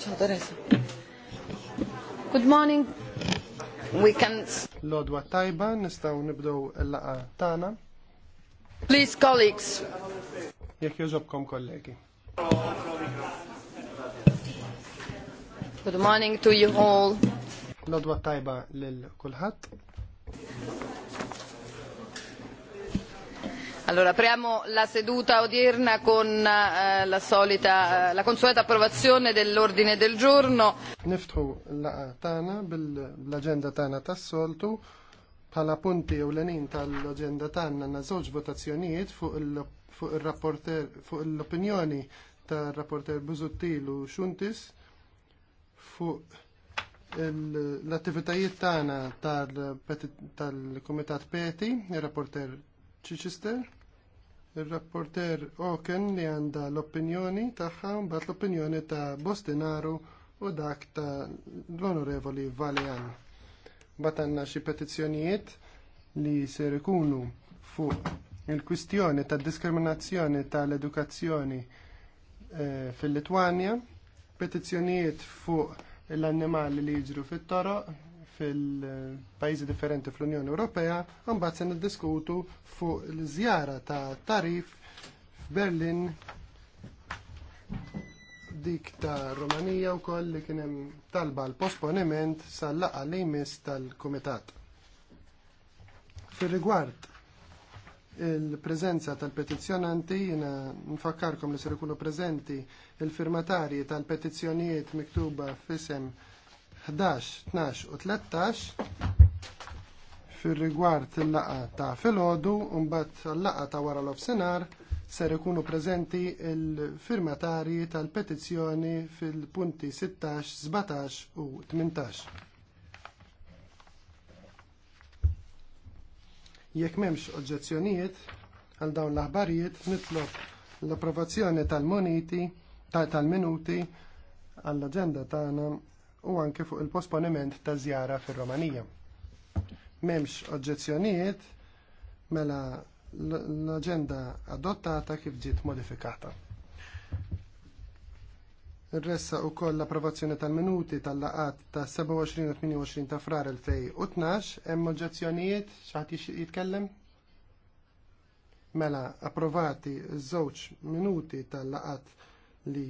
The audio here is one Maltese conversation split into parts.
Ciao Teresa. Good morning. We can... Lodwa tajba, nistaw nibdow il laqa tana. Please, colleagues. Jek jużobkom kollegi. Good morning to you all. Lodwa tajba lil kulħadd. Allora, apriamo la seduta odierna con eh, la, solita, eh, la consueta approvazione dell'ordine del giorno. Niftu la tana bil-agenda tana tassoltu, pala punti u l-enin tal-agenda tana na żewġ votazzjoniet fuq l-opinjoni tal-rapporter Buzuttil u Xuntis fuq l-attivitajiet tana tal komitat Peti, il rapporter Chichester il-rapporter Oken li għanda l-opinjoni taħħa mbagħad l-opinjoni ta' Bostinaru u dak ta' l-onorevoli Valian. Mbagħad għandna xi petizzjonijiet li ser ikunu fuq il-kwistjoni ta' diskriminazzjoni tal-edukazzjoni eh, fil-Litwanja, petizzjonijiet fuq l-annimali li jiġru fit-toroq, fil-pajjiżi differenti fl-Unjoni Ewropea, mbagħad se niddiskutu fuq l-żjara ta' Tarif f'Berlin dik ta' Romanija wkoll li kien hemm talba l posponiment sal-laqgħa li jmiss tal-Kumitat. Fir-rigward il-prezenza tal-petizjonanti, jina nfakkarkom li ser ikunu prezenti il-firmatarji tal petizzjonijiet miktuba f'isem 11, 12 u 13 fir rigward il-laqa ta' filgħodu u mbagħad bat laqa ta' wara l-ofsenar ser ikunu preżenti il-firmatari tal-petizzjoni fil-punti 16, 17 u 18. Jekk m'hemmx oġġezzjonijiet għal dawn l-aħbarijiet nitlob l-approvazzjoni tal-moniti tal-minuti għall-aġenda tagħna u anke fuq il-posponiment ta' żjara fir-Romanija. M'hemmx oġġezzjonijiet mela l-aġenda adottata kif ġiet modifikata. Ressa u koll l-approvazzjoni tal-minuti tal-laqat ta' 27-28 ta' frar 2012, hemm oġġezzjonijiet xaħat jitkellem? Mela approvati ż-żewġ minuti tal-laqat li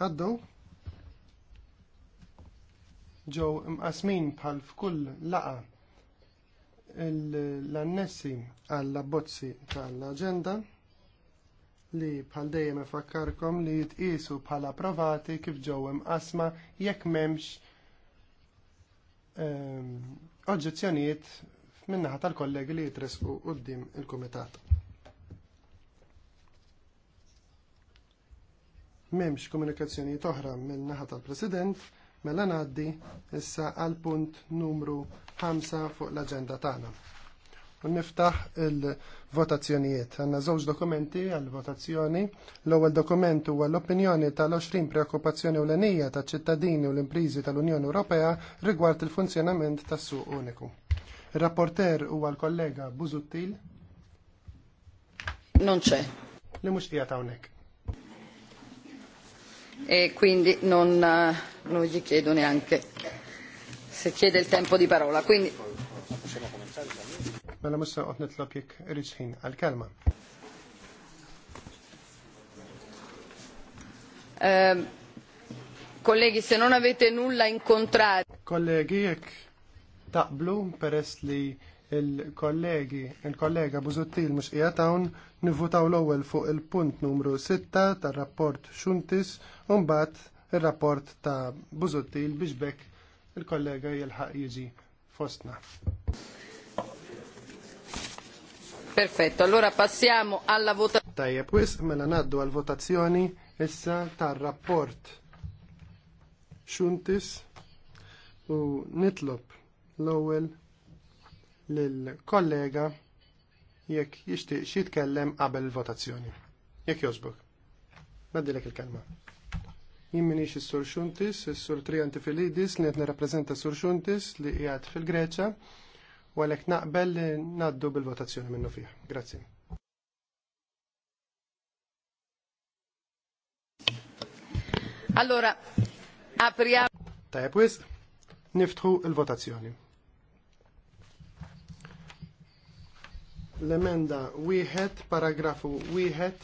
għaddew ġew imqasmin bħal f'kull laqa l-annessi għall abbozzi tal-aġenda li bħal dejjem ifakkarkom li jitqisu bħala approvati kif ġew imqasma jekk m'hemmx ehm, oġġezzjonijiet min-naħa tal-kollegi li jitresqu quddiem il-kumitat. M'hemmx komunikazzjonijiet oħra min-naħa tal-President Mela ngħaddi issa għal punt numru 5 fuq l-aġenda tagħna. U niftaħ il-votazzjonijiet. Għanna żewġ dokumenti għal-votazzjoni. L-ewwel dokument huwa l-opinjoni tal-20 preokkupazzjoni ewlenija ta' ċittadini u l-imprizi tal-Unjoni Ewropea rigward il-funzjonament tas-suq uniku. Il-rapporter huwa l-kollega Buzuttil. Non c'è. Li mhux qiegħed hawnhekk e quindi non, eh, non gli chiedo neanche se chiede il tempo di parola. Quindi... Mela musa qed nitlob jekk irid ħin kelma ehm, Kollegi, se non avete nulla in contrario. Kollegi, jekk taqblu peress li il-kollegi, il-kollega Buzuttil mhux qiegħed hawn, nivvotaw l-ewwel fuq il-punt numru 6 tar-rapport Xuntis u mbagħad ir-rapport ta' Buzuttil biex bekk il-kollega jilħaq jiġi fostna. Perfetto, allora passiamo alla votazione. Tajjeb, wisq mela ngħaddu għal votazzjoni issa tar-rapport Xuntis u nitlob l-ewwel lill-kollega jekk jixtieq xi jitkellem qabel il-votazzjoni. Jekk jogħġbok. Nadilek il-kelma. Jien minix is-Sur Xuntis, is-Sur Trianti Filidis li qed nirrappreżenta Sur Xuntis li qiegħed fil-Greċja u għalhekk naqbel li ngħaddu bil-votazzjoni minnu fih. Grazzi. Allora, apriamo. Tajab wisq, niftħu il-votazzjoni. L-emenda wieħed, paragrafu wieħed,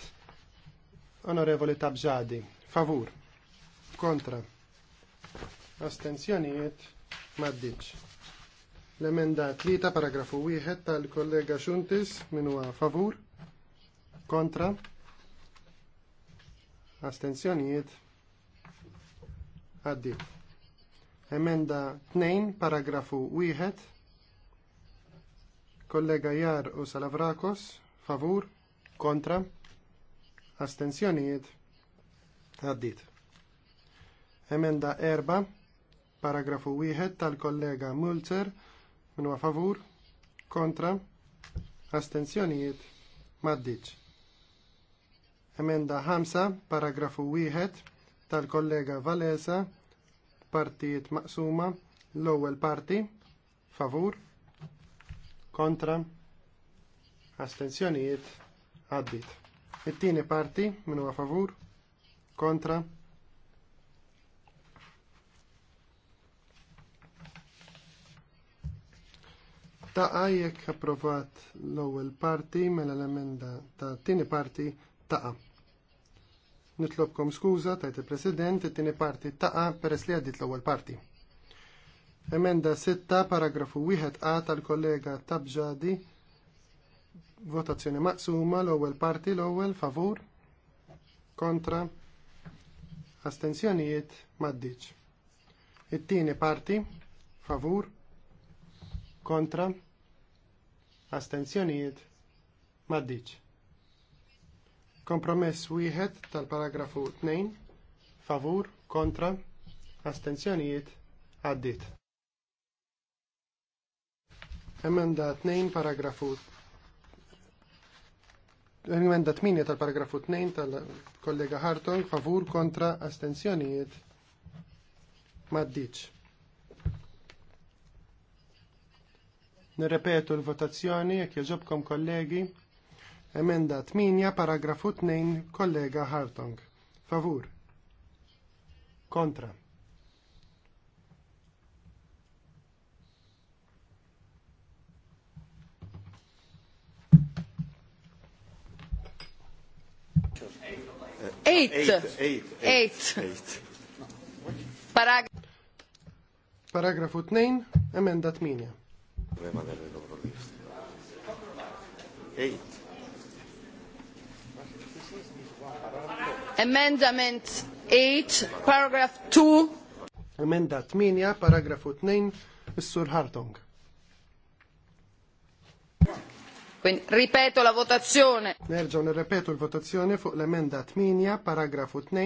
onorevoli Tabżadi. Favur. Kontra. Astenzjonijiet maddiċ. L-emenda tlieta, paragrafu wieħed tal-kollega Xuntis minua favur. Kontra. Astenzjonijiet għaddi. Emenda 2, paragrafu wieħed Kollega Jar u Salavrakos, favur, kontra, astensjonijiet, għaddit. Emenda erba, paragrafu wieħed tal-kollega Mulzer, minwa favur, kontra, astensjonijiet, maddiċ. Emenda ħamsa, paragrafu wieħed, tal-kollega Valesa, partijiet maqsuma, l-ewwel parti, favur, kontra, astenzjonijiet, għaddit. It-tieni parti, minu a favur, kontra, Taqa jekk approvat l-ewwel parti mela l-emenda ta' tieni parti ta'. Nitlobkom skuża tajt il-President, it-tieni parti taqa peress li għaddit l-ewwel parti. Emenda 6, paragrafu 1a tal-kollega Tabġadi, votazzjoni maqsuma, l-ewwel parti, l-ewwel favur, kontra, astenzjonijiet, maddiċ. It-tieni parti, favur, kontra, astenzjonijiet, maddiċ. Kompromess wieħed tal-paragrafu 2, favur, kontra, astenzjonijiet, għaddit. Emenda 2 paragrafu Emenda 8 tal-paragrafu 2 tal-kollega Hartong favur kontra astenzjonijiet maddiċ. Nirrepetu l-votazzjoni jekk jogħġobkom kollegi. Emenda 8 paragrafu 2 kollega Hartong. Favur. Kontra. Eight. Eight. Eight. Eight. Eight. Parag Paragrafu 2, emenda 8. Eight. Amendment 8, paragraph 2. Emenda 8, paragrafu 2, Is-Sur Hartong. Quindi ripeto la votazione. Nerġaw nirrepetu l-votazzjoni fuq l-emenda 8, paragrafu 2,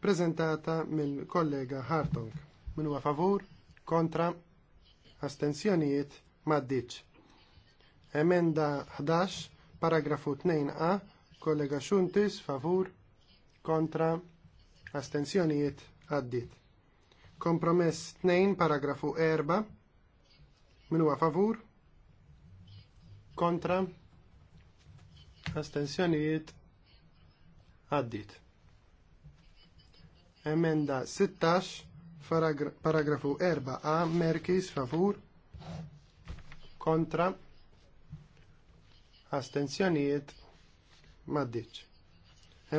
prezentata mill-kollega Hartong. Min huwa favur, kontra, astensjonijiet, maddiċ. Emenda 11, paragrafu 2a, kollega Xuntis, favur, kontra, astensjonijiet, addit. Kompromess 2, paragrafu 4, min huwa favur, kontra, astensjonijiet, għaddit. Emenda 16, paragrafu 4a, merkis favur, kontra, astensjonijiet, maddiċ.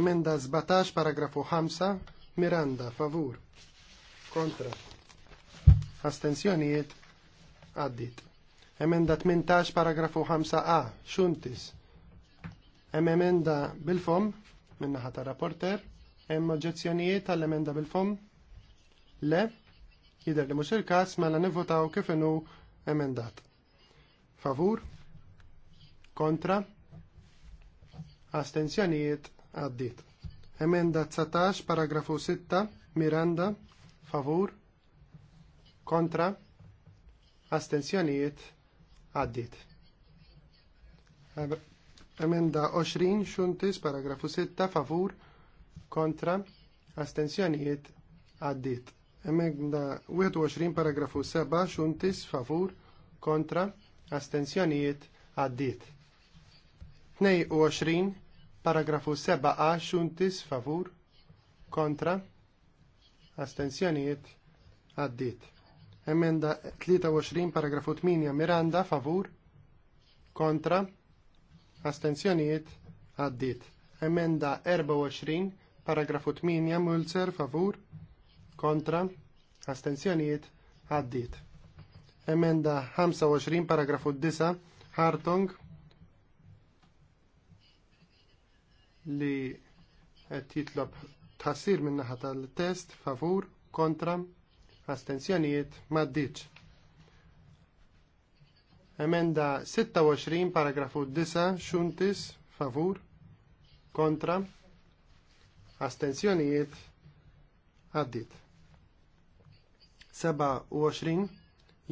Emenda 17, paragrafu 5, Miranda, favur, kontra, astensjonijiet, għaddit. Emenda 18 paragrafu 5a, xuntis. Hemm emenda bil-fom minna ħata rapporter. Hemm oġġezzjonijiet tal-emenda bil-fom? Le, jidher li mhux il-każ mela nivvotaw kif inhu emendat. Favur? Kontra? Astenzjonijiet għaddit. Emenda 19, paragrafu 6, Miranda, favur, kontra, astenzjonijiet għaddit. Emenda 20 xuntis paragrafu 6 favur kontra astensjonijiet għaddit. Emenda 21 paragrafu 7 xuntis favur kontra astensjonijiet għaddit. 22 paragrafu 7a xuntis favur kontra astensjonijiet għaddit. Emenda 23 paragrafu 8 Miranda favur kontra astensjonijiet. għaddit. Emenda 24 paragrafu 8 Mulzer favur kontra astensjonijiet, għaddit. Emenda 25 paragrafu 9 Hartong li qed jitlob tħassir minna ħata l test favur kontra astenzjonijiet maddiċ. Emenda 26 paragrafu 9 xuntis favur kontra astenzjonijiet għaddit. 27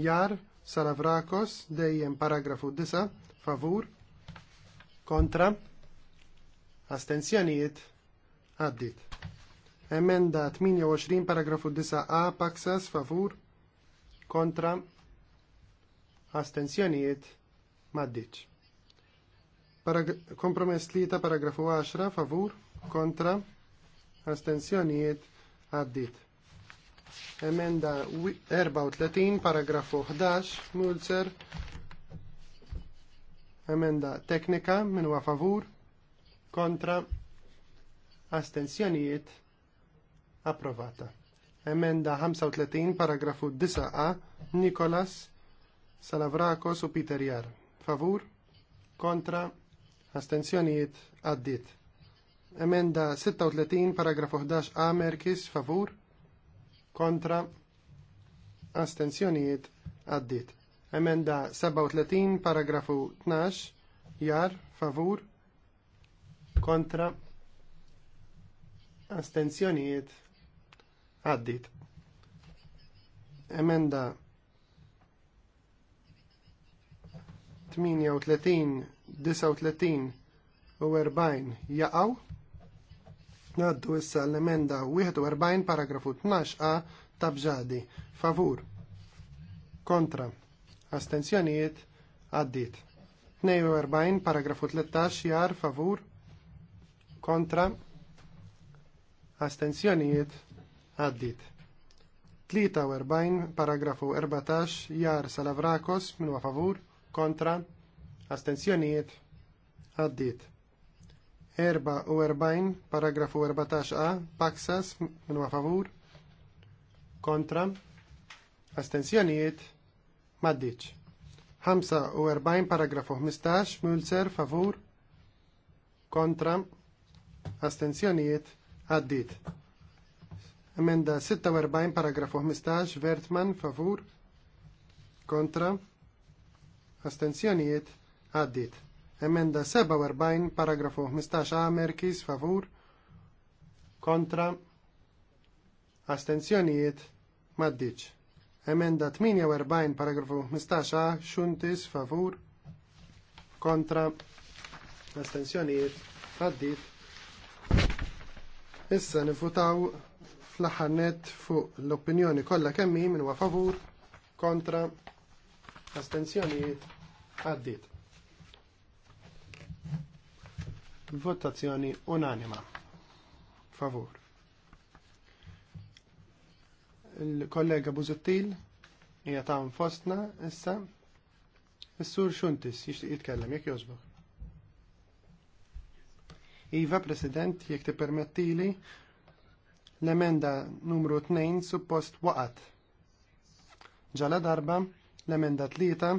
jar salavrakos dejjem paragrafu 9 favur kontra astenzjonijiet għaddit. Emenda 28 paragrafu 9a Paksas favur kontra astenzjonijiet maddiċ. Parag kompromess ta' paragrafu 10 favur kontra astenzjonijiet addit. Emenda 34 paragrafu 11 Mulzer Emenda teknika minua favur kontra astenzjonijiet approvata. Emenda 35, paragrafu 9a, Nikolas Salavrakos u Peter Jar. Favur, kontra, astenzjonijiet, addit. Emenda 36, paragrafu 11a, Merkis, favur, kontra, astenzjonijiet, Addit. Emenda 37, paragrafu 12, Jar, favur, kontra, astenzjonijiet, Għaddit. Emenda 38, 39 u 40 jaqaw. Naddu issa l-emenda 41 paragrafu 12a ta' bġadi. Favur. Kontra. Astenzjonijiet. Għaddit. 42 paragrafu 13 jar favur. Kontra. Astenzjonijiet għaddit. 43 paragrafu 14 jar Salavrakos minn favur kontra astenzjonijiet għaddit. 44 paragrafu 14a Paksas minn favur kontra astenzjonijiet maddiċ. 45 paragrafu 15 Mulzer favur kontra astenzjonijiet għaddit. Emenda 46 paragrafu 15 Vertman favur kontra astensjonijiet. għaddit. Emenda 47 paragrafu 15 Amerkis favur kontra astenzjonijiet maddiċ. Emenda 48 paragrafu 15 Xuntis favur kontra astenzjonijiet għaddit. Issa nifutaw fl-ħanet fuq l-opinjoni kollha kemm min huwa favur kontra astenzjonijiet għaddiet. Votazzjoni unanima. Favur. Il-kollega Buzuttil hija ta' fostna issa. Is-sur Xuntis jixtieq jitkellem jekk jogħġbok. Iva, President, jekk tippermettili, L-emenda numru 2 suppost waqat. Ġala darba l-emenda 3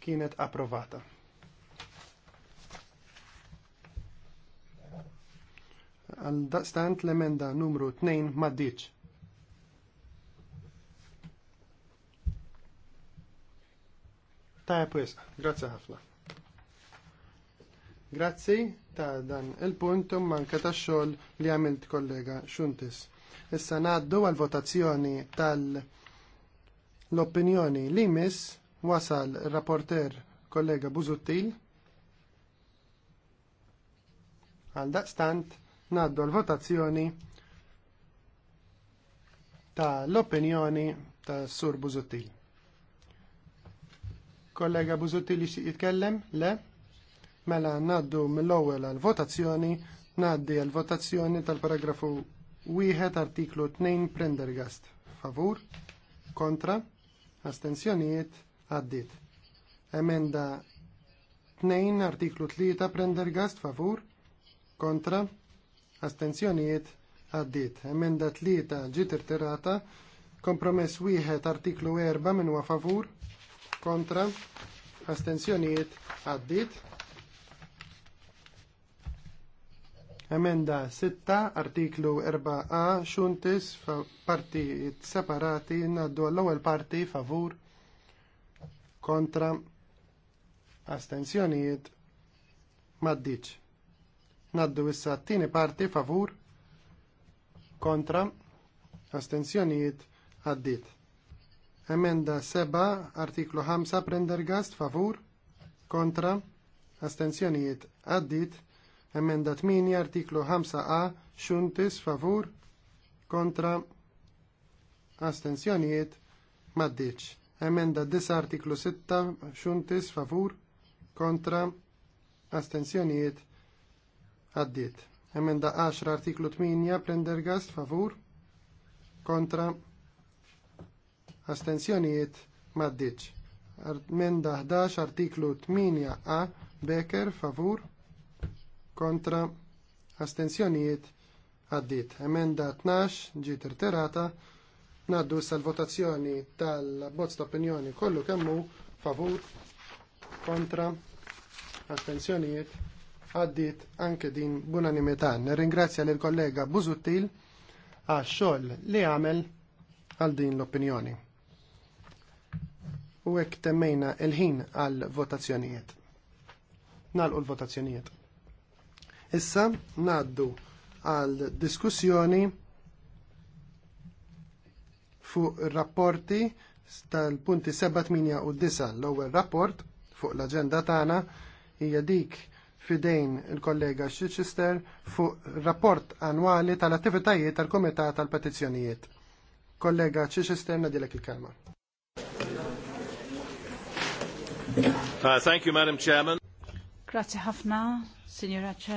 kienet approvata. Għal daqstant l-emenda numru 2 maddiċ. Ta' jepwis, grazie ħafna. Grazie ta' dan il-punt u manka ta' xogħol li għamilt kollega Xuntis. Issa ngħaddu għal votazzjoni tal- opinjoni li miss wasal rapporter kollega Buzuttil għal daqstant naddu l-votazzjoni ta' l-opinjoni ta' Sur Buzuttil. Kollega Buzuttil jixtieq jitkellem? Le? Mela naddu mill-ewwel għall votazzjoni, naddi għall votazzjoni tal-paragrafu wieħed artiklu 2 Prendergast. Favur, kontra, astenzjonijiet, għaddit. Emenda 2 artiklu 3 Prendergast favur, kontra, astenzjonijiet, għaddit. Emenda 3 ġiet irtirata, kompromess wieħed artiklu 4 huwa favur, kontra, astenzjonijiet, għaddit. Emenda 6, artiklu 4a, xuntis, partijiet separati, naddu għall-ewwel parti favur kontra astensjonijiet maddiċ. Naddu issa t-tieni parti favur kontra astensjonijiet għaddit. Emenda 7, artiklu 5, Prendergast favur kontra astensjonijiet għaddit. Emenda 8 artiklu 5a xuntis favur kontra astensjonijiet maddiċ. Emenda 10 artiklu 6 xuntis favur kontra astensjonijiet għaddiet. Emenda 10 artiklu 8 prendergast favur kontra astensjonijiet maddiċ. Emenda 11 artiklu 8a Becker favur kontra, astenzjonijiet għaddit. Emenda 12 ġiet irterata, Ngħaddu issa l-votazzjoni tal-bozz ta' opinjoni kollu kemmu favur, kontra, astenzjonijiet għaddit anke din b'unanimità. Nirringrazzja lill kollega Busuttil għax xogħol li għamel għal din l-opinjoni. U hekk temmejna il-ħin għal votazzjonijiet. Nalqu l-votazzjonijiet. Issa naddu għal diskussjoni fuq rapporti tal-punti 7-8 u 9 l-ewwel rapport fuq l-aġenda tagħna hija dik fidejn il-kollega Chichester fuq rapport annwali tal-attivitajiet tal kumitat tal-Petizzjonijiet. Kollega Chichester, nadilek il-kelma. Uh, thank you, Madam Chairman. Grazzi ħafna, Signora Ce,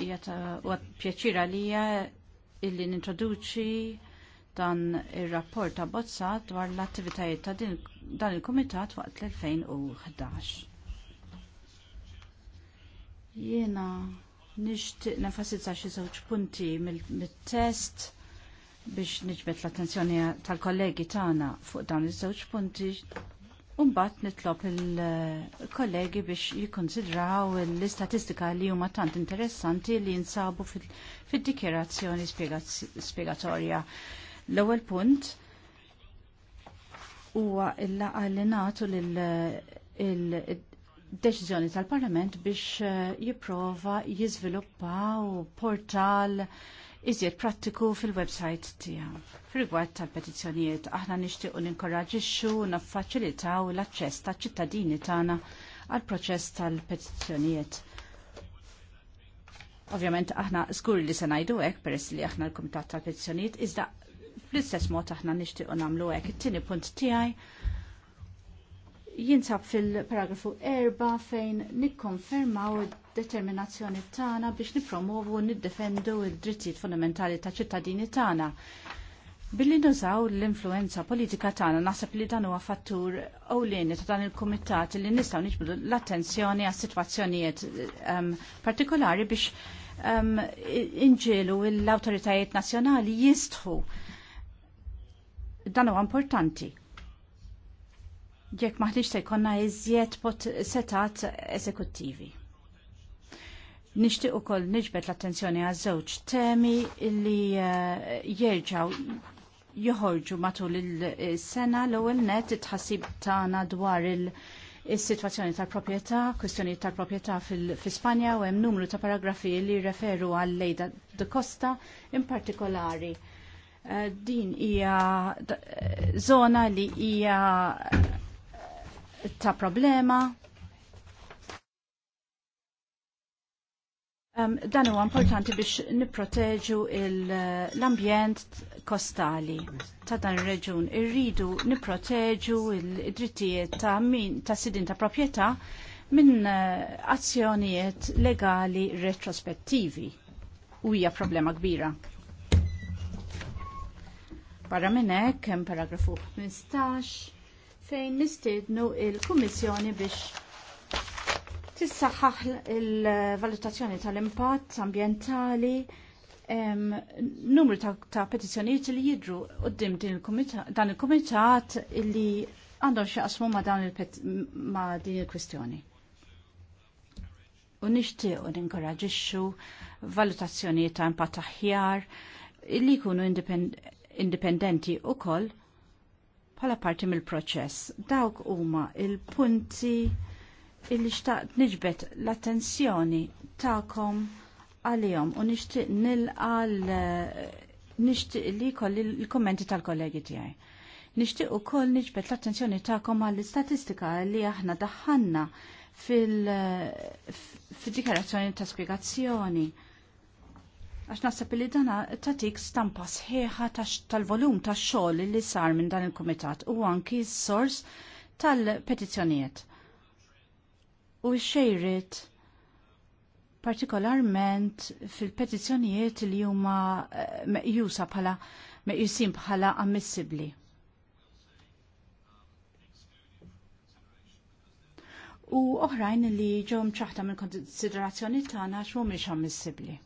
jgħata u pjaċira lija illi nintroduċi dan il-rapport ta' bozza dwar l-attivitajiet ta' dan il-komitat waqt l-2011. Jiena nixtieq nefasizza xi żewġ punti mit-test biex niġbet l-attenzjoni tal-kollegi tagħna fuq dawn iż-żewġ punti Umbat nitlob il-kollegi biex jikonsidraw l-istatistika li huma tant interessanti li jinsabu fil-dikjerazzjoni spiegatorja. L-ewwel punt huwa l-laqa li natu deċiżjoni tal-Parlament biex eh, jipprova jiżviluppaw portal iżjed prattiku fil-website tiegħu. Fil-rigward tal-petizzjonijiet aħna nixtiequ ninkoraġixxu u naffaċilitaw l-aċċess taċ-ċittadini tagħna għal proċess tal-petizzjonijiet. Ovvjament aħna żgur li se ngħidu hekk peress li aħna l-Kumitat tal-Petizzjonijiet iżda fl-istess mod aħna nixtiequ nagħmlu hekk. It-tieni punt tiegħi jinsab fil-paragrafu 4 fejn nikkonfermaw determinazzjoni tagħna biex nippromovu u niddefendu l-drittijiet fundamentali ta' ċittadini tagħna. Billi nużaw l-influenza politika tagħna naħseb li dan huwa fattur ewlieni ta' dan il-kumitat li nistgħu niġbdu l-attenzjoni għas sitwazzjonijiet um, partikolari biex um, inġielu l-awtoritajiet nazzjonali jistħu. Dan huwa importanti jekk maħtieġ se jkollna iżjed pot setat eżekuttivi. Nixtieq ukoll niġbed l-attenzjoni għaż żewġ temi li uh, eh, jerġgħu joħorġu matul il-sena l-ewwel net it-tħassib tagħna dwar il- Is-sitwazzjoni tal-proprjetà, kwistjonijiet tal-proprjetà fil-Spanja u hemm numru ta' paragrafi li referu għal lejda de Costa in partikolari. Eh, din hija eh, zona li hija ta' problema. Um, dan huwa importanti biex nipproteġu l-ambjent kostali ta' dan ir-reġun. Irridu nipproteġu l-drittijiet ta' min ta' sidin ta' proprjetà minn eh, azzjonijiet legali retrospettivi. U hija problema kbira. Barra minn hekk hemm paragrafu 15 fejn nistiednu il-Kummissjoni biex tissaħħaħ il-valutazzjoni tal-impatt ambientali numru ta', petizzjonijiet li jidru qoddim dan il-Kumitat li għandhom xaqsmu ma' dan ma' din il-kwistjoni. U nixtiequ ninkoraġixxu valutazzjoni ta' impatt aħjar li jkunu indipendenti u koll bħala parti mill-proċess. Dawk huma il-punti illi xtaqt niġbet l-attenzjoni tagħkom għalihom u nixtieq nilqa nixtieq li jkolli l-kommenti tal-kollegi tiegħi. Nixtieq ukoll niġbed l-attenzjoni tagħkom għall-istatistika li aħna daħħalna fil-dikarazzjoni ta' spjegazzjoni Għax nasab li dana tatik stampa sħiħa tal-volum ta' xogħol li sar minn dan il-komitat u anki s-sors tal-petizzjonijiet. U xejrit partikolarment fil-petizzjonijiet li huma eh, meqjusa bħala meqjusin bħala ammissibli. U oħrajn li ġom ċaħta minn konsiderazzjoni tagħna x'mhumiex ammissibbli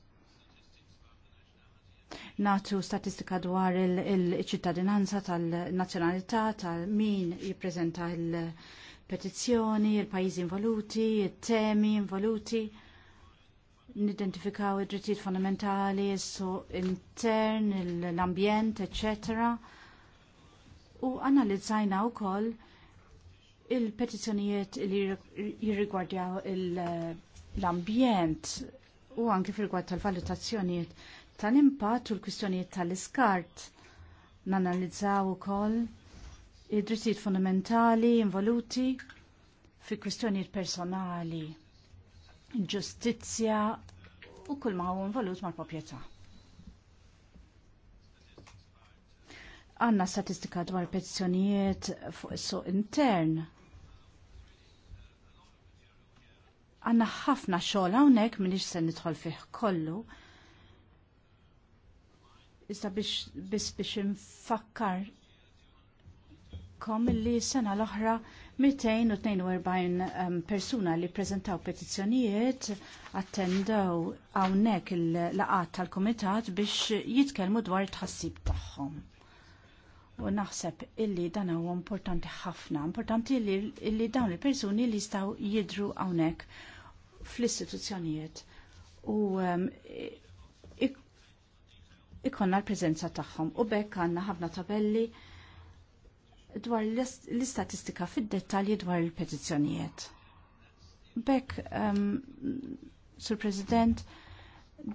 natu statistika dwar il-ċittadinanza il tal-nazzjonalità, tal-min jiprezenta il-petizzjoni, il-pajjiżi involuti, il-temi involuti, nidentifikaw id-drittijiet fondamentali, su intern, l-ambjent, eccetera. U analizzajna wkoll il-petizzjonijiet li jirrigwardjaw il-ambjent u anke fil-gwad tal-valutazzjonijiet tal-impatt u l-kwistjonijiet tal-iskart. Nanalizzaw ukoll id-drittijiet fundamentali involuti fi kwistjonijiet personali, ġustizzja u kull ma huwa involut mal-proprjetà. Għanna statistika dwar petizzjonijiet fuq is-suq intern għanna ħafna xogħol hawnhekk m'iniex se nidħol fih kollu, Issa biex biex nfakkar kom li sena l-oħra 242 um, ehm, persuna li prezentaw petizzjonijiet attendew hawnhekk il-laqat tal-Kumitat biex jitkellmu dwar tħassib tagħhom. U naħseb illi dan huwa importanti ħafna, importanti illi, illi dawn il-persuni li jistgħu jidhru hawnhekk fl-istituzzjonijiet. U um, ikonna l-prezenza tagħhom u bekk għandna ħafna tabelli dwar l-istatistika fid-dettalji dwar il-petizzjonijiet. Bekk, um, Sur President,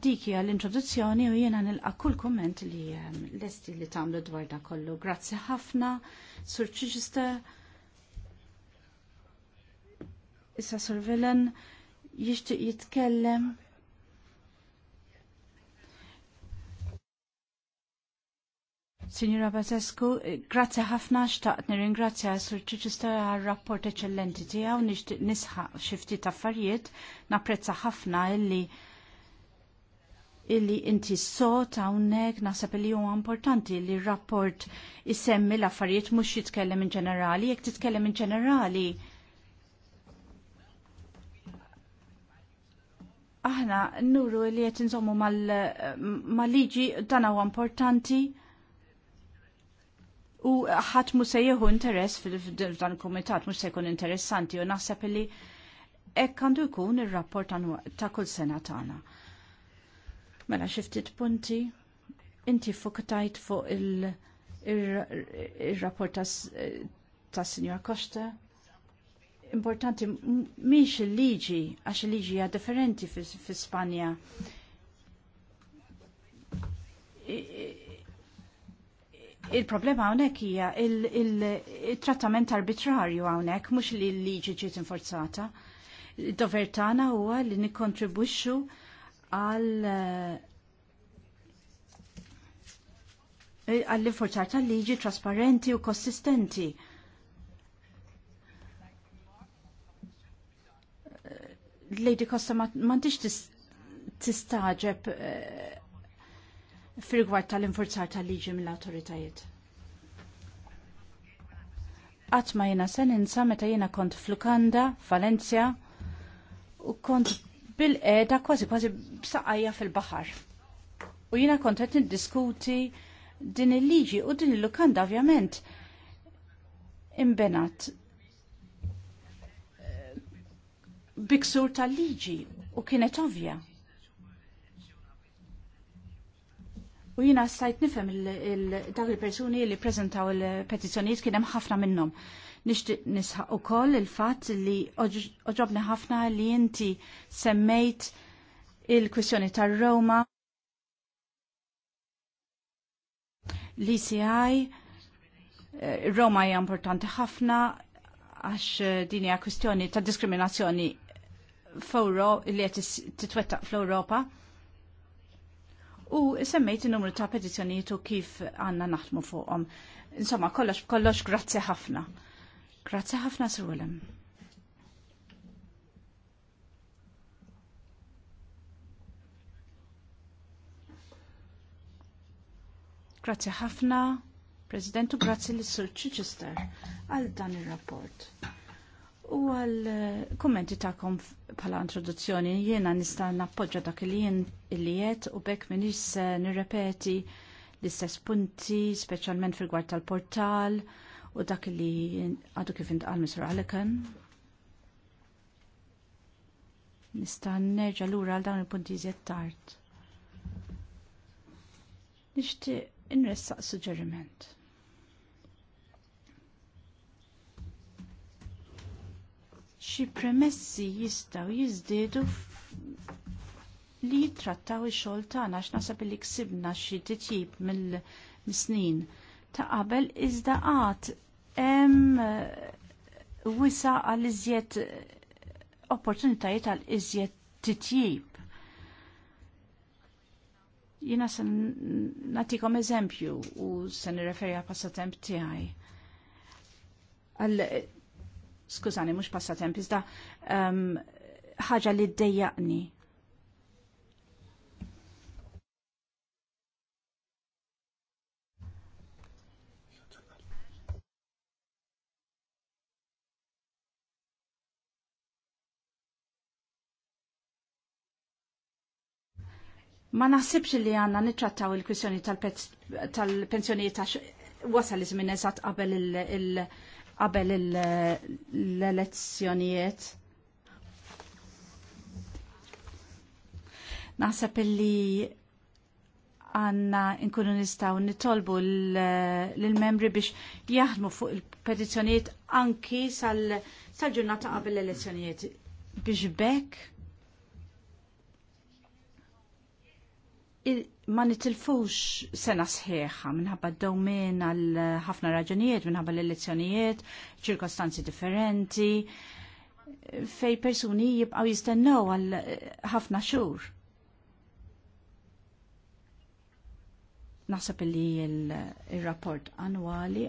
dik hija l-introduzzjoni u jiena nilqa' kull kumment li um, lesti li tagħmlu dwar da kollu. Grazzi ħafna, Sur Chichester, issa Sur Villan, jixtieq jitkellem Signora Basescu, grazie ħafna xtaqt nirringrazzja Sur Ċiċista għal rapport eċellenti tiegħu nixtieq nisħaq xi ftit affarijiet napprezza ħafna illi illi inti sot hawnhekk naħseb li huwa importanti li r-rapport isemmi l-affarijiet mhux jitkellem in ġenerali, jekk titkellem in ġenerali aħna nuru li qed inżommu mal-liġi dan huwa importanti u ħadd mhux jieħu interess fil il-kumitat mhux se jkun interessanti u naħseb li hekk għandu jkun ir-rapport ta' kull sena tagħna. Mela xi ftit punti inti tajt fuq il-rapport ta' Sinjor Costa importanti miex il-liġi għax il-liġi hija differenti fi Spanja Il-problema hawnhekk hija il-trattament arbitrarju hawnhekk mhux li l-liġi ġiet inforzata. Id-dover tagħna huwa li nikkontribwixxu għal eh, għall inforzar tal-liġi trasparenti u konsistenti. Lady Costa m'għandix tistaġeb eh, fil tal-infurzar tal-liġi mill-autoritajiet. Għatma jena sen insa meta jena kont flukanda, Valencia, u kont bil-qeda kważi kważi b'saqajja fil-bahar. U jena kont qed niddiskuti din il-liġi u din il-lukanda ovvjament imbenat eh, biksur tal-liġi u kienet ovvja U jina stajt nifem dak il-persuni li prezentaw il-petizjoniet kienem ħafna minnom. Nishtiq nisħaq u koll il-fat li oġobni ħafna li inti semmejt il-kwissjoni tar roma l-ICI, eh, Roma hija importanti ħafna għax eh, din hija kwistjoni ta' diskriminazzjoni fowro li qed titwettaq fl-Ewropa u semmejt il-numru ta' petizzjonijiet u kif għanna naħdmu fuqhom. Insomma, kollox kollox grazzi ħafna. Grazzi ħafna Sir Willem. Grazzi ħafna, Presidentu, grazzi l-Sur Chichester għal dan il-rapport u għal eh, kommenti ta'kom pala introduzzjoni jiena nista' nappoġġa dak li jien il jett u bekk minis nirrepeti l-istess punti, speċjalment fil-gwart tal-portal u dak li għadu kif għal Mr. Alekan. Nista' nerġa' lura għal dawn il-punti iżjed tard. Nixtieq inressaq suġġeriment. xi premessi jistgħu jiżdiedu li jittrattaw ix-xogħol tagħna għax naħseb li ksibna xi titjib mill-snin ta' qabel iżda qatt hemm eh, wisa għal iżjed eh, opportunitajiet għal iżjed titjib. Jina sen natikom eżempju u se nirreferi għal passatemp tiegħi għal skużani, mux passatemp, iżda ehm, ħaġa um, li d-dejjaqni. Ma naħsibx li għanna nittrattaw il-kwissjoni tal pensjoni tal għax wasal iż-żmien eżatt qabel il, il qabel l-elezzjonijiet. Naħseb illi għanna nkunu nistaw nitolbu l-membri biex jaħdmu fuq il-petizjoniet anki sal-ġurnata qabel l-elezzjonijiet biex bekk ma nitilfux sena sħiħa minħabba d-dawmin għal ħafna raġunijiet, minħabba l-elezzjonijiet, ċirkostanzi differenti, fej persuni jibqaw jistennew għal ħafna xhur. Naħseb li il-rapport annwali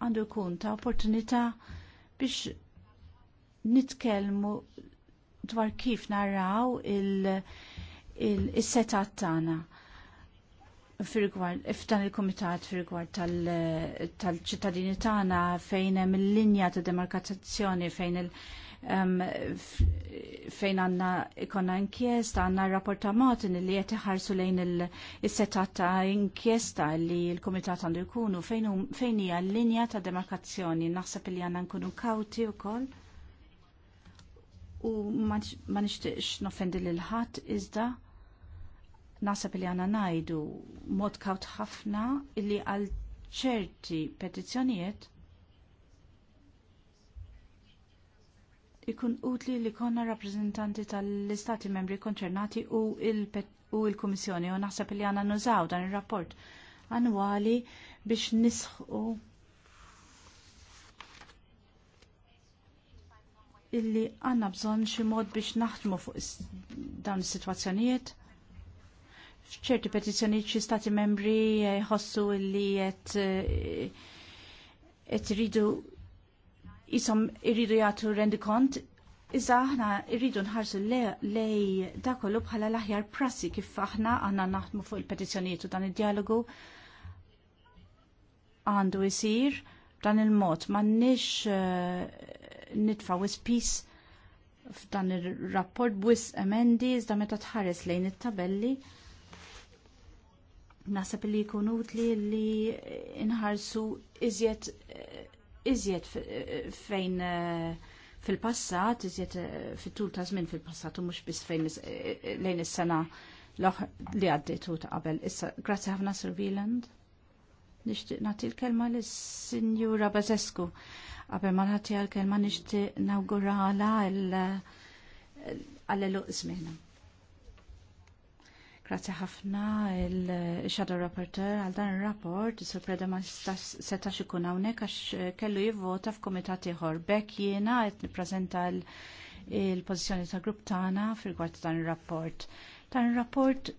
għandu jkun ta' opportunità biex nitkellmu dwar kif naraw il-setat il, il setat tagħna f'dan il-komitat fil tal-ċittadini tagħna fejn hemm il-linja ta' demarkazzjoni fejn il- fejn għanna ikonna inkjesta, għanna Motin li jieti iħarsu lejn il-seta ta' inkjesta li l-komitat għandu jkunu, fejn hija l-linja ta' demarkazzjoni, naħseb li għanna nkunu kawti u koll. U ma nixtieqx nofendi lil ħadd iżda nasab li għana najdu mod kawt ħafna illi għal ċerti petizzjonijiet ikun utli li konna rappresentanti tal-istati membri konċernati u il-Komissjoni u naħseb li għana nużaw dan il-rapport annwali biex nisħu illi għanna bżon xi mod biex naħdmu fuq dawn is-sitwazzjonijiet ċerti petizjoni ċi stati membri jħossu li jett rridu eh, jisom irridu jgħatu rendi kont Iżda aħna irridu nħarsu lej da kollu bħala l-aħjar prassi kif aħna għanna naħdmu fuq il-petizzjonijiet u dan id-dialogu għandu jisir dan il-mod ma nix eh, nitfa wispis f'dan il-rapport bwis emendi iżda meta tħares lejn it-tabelli Nasab li jkun utli li inħarsu iżjed iżjed fejn eh, fil-passat, iżjed eh, fit-tul ta' żmien fil-passat u mhux biss fejn eh, lejn is-sena li għaddiet u ta' qabel. Issa, grazzi ħafna Sir Wieland. Nixtieq nagħti l-kelma lis-Sinjura Bazescu. Qabel ma nagħti l-kelma nixtieq nawgurala għall-eluq żmienha. Grazie ħafna il-Shadow Rapporteur għal dan il-rapport, Sir ma setax ikun hawnhekk għax eh, kellu jivvota f'kumitat ieħor. Bek jiena qed nippreżenta il-pożizzjoni ta' grupp tagħna fil-gwart dan ir-rapport. Dan ir-rapport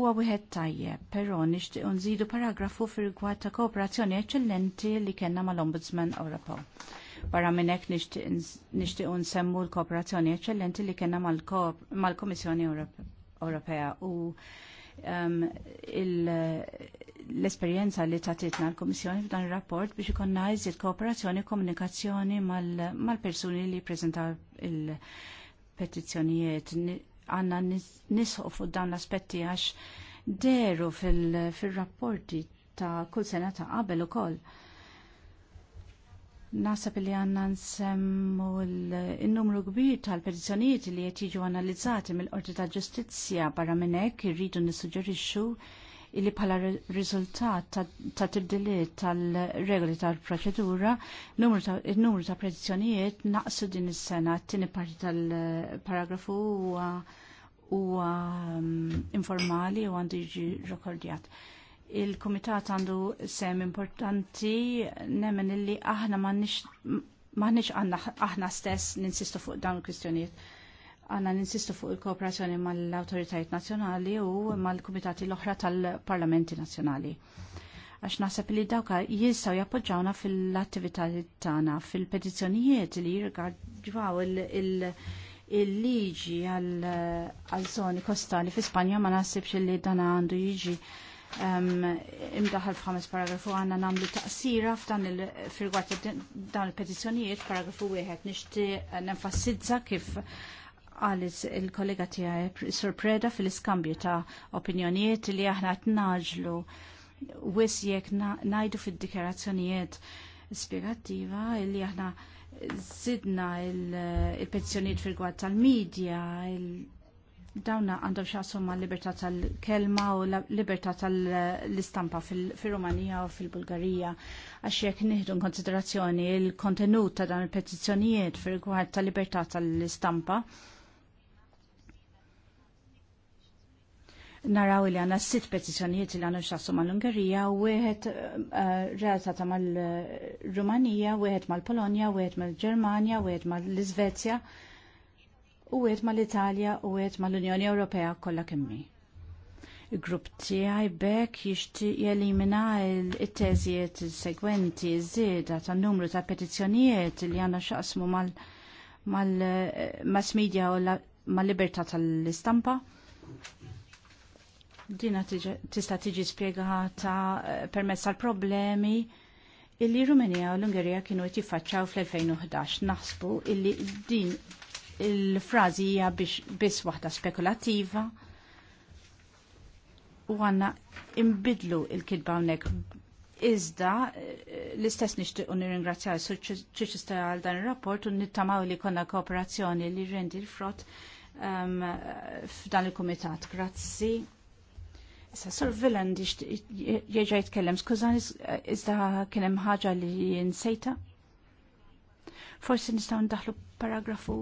huwa wieħed tajje, però nishti nżidu paragrafu fil-gwart ta' kooperazzjoni eċċellenti li kellna mal-Ombudsman Ewropew barra minnek nishti unsemmu l-kooperazzjoni eccellenti li kena mal-Komissjoni mal Ewropea u um, l-esperienza li tatitna l-Komissjoni f'dan il-rapport biex ikonna iżjed kooperazzjoni u komunikazzjoni mal-persuni mal li prezentaw il-petizzjonijiet għanna nisħu fuq dawn l-aspetti għax deru fil-rapporti fil ta' kull sena ta' qabel u koll Nasab li għanna nsemmu l numru kbir tal-petizjonijiet li qed jiġu analizzati mill-Qorti ta' Ġustizzja barra minn hekk irridu nissuġġerixxu li bħala riżultat ta' tibdiliet tal-regoli tal-proċedura, il-numru ta' petizzjonijiet naqsu din is-sena t-tieni parti tal-paragrafu huwa mm, informali u għandu jiġi rekordjat il-Kumitat għandu sem importanti nemmen illi aħna maħniċ għanna aħna stess ninsistu fuq dawn il-kwistjoniet. Għanna ninsistu fuq il-kooperazzjoni mal-autoritajiet nazjonali u mal-Kumitati l-oħra tal-Parlamenti nazjonali. Għax naħseb li dawka jistaw jappoġġawna fil-attività tagħna fil-petizzjonijiet li jirgardġwaw il- il-liġi għal-żoni kostali fi Spanja ma naħsibx li dana għandu jiġi imdaħal f'ħames paragrafu għanna namlu taqsira f'dan il-firgwat dan il-petizjonijiet paragrafu wieħed nixti eh, nenfassizza kif għalis il-kollega tijaj sorpreda fil-iskambju ta' opinjonijiet li aħna t-naġlu wis jek najdu fil-dikjarazzjonijiet spiegattiva li aħna zidna il-petizjoniet fil-gwad tal-medja, il dawna għandhom xasum ma' libertà tal-kelma u libertà tal-istampa fil-Rumanija u fil-Bulgarija. Għax jekk nieħdu konsiderazzjoni il-kontenut ta' dan il-petizzjonijiet fil rigward tal-libertà tal-istampa, naraw li għanna sitt petizzjonijiet li għanna xasum mal-Ungerija, u għed eh, relatata mal-Rumanija, u għed mal-Polonja, u għed mal-Germania, u għed mal-Izvezja. mal u għed mal-Italja u għed mal-Unjoni Ewropea kollha kemmi. Il-grupp tiegħi bekk jixtieq jelimina il-teżijiet segwenti iż-żieda tan-numru ta' petizzjonijiet li għandna xaqsmu mal-mass media u mal-libertà tal-istampa. Dina tista' tiġi spjegata eh, permezz tal-problemi illi Rumenija u l-Ungerija kienu jtiffaċċaw fl-2011 naħsbu illi din il-frazi hija biss waħda spekulattiva u għanna imbidlu il-kidba unnek iżda eh, l-istess nishtiq u nirringrazzjaw ċiċista għal dan il-rapport u nittamaw li konna kooperazzjoni li rendi l-frott um, f'dan il-komitat. Grazzi. Issa Sur Villan jieġa jitkellem, skużani eh, iżda kienem ħaġa li jinsejta? Forsi nistaw ndaħlu paragrafu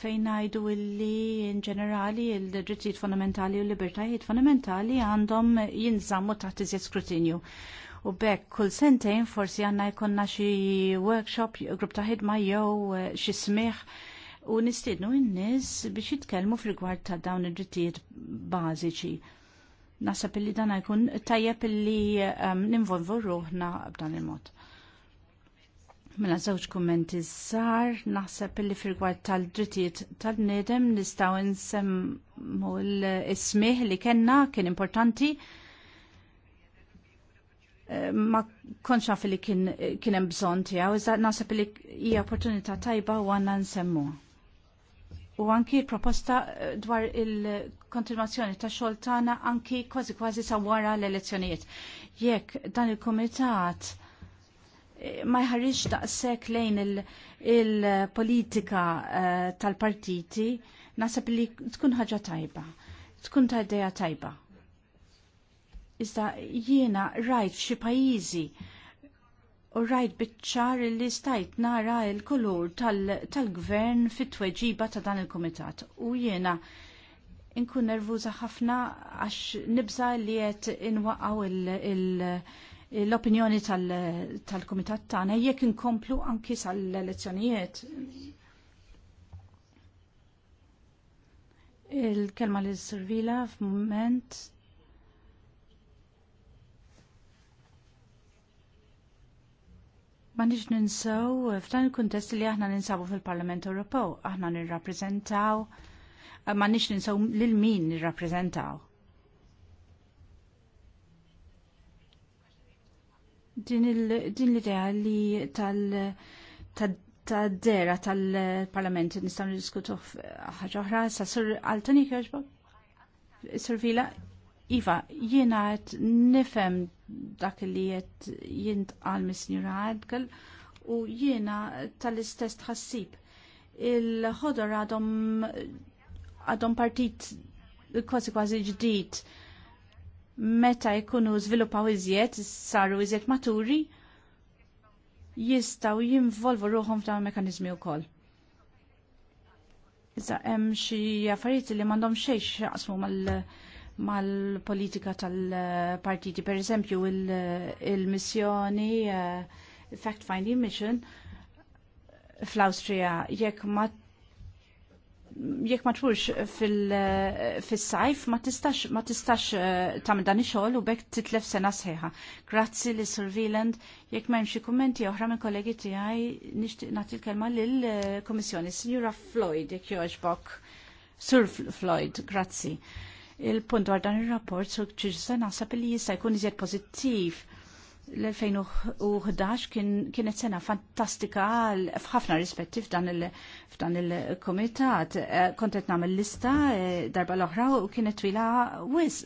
fejn ngħidu illi in ġenerali il-drittijiet fondamentali u l-libertajiet fondamentali għandhom jinżammu taħt iżjed skrutinju. U bekk kull sentejn forsi għandna jkollna xi workshop, grupp ta' ħidma jew eh, xi smigħ u nistiednu n-nies biex jitkellmu fil-gwart ta' dawn id-drittijiet bażiċi. Nasab illi dan jkun tajjeb illi um, ninvolvu ruħna b'dan il-mod. Mela żewġ kummenti żgħar naħseb li firgward tal-drittijiet tal-bniedem nistgħu nsemmu l-ismih li kellna kien importanti eh, ma kontx naf li kien hemm bżonn tiegħu, iżda naħseb li hija opportunità tajba u għandna nsemmu. U anki proposta eh, dwar il-kontinuazzjoni ta' xogħol tagħna anki kważi kważi sa wara l-elezzjonijiet. Jekk dan il-kumitat ma jħarriġ daqshekk lejn il-politika il politika eh, tal partiti nasab li tkun ħaġa tajba, tkun ta' ideja tajba. Iżda jiena rajt f'xi pajjiżi u rajt biċċar li stajt nara il-kulur tal-gvern tal fit-tweġiba ta' dan il-komitat. U jiena inkun nervuża ħafna għax nibża li qed inwaqgħu il-, il l-opinjoni tal-komitat tal tagħna jekk inkomplu anki sal-elezzjonijiet. Il-kelma li servila f'mument Ma nix ninsaw f'dan il kontest li aħna ninsabu fil-Parlament Ewropew, aħna nirrappreżentaw, ma nix ninsaw lil min nirrappreżentaw din l-idea li tal- ta' dera tal-parlament nistaw diskutu ħaġa oħra sa' sur Altani kħarġba? Sur Vila? Iva, jiena għet nifem dak li għet jint għal njura għadgħal u jiena tal-istess tħassib. Il-ħodor għadhom għadhom partit kważi kważi ġdid meta jkunu żviluppaw iżjed, saru iżjed maturi, jistaw jinvolvu ruħom ta' mekanizmi wkoll. Iżda hemm xi affarijiet li m'għandhom xejn jaqsmu mal politika tal partiti per eżempju il-missjoni il uh, eh, fact-finding mission fl-Awstrija jekk ma jekk ma tfurx fil-sajf ma tistax eh, tagħmel dan ix-xogħol u bekk titlef sena sħiħa. Grazzi li Sir Wieland, jekk ma xi kummenti oħra minn kollegi tiegħi nixtieq nagħti l-kelma lill-Kummissjoni. Eh, Sinjura Floyd jekk jogħġbok. Sir Floyd, grazzi. Il-punt dwar dan ir-rapport sur Sena sa' li jista' jkun iżjed pożittiv l-2011 kienet sena fantastika f'ħafna rispetti f'dan il-komitat. Il eh, Kontet namel lista eh, darba l-oħra u kienet twila wis.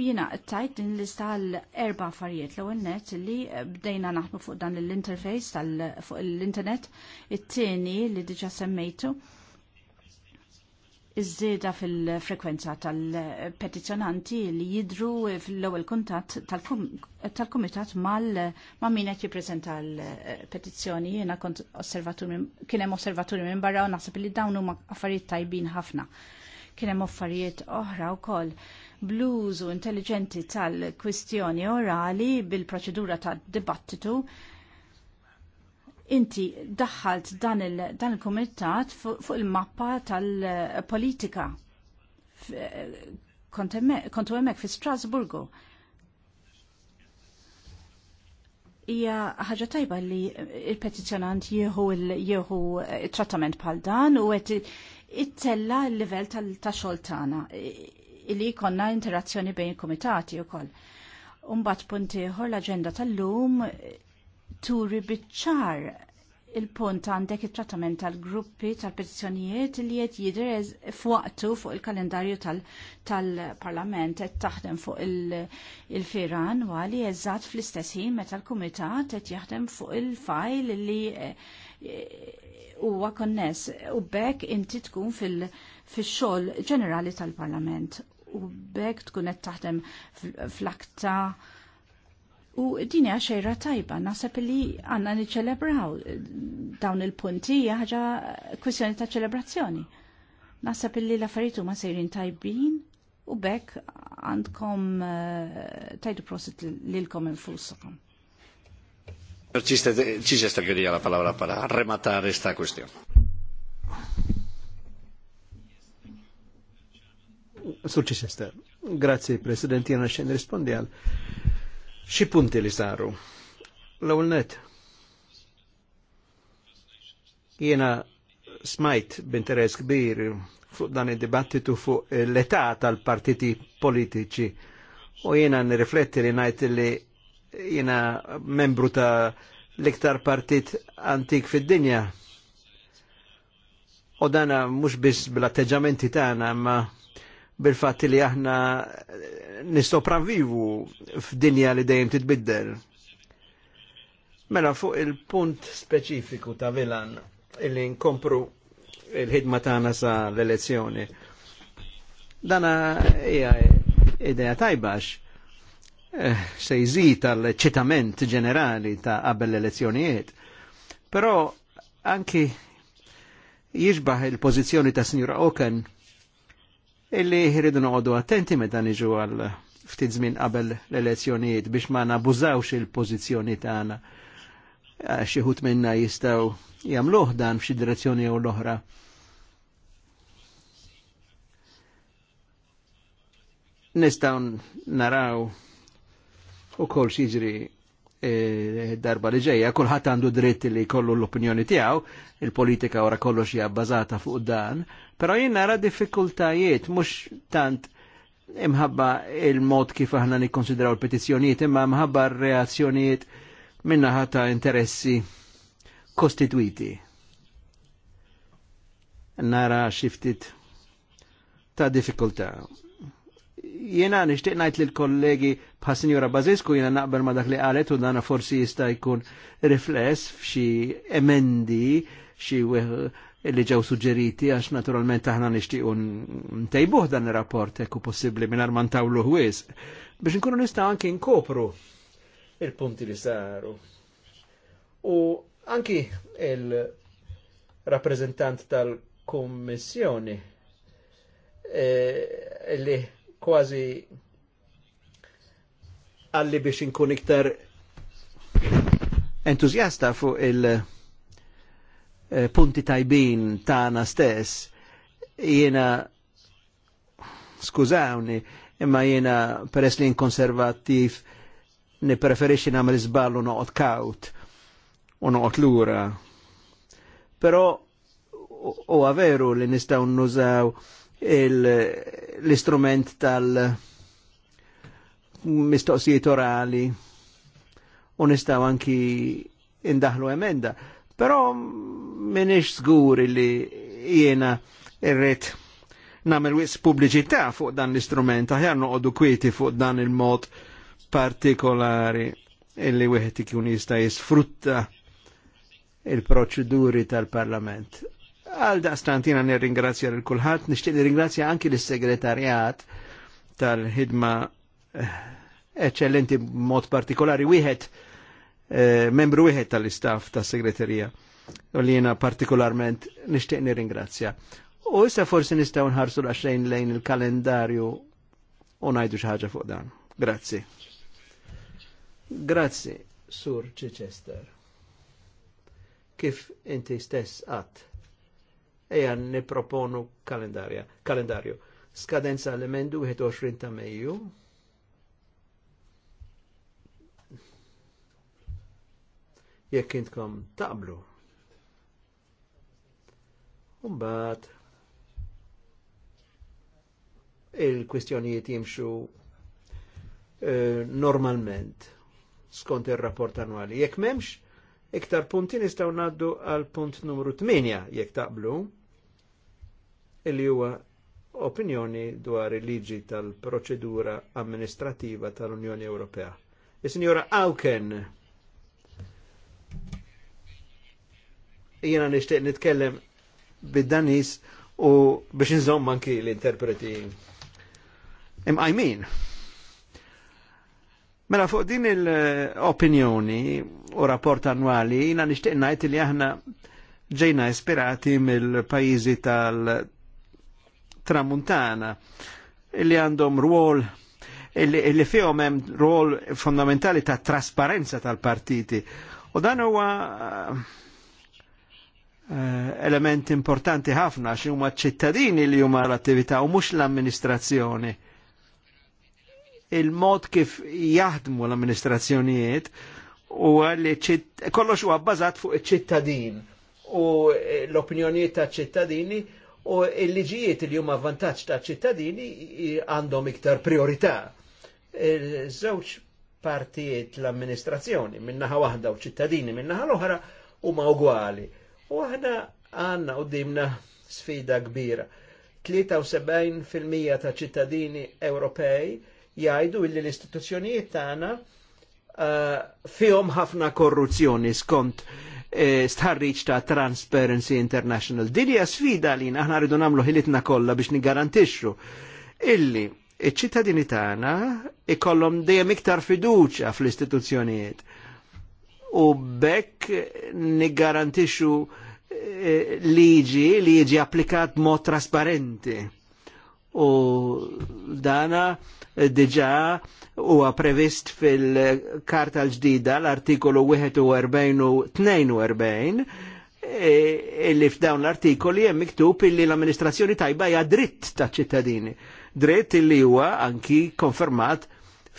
Jina, tajt din lista l-erba affarijiet l net li bdejna naħmu fuq dan l-interface tal fuq l-internet, it-tieni li diġa semmejtu iż-żieda fil-frekwenza tal-petizjonanti li jidru fil-ewwel kuntatt tal-kumitat mal ma' min qed jippreżenta l-petizzjoni jiena kont osservaturi kien hemm osservaturi minn barra u naħseb li dawn huma affarijiet tajbin ħafna. Kien hemm affarijiet oħra wkoll u intelligenti tal-kwistjoni orali bil-proċedura tad-dibattitu inti daħħalt dan il-komitat fuq il-mappa tal-politika. Kontu emmek fi Strasburgu. Ija ħaġa tajba li il-petizjonant jieħu jieħu eh, trattament bħal dan u għet it-tella l-level tal-xoltana li konna interazzjoni bejn komitati u koll. Umbat punti ħor l-agenda tal-lum turi bitċar il-punt għandek il-trattament tal-gruppi tal-petizzjonijiet li jiet jidher fuqtu fuq il-kalendarju tal-parlament qed taħdem fuq il-firan u għali eżatt fl-istess ħin meta l-kumitat qed jaħdem fuq il-fajl li eh, huwa konness u bekk inti tkun fil-xogħol ġenerali tal-parlament u bekk tkun qed taħdem fl-akta fl U dini għaxejra tajba, nasab li għanna niċelebraw eh, dawn il-punti, ħaġa kwissjoni ta' ċelebrazzjoni. Nasab li l-affarijiet ma sejrin tajbin u bekk għandkom eh, tajdu prosit l-ilkom lilkom infusakom. sta għedija la palabra para rematare sta kwestjon. Sur Ċiċesta, grazie Presidenti, jena xen rispondi għal Xi punti li saru? L-ewwel net. Jiena smajt b'interess kbir fuq dan id-dibattitu fuq l-età tal-partiti politiċi u jiena nirrifletti li ngħid li jiena membru ta' l-iktar partit antik fid-dinja. U dana mhux biss bl-atteġġamenti tagħna ma' bil fat li aħna nistopravivu f'dinja li dejjem titbiddel. Mela fuq il-punt speċifiku ta' Vilan illi nkompru il-ħidma tagħna sa l-elezzjoni. Dana hija idea tajbax eh, se jżid tal-ċitament ġenerali ta' qabel l-elezzjonijiet. Però anki jiġbaħ il-pożizzjoni ta' Sinjura Oken illi jiridu noqogħdu attenti meta niġu għal ftit żmien qabel l-elezzjonijiet biex ma nabużawx il-pożizzjoni tagħna. Xi ħut minna jistgħu jagħmluh dan f'xi direzzjoni jew l-oħra. Nistgħu naraw ukoll xiġri e, darba li ġejja, kulħadd għandu dritt li kollu l-opinjoni tiegħu il-politika wara kollox hija bbażata fuq dan, Pero jien nara diffikultajiet, mux tant imħabba il-mod kif aħna nikkonsidraw il-petizjonijiet, imma imħabba reazzjonijiet minna ħata interessi kostituiti. Nara xiftit ta' diffikultà. Jena nishtiq najt li l-kollegi bħas Sinjora Bazisku jena naqbel ma dak li qalet u dana forsi jista' jkun rifless f'xi emendi xi li ġew suġġeriti għax naturalment aħna nixtiequ ntejbuh dan ir-rapport ekku possibbli mingħajr ma ntawlu ħwies biex nkunu nistgħu anke nkopru il-punti li saru. U anki il-rappreżentant tal-Kummissjoni eh, li kważi għalli biex inkun iktar entużjasta fuq il- Eh, punti tajbin tagħna stess. Jiena skużawni, imma jiena peress li konservattiv nipreferixi nagħmel iżballu noqgħod kawt u noqgħod lura. Però huwa veru li un nużaw l-istrument tal mistoqsijiet orali u nistgħu anki indaħlu emenda Però minix zgur li jiena irrit namel wis publicità fuq dan l-istrument, aħjar noqogħdu kwieti fuq dan il-mod partikolari illi wieħed ikun jista' jisfrutta il-proċeduri tal-Parlament. Għal daqstantina nirringrazzja l kulħadd nixtieq nirringrazzja anki l-segretarjat tal-ħidma eccellenti eh, mod partikolari wieħed Eh, membru wieħed tal-istaff tas-segreterija u li jena partikolarment nishtiq nirringrazzja. U issa forsi nistgħu nħarsu l-20 lejn il-kalendarju u ngħidu xi ħaġa fuq dan. Grazzi. Grazzi, Sur Chichester. Kif inti stess qatt eja niproponu kalendarja, kalendarju. Skadenza l-emendu 21 ta' Mejju, jekk intkom taqblu. Umbat il-kwistjonijiet jimxu uh, normalment skont ir-rapport annwali. Jekk memx, iktar punti nistaw naddu għal punt numru 8 jekk taqblu illi huwa opinjoni dwar il-liġi tal-proċedura amministrativa tal-Unjoni Ewropea. is e signora Auken Jena nishtiq nitkellem bid-danis u biex nżom manki l-interpreti Im I mean. Mela fuq din il opinjoni u rapport annwali jena nishtiq najt li aħna ġejna ispirati mill-pajizi tal-Tramuntana li għandhom ruol illi fihom hemm rol fondamentali ta' trasparenza tal-partiti. U dan huwa Eh, element importanti ħafna xi huma ċittadini li huma l-attività u mhux l-amministrazzjoni. Il-mod kif jaħdmu l-amministrazzjonijiet u li kollox huwa bbażat fuq iċ-ċittadin u eh, l-opinjonijiet ta' ċittadini u l-liġijiet li huma vantaġġ ta' ċittadini għandhom iktar priorità. Żewġ partijiet l-amministrazzjoni minnaħa waħda u ċittadini minnaħa l-oħra huma ugwali U aħna għanna u dimna sfida kbira. 73% ta' ċittadini Ewropej jgħidu illi l-istituzzjonijiet tagħna uh, fihom ħafna korruzzjoni skont eh, stħarriċ ta' Transparency International. Din hija sfida li aħna rridu nagħmlu ħilitna kollha biex niggarantixxu illi iċ-ċittadini tagħna ikollhom dejjem iktar fiduċja fl-istituzzjonijiet u bekk niggarantixu eh, liġi li jiġi applikat mod trasparenti. U dana eh, diġa huwa previst fil-karta l-ġdida l-artikolu 41 u 42 eh, illi f'dawn l-artikoli hemm miktub illi l-amministrazzjoni tajba hija dritt ta' ċittadini. Dritt illi huwa anki konfermat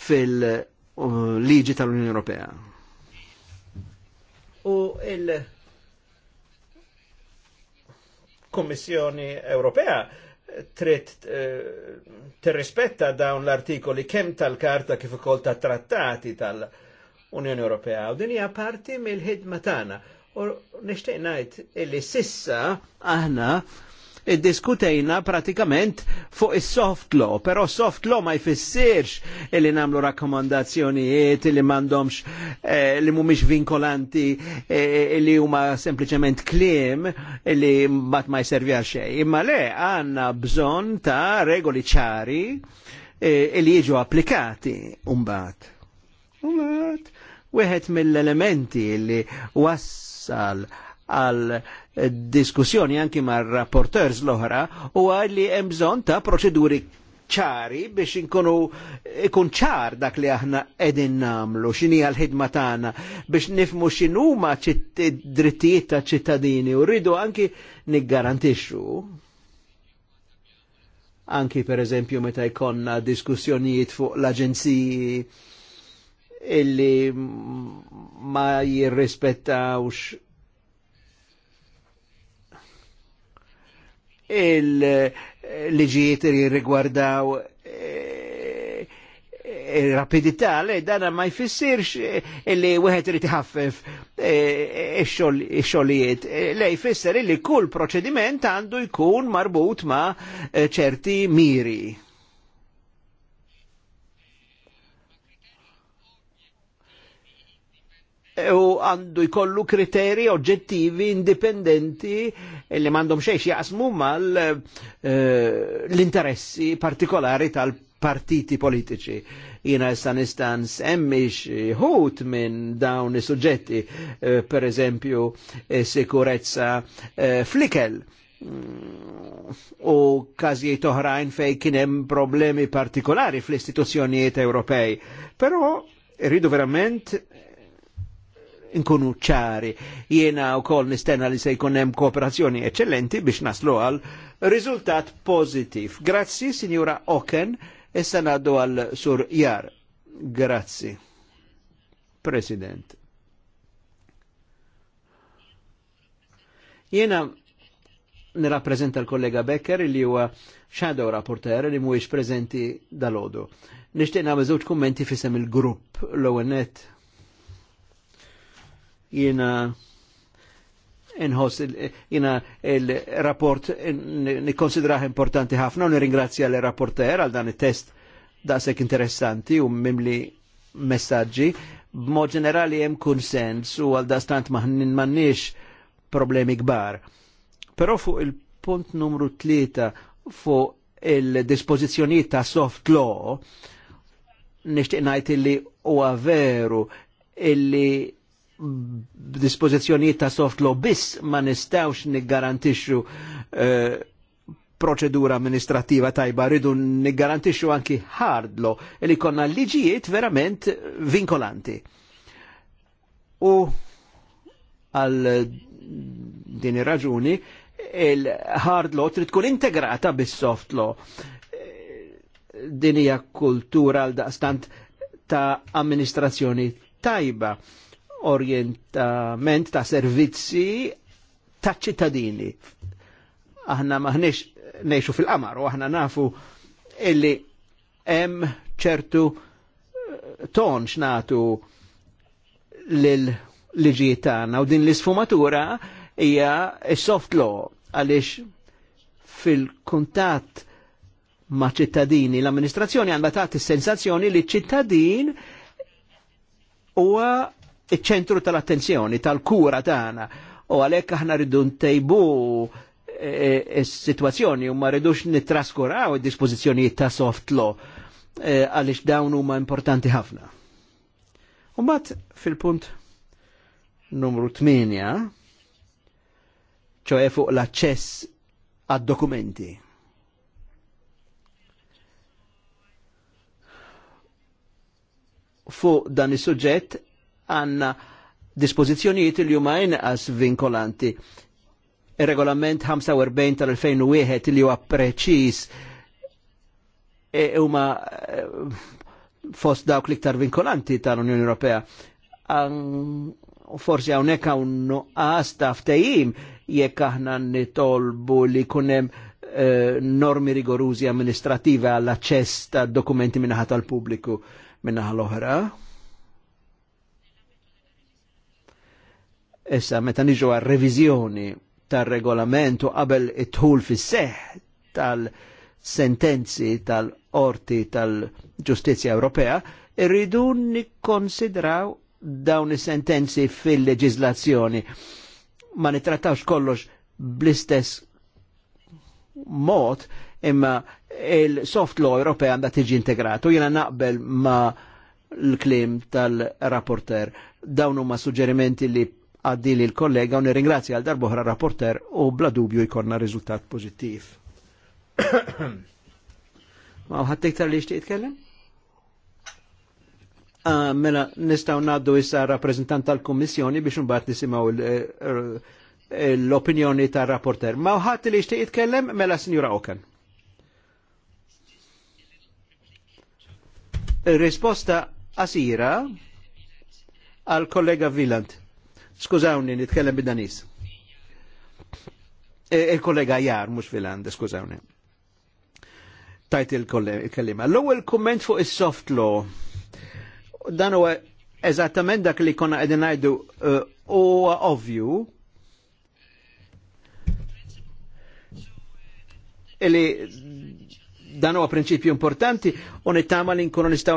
fil-liġi tal-Unjoni Ewropea u il- Kommissjoni Ewropea trid eh, tirrispetta dawn l-artikoli kemm tal-karta kif ukoll ta' trattati tal-Unjoni Ewropea u din hija parti mill-ħidma tagħna. U nixtieq ngħid illi sissa aħna diskutejna pratikament fuq is-soft law, però soft law ma jfissirx li namlu rakkomandazzjonijiet li m'għandhomx eh, li mhumiex vinkolanti eh, li huma sempliċement kliem li mbagħad ma jservi għal Imma le għandna bżonn ta' regoli ċari eh, li jiġu applikati mbagħad. Mbagħad wieħed mill-elementi li wassal għal diskussjoni anki mar rapporteurs l-oħra u għalli hemm bżonn ta' proċeduri ċari biex inkunu ikun ċar dak li aħna edin namlu, xini għal-ħidma tagħna biex nifmu ma drittijiet ta' ċittadini u rridu anki niggarantixxu. Anki per eżempju meta jkollna diskussjonijiet fuq l-aġenziji illi ma jirrispettawx il-liġijiet li rigwardaw eh, rapidità, le dana ma jfissirx illi eh, wieħed irid iħaffef eh, ix-xogħlijiet. Le jfisser illi kull proċediment għandu jkun marbut ma' ċerti miri. u għandu jkollu kriteri oġġettivi indipendenti li mandom xejx jaqsmu mal eh, l-interessi partikolari tal-partiti politiċi. Jina san istan semmix ħut minn dawn i suġġetti eh, per eżempju, eh, sikurezza flikel mm, u każijiet oħrajn fej kienem problemi partikolari fl-istituzzjonijiet Ewropej. Però rridu verament nkunu ċari. Jiena u kol nistenna li se jkun hemm kooperazzjoni eccellenti biex naslu għal rizultat pozitif. Grazzi, signora Oken, issa naddu għal Sur Jar. Grazzi. President. Jiena nirrappreżenta l-kollega Becker li huwa shadow rapporter li mhuwiex preżenti dal-ħodu. Nixtieq nagħmel żewġ kummenti fisem il-grupp l-ewwel net jina inħoss jina il-rapport nikonsidraħ importanti ħafna u nirringrazzja l-rapporter għal dan il-test daqsek interessanti u mimli messaġġi. B'mod ġenerali hemm kunsens u għal dastant m'għandniex problemi kbar. Pero fuq il-punt numru tlieta fuq il dispozizjoni ta' soft law nixtieq ngħid illi u veru illi b'dispożizzjonijiet ta' soft law biss ma nistawx niggarantixxu eh, proċedura amministrativa tajba rridu niggarantixxu anki hard law li konna liġijiet verament vinkolanti. U għal din ir-raġuni il-hard law trid tkun integrata bis-soft law. Din hija kultura għal daqstant ta' amministrazzjoni tajba orientament ta' servizzi ta' ċittadini. Aħna maħniex neħxu fil-qamar u aħna nafu illi hemm ċertu eh, ton xnatu l-liġijiet tagħna u din l-isfumatura hija soft law għaliex fil-kuntatt ma' ċittadini l-amministrazzjoni għandha tagħti sensazzjoni li ċittadin huwa iċ-ċentru tal-attenzjoni, tal-kura tagħna. U għalhekk aħna rridu ntejbu e, e, is-sitwazzjoni u ma rridux nittraskuraw id-dispożizzjonijiet ta' soft law e, għaliex dawn huma importanti ħafna. U mbagħad fil-punt numru 8, ċoħe fuq l-aċċess għad-dokumenti. Fuq dan is suġġett għanna dispożizzjonijiet li huma inqas vinkolanti. Ir-regolament 45 tal-2001 li huwa e huma e, fost dawk l-iktar vinkolanti tal-Unjoni Ewropea. Forsi hawnhekk hawn nuqqas ta' ftehim jekk aħna nitolbu li kunem hemm e, normi rigorużi amministrativa għall-aċċess ta' dokumenti minnaħa tal-pubbliku minnaħa l-oħra. Issa, meta niġu għal revizjoni tal-regolament u qabel it-tħul fis-seħ tal-sentenzi tal-orti tal-ġustizja Ewropea, irridu nikkonsidraw dawn is-sentenzi fil-leġizlazzjoni. Ma nitrattawx kollox bl-istess mod imma il-soft law Ewropea għandha tiġi integratu. Jiena naqbel ma l-klim tal-rapporter. Dawn huma suġġerimenti li għaddi li l-kollega u nirringrazzi għal darbohra rapporter u bla dubju jkonna riżultat pozittiv. Ma ħadd tiktar li jixtieq jitkellem? Ah, mela nistgħu ngħaddu issa rappreżentant tal-Kummissjoni biex imbagħad nisimgħu eh, l-opinjoni tar-rapporter. Ma ħadd li jixtieq jitkellem mela Sinjura Oken. Risposta asira għal kollega Viland. Skużawni, nitkellem bid-danis. E, il-kollega jar, mux filan, skużawni. Tajt il-kellima. l ewel komment fuq il soft law. Dan u eżattament dak li konna qegħdin ngħidu e, huwa ovju, Illi dan huwa prinċipju importanti u nittama li nkunu nistgħu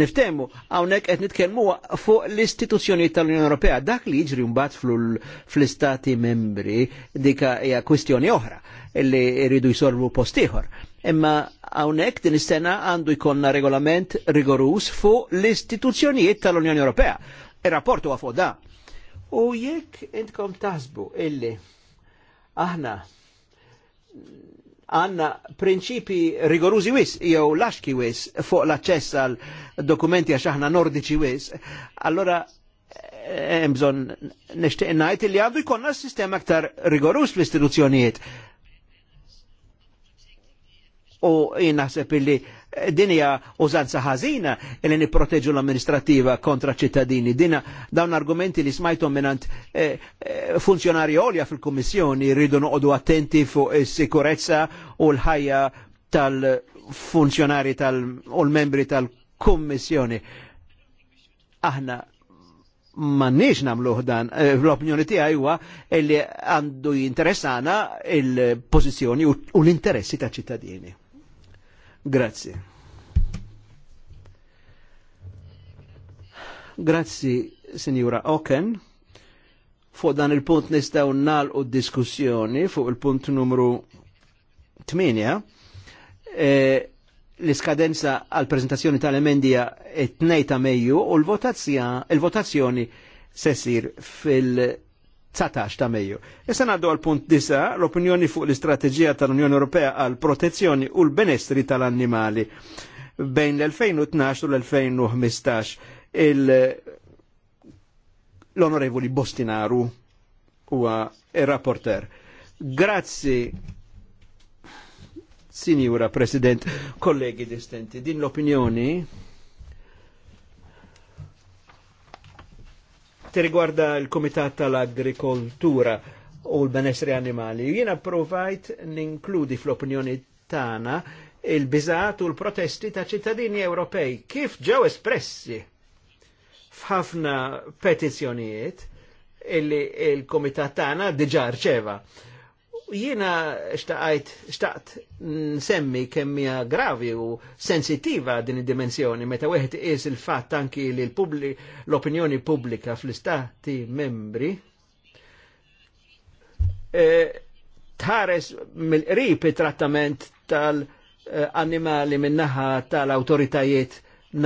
niftehmu hawnhekk qed nitkellmu fuq l-istituzzjonijiet tal-Unjoni Ewropea. Dak li jiġri mbagħad fl-istati membri dika hija kwistjoni oħra li jridu jsolvu post ieħor. Imma hawnhekk din is-sena għandu jkollna regolament rigorus fuq l-istituzzjonijiet tal-Unjoni Ewropea. Ir-rapport huwa fuq da. U jekk intkom taħsbu illi aħna għanna prinċipi rigorużi wis, jew laxki wis, fuq l access għal dokumenti għax aħna nordiċi wis, allora eh, hemm nishtiq najt ngħid li għandu jkollna s-sistema aktar rigorus fl-istituzzjonijiet. U jinaħseb illi dinja użanza ħażina li nipproteġu l-amministrativa kontra ċittadini. Dina dawn argumenti li smajtom minant funzjonarji eh, eh, funzjonari olja fil-Kummissjoni rridu noqogħdu attenti fuq is-sikurezza u l-ħajja tal-funzjonari tal u l-membri tal-Kummissjoni. Aħna m'għandniex namluħ dan, eh, l-opinjoni tiegħi huwa li għandu jinteressana il-pożizzjoni u l-interessi ta' ċittadini. Grazie. Grazzi, Signora Oken. Fuq dan il-punt nistaw u diskussjoni fuq il-punt numru 8. E, L-iskadenza għal prezentazzjoni tal-emendija 2 ta' Mejju u l-votazzjoni sessir fil- 19 ta' Mejju. Issa għaddu għal punt disa l-opinjoni fuq l-istrateġija tal-Unjoni Ewropea għal protezzjoni u l-benestri tal-annimali bejn l-2012 u l-2015 l-onorevoli Bostinaru huwa il-rapporter. Grazzi Sinjura President, kollegi distenti, din l-opinjoni riguarda il komitat tal-Agrikoltura u l-Benessri Animali. Jiena provajt ninkludi fl-opinjoni tana il bizat u l-protesti ta' ċittadini Ewropej kif ġew espressi f'ħafna petizzjonijiet illi il-Komitat Tana diġà rċeva. Jiena xtaqajt, xtaqt nsemmi kemmija gravi u sensitiva din id-dimensjoni meta weħed is il-fatt anki li l-opinjoni pubblika fl-istati membri e, tħares mill-qrib trattament tal-annimali minnaħa tal-autoritajiet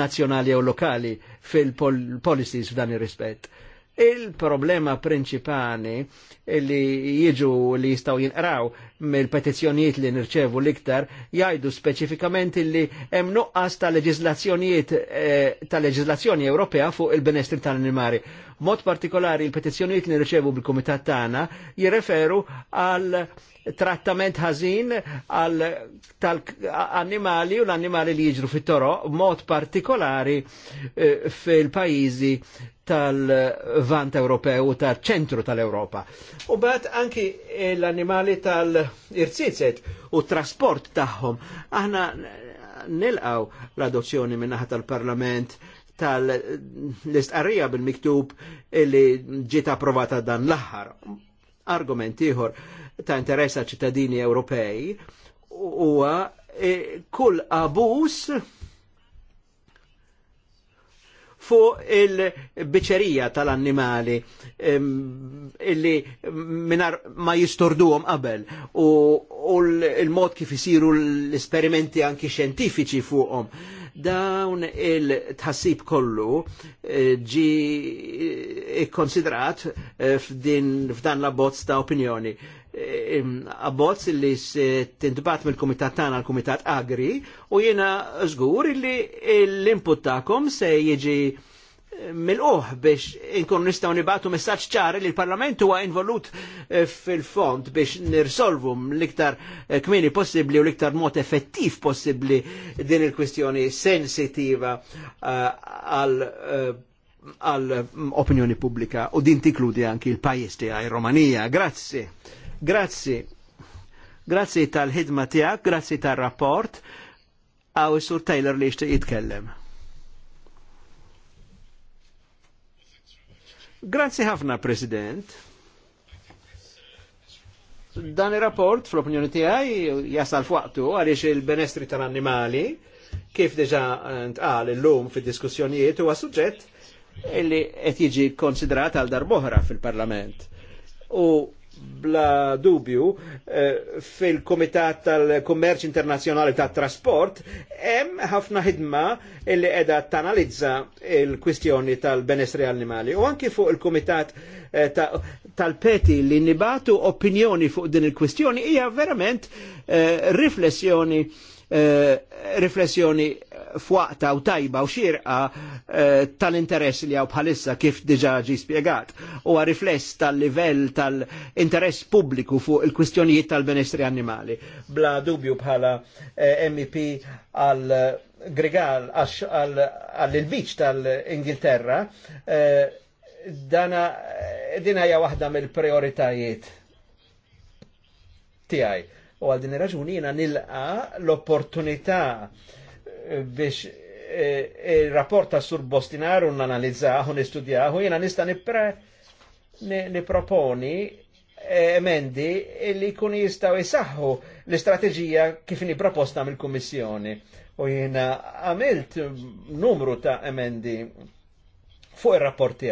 nazjonali u lokali fil-policies f'dan ir-rispett Il-problema prinċipali li jiġu li jistaw jinqraw mill-petizzjonijiet li nirċevu liktar jgħidu speċifikament li hemm nuqqas ta' leġislazzjonijiet eh, ta' leġislazzjoni Ewropea fuq il-benestri tal-animali. Mod partikolari il-petizzjonijiet li nirċevu bil-Kumitat tagħna jirreferu għal trattament ħażin għal tal-annimali u l-annimali li jiġru fit-toro mod partikolari eh, fil-pajjiżi tal-vant Ewropew u tal-ċentru tal-Europa. U bat anki eh, l-animali tal irzizet u trasport tagħhom. Aħna nilqaw l-adozzjoni minnaħa tal-Parlament tal-istqarrija bil-miktub li ġiet approvata dan l-aħħar. Argument ieħor ta' interess ċittadini Ewropej huwa eh, kull abus fuq il-biċerija tal-annimali illi minar ma jistorduhom qabel u, u l-mod kif jisiru l-esperimenti anki xentifiċi fuqhom. Dawn il-tħassib kollu eh, ġi eh, ikkonsidrat eh, f'dan la bozz ta' opinjoni abbozz li tintbat mill kumitat tana l kumitat Agri u jiena żgur li l-input ta'kom se jiġi eh, mill-uħ biex inkun nistaw nibatu messaġġ ċar li l-Parlament huwa involut eh, fil-fond biex nirsolvu l-iktar eh, kmini possibbli u l-iktar mod effettiv possibbli din il-kwistjoni sensitiva għal għal mm, opinjoni pubblika u din tikludi anki il-pajis tiegħi Romanija. Grazie. Grazzi. Grazzi tal-ħidma tiegħek, grazzi tal-rapport, għaw sur Taylor li jishtiq jitkellem. Grazzi ħafna, President. Dan il-rapport, fl-opinjoni tiegħi, jasal f'waqtu għaliex il-benestri tal-annimali, kif deġa ntqal illum fid-diskussjonijiet huwa suġġett illi qed jiġi konsiderat għal darboħra fil-Parlament. U bla dubju eh, fil-Komitat tal-Kommerċ Internazzjonali tat Trasport hemm ħafna ħidma li qiegħda tanalizza il-kwistjoni tal-benessri animali u anki fuq il kumitat eh, tal-Peti li nibatu opinjoni fuq din il-kwistjoni hija verament eh, riflessjoni riflessjoni fwaqta u tajba u xirqa eh, tal-interess li għaw bħalissa kif diġa ġi spiegat u rifless tal-livell tal-interess pubbliku fuq il-kwistjonijiet tal-benestri animali. Bla dubju bħala eh, MEP għal Grigal għall-il-biċ tal-Ingilterra eh, dana dina hija waħda mill-prioritajiet tiegħi. U għal din ir-raġuni jiena nilqa l-opportunità biex e, e, il-rapport ta' sur Bostinaru n analizzaħu, n-istudjaħu, jena nista nipre niproponi e, emendi li kun jistaw jisaxħu l-istrateġija kif ni proposta mill-Kummissjoni. U jena għamilt numru ta' emendi fuq il-rapport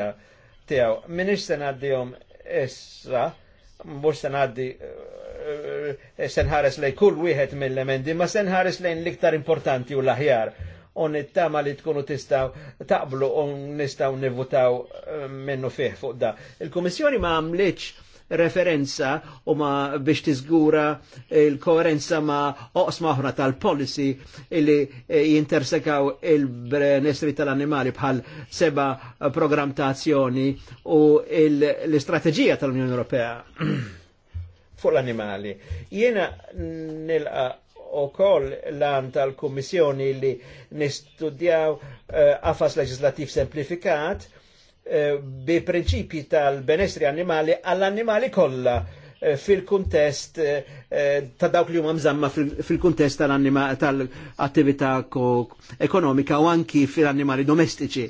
tijaw. Minix sen għaddijom essa, għaddi senaddi eh, eh, senħares lej kull wieħed mill-emendi, ma senħares lejn l-iktar importanti u l-aħjar. Un nittama tama li tkunu tistaw taqblu on nistaw nivutaw eh, minnu fih fuq da. Il-Komissjoni ma għamliċ referenza u ma biex tizgura il-koerenza ma oqsma oħra tal-policy illi jintersekaw il-benessri tal-animali bħal seba program ta' azzjoni u l istrategija tal-Unjoni Ewropea fuq l-animali. Jiena nilqa' u koll lan tal-Kommissjoni li nistudjaw għafas eh, uh, leġislativ semplifikat Eh, bi prinċipji tal-benessri animali għall-animali kollha eh, fil-kuntest eh, ta' dawk li huma mżamma fil-kuntest tal-attività ekonomika u anki fil-annimali domestiċi.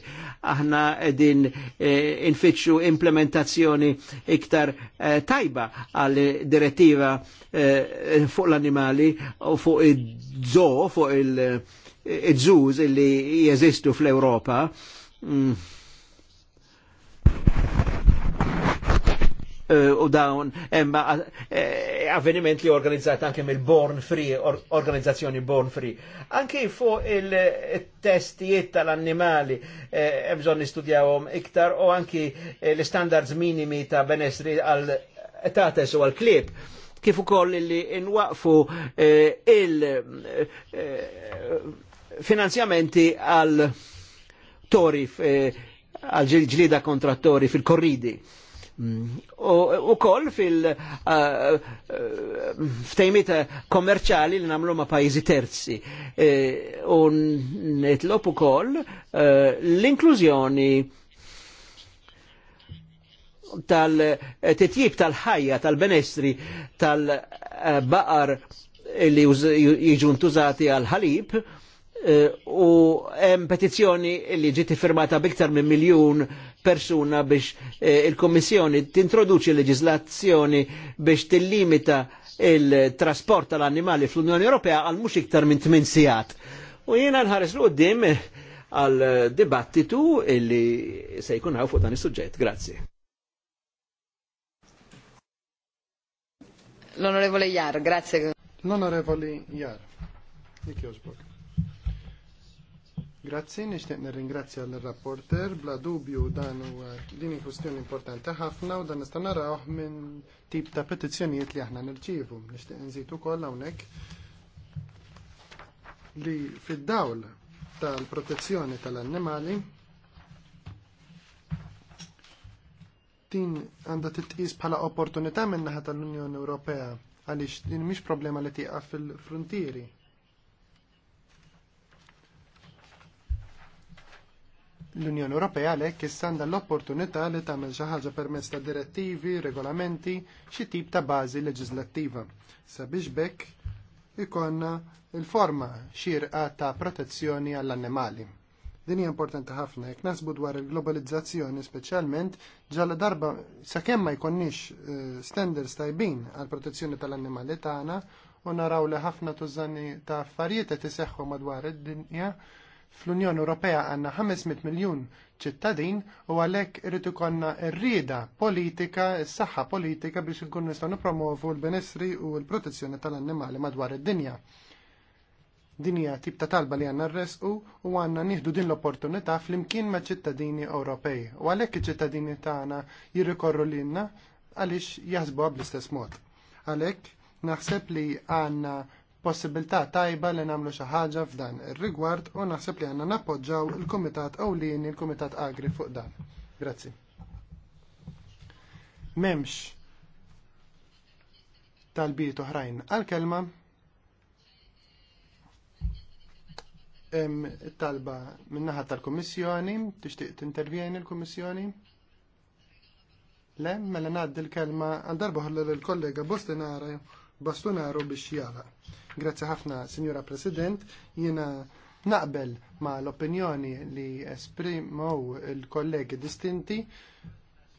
Aħna din infittxu implementazzjoni iktar tajba għal direttiva fuq l-annimali u fuq id zoo fuq il-żuż li jeżistu fl-Europa. Mm. Eh, u dawn emma eh, avveniment li organizzat anke mill Born Free, organizzazzjoni Born Free. Anke fuq il-testijiet eh, tal-annimali hemm bżonn nistudjawhom iktar u anki l-standards minimi ta' benessri għal tates u għal klib kif ukoll li nwaqfu il-finanzjamenti għal torif għal ġlida kontrattori fil-korridi. U koll fil uh, uh, ftejmita kommerċali li namlu ma' pajizi terzi. E, u netlop u koll uh, l-inklużjoni tal-titjib tal-ħajja, tal-benestri, tal-baqar li jiġu ntużati għal-ħalib Eh, u hemm petizzjoni li ġiet firmata biktar minn miljun persuna biex eh, il-Kommissjoni tintroduċi leġislazzjoni biex tillimita il-trasport tal-annimali fl-Unjoni Ewropea għal mhux iktar minn tmien sigħat. U jiena nħares l qudiem għal dibattitu illi se jkun hawn fuq dan is-suġġett. Grazzi. L-Onorevole Jar, grazie. L-Onorevole Jar, Nikjosbok. Grazzi, nixtieq nirringrazzja l-rapporter, bla dubju dan huwa din kwistjoni importanti ħafna u dan nista' naraw minn tip ta' petizzjonijiet li aħna nirċievu. Nixtieq nżid ukoll hawnhekk li fid-dawl tal-protezzjoni tal-annimali din għandha titqis bħala opportunità min-naħa tal-Unjoni Ewropea għaliex din mhix problema li tieqa fil-frontieri L-Unjoni Ewropea għalhekk għandha l-opportunità li tagħmel xi ħaġa permezz ta' direttivi, regolamenti, xi tip ta' bażi leġislattiva. Sabiex bekk ikonna il-forma xirqa ta' protezzjoni għall-annimali. Din hija importanti ħafna jekk nasbu dwar il-globalizzazzjoni speċjalment ġalla darba sakemm ma jkunniex eh, standards tajbin għall protezzjoni tal-annimali tagħna u naraw li ħafna tużani ta' affarijiet qed iseħħu madwar id-dinja Fl-Unjoni Ewropea għandna 500 miljun ċittadin u għalhekk irid konna rrieda politika, s-saħħa politika biex nkun nistgħu nippromovu l-benessri u l-protezzjoni tal-annimali madwar id-dinja. Din hija tip ta' talba li għandna rresqu u għandna nieħdu din l-opportunità flimkien ma' ċittadini Ewropej. U għalhekk iċ-ċittadini tagħna jirrikorru lilna għaliex jaħsbuha bl-istess mod. Għalhekk naħseb li għandna possibilità tajba li nagħmlu xi ħaġa f'dan ir-rigward u naħseb li għandna nappoġġaw il-Kumitat Ewlieni, il-Kumitat Agri fuq dan. Grazzi. Memx tal-bit oħrajn għal-kelma hemm talba min-naħa tal-Kummissjoni, tixtieq tintervjeni l-Kummissjoni? Le, mela ngħaddi l-kelma għal darba ħallu lill kollega Bostinara Bostonaru biex jala. Grazzi ħafna, Signora President, jiena naqbel ma l-opinjoni li esprimaw il-kollegi distinti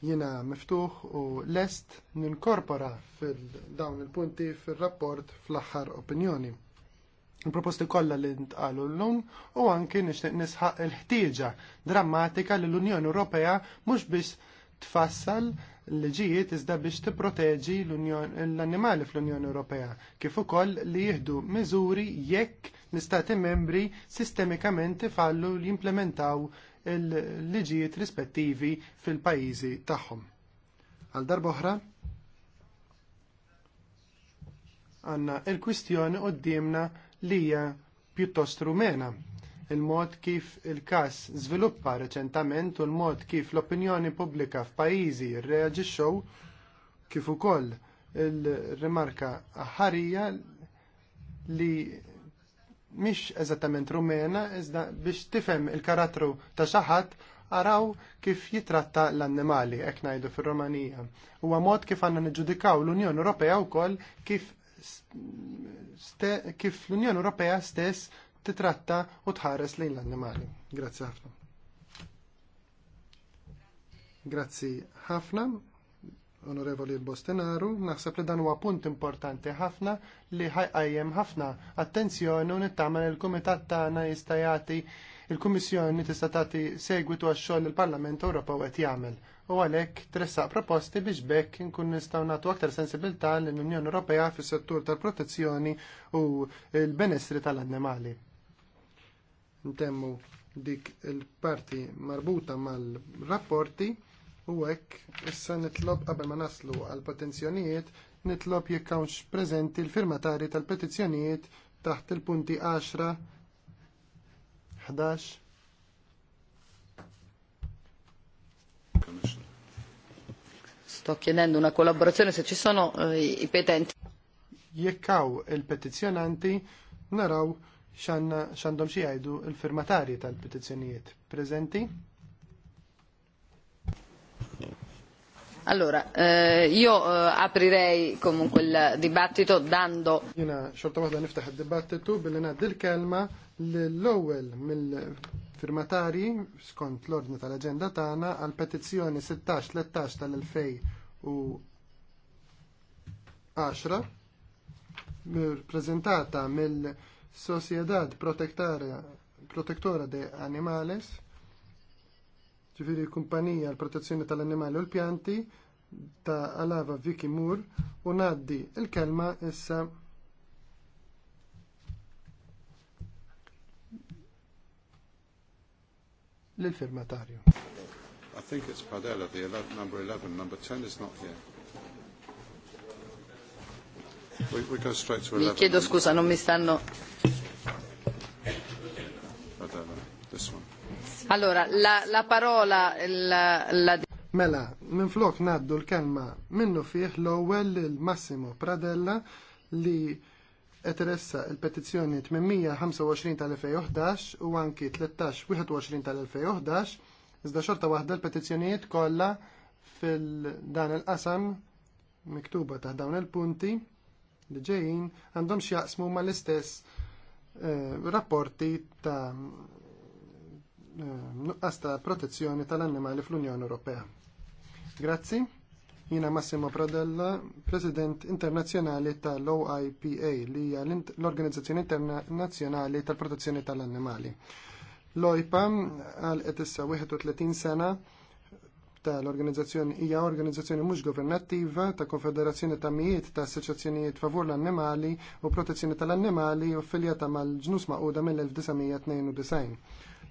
jiena miftuħ u lest ninkorpora fil-dawn il-punti fil-rapport fl-axħar opinjoni. Il-proposti kollha li ntqalu llum u anki nixtieq nisħaq il-ħtieġa drammatika li l-Unjoni Ewropea mhux biss tfassal l-ġijiet iżda biex tipproteġi l-annimali fl-Unjoni Ewropea, kif ukoll li jieħdu miżuri jekk l-Istati membri sistemikament ifallu li jimplementaw l-liġijiet rispettivi fil-pajjiżi tagħhom. Għal darboħra, għanna il-kwistjoni qoddimna li hija pjuttost rumena il-mod kif il-kas żviluppa reċentament u l-mod kif l-opinjoni pubblika f'pajjiżi rreaġixxew kif ukoll il-rimarka ħarija li mhix eżattament rumena iżda biex tifhem il-karattru ta' xi ħadd araw kif jitratta l-annimali, hekk ngħidu fir rumanija Huwa mod kif għandna niġġudikaw l-Unjoni Ewropea wkoll kif kif l-Unjoni Ewropea stess titratta u tħares lejn l-annimali. Grazzi ħafna. Grazzi ħafna, Onorevoli Bostenaru, naħseb li dan huwa punt importanti ħafna li ħajqajjem ħafna attenzjoni u nittamel il-Kumitat tagħna jista' jagħti il-Kummissjoni tista' tagħti segwitu għax-xogħol il-Parlament Ewropew qed jagħmel u għalhekk tressaq proposti biex bekk nkun nistgħu nagħtu aktar sensibilità lill unjoni Ewropea fis settur tal-protezzjoni u l-benessri tal-annimali ntemmu dik il-parti marbuta mal-rapporti u hekk issa nitlob qabel ma naslu għal petizzjonijiet nitlob jekk hawnx preżenti l-firmatari tal-petizzjonijiet taħt il-punti 10 11 Sto chiedendo una collaborazione se ci sono eh, i petenti. Jekkaw il-petizjonanti naraw xandom xie għajdu il-firmatari tal-petizzjonijiet. Prezenti? Allora, eh, io eh, aprirei comunque il dibattito dando... Jena, xorta wahda niftaħ il-dibattitu billi naddi l-kelma l-ewel mill-firmatari skont l-ordni tal-agenda tagħna għal petizzjoni 16-13 tal-2010 prezentata mill Sociedad Protectora, protectora de Animales, ġifiri kumpanija għal protezzjoni tal-animali u l-pjanti ta' Alava Vicky Moore u naddi il-kelma issa l-firmatarju. I think it's Padella, the 11, number 11, number 10 is not here. Mi chiedo scusa, non mi stanno... Allora, la, la parola... La, la... Mela, minflok naddu l-kelma minnu fih l-ewwel il-Massimo Pradella li etressa il petizjoni 825 tal-2011 u anki 13-21 tal-2011 iżda xorta waħda l-petizzjonijiet kollha fil-dan il-qasam miktuba ta' dawn il-punti li ġejjin għandhom x'jaqsmu mal-istess eh, rapporti ta' eh, nuqqas ta' protezzjoni tal-annimali fl-Unjoni Ewropea. Grazzi. Jina Massimo Prodella, President Internazzjonali tal-OIPA li hija l-Organizzazzjoni Internazzjonali tal-Protezzjoni tal-Annimali. L-OIPA għal issa 31 sena Ta' l organizzazzjoni hija organizzazzjoni mhux governattiva ta' Konfederazzjoni ta' Mijiet ta' Assoċjazzjonijiet Favur l-Annimali u Protezzjoni tal-Annimali u affiljata mal-ġnus maquda mill-1992.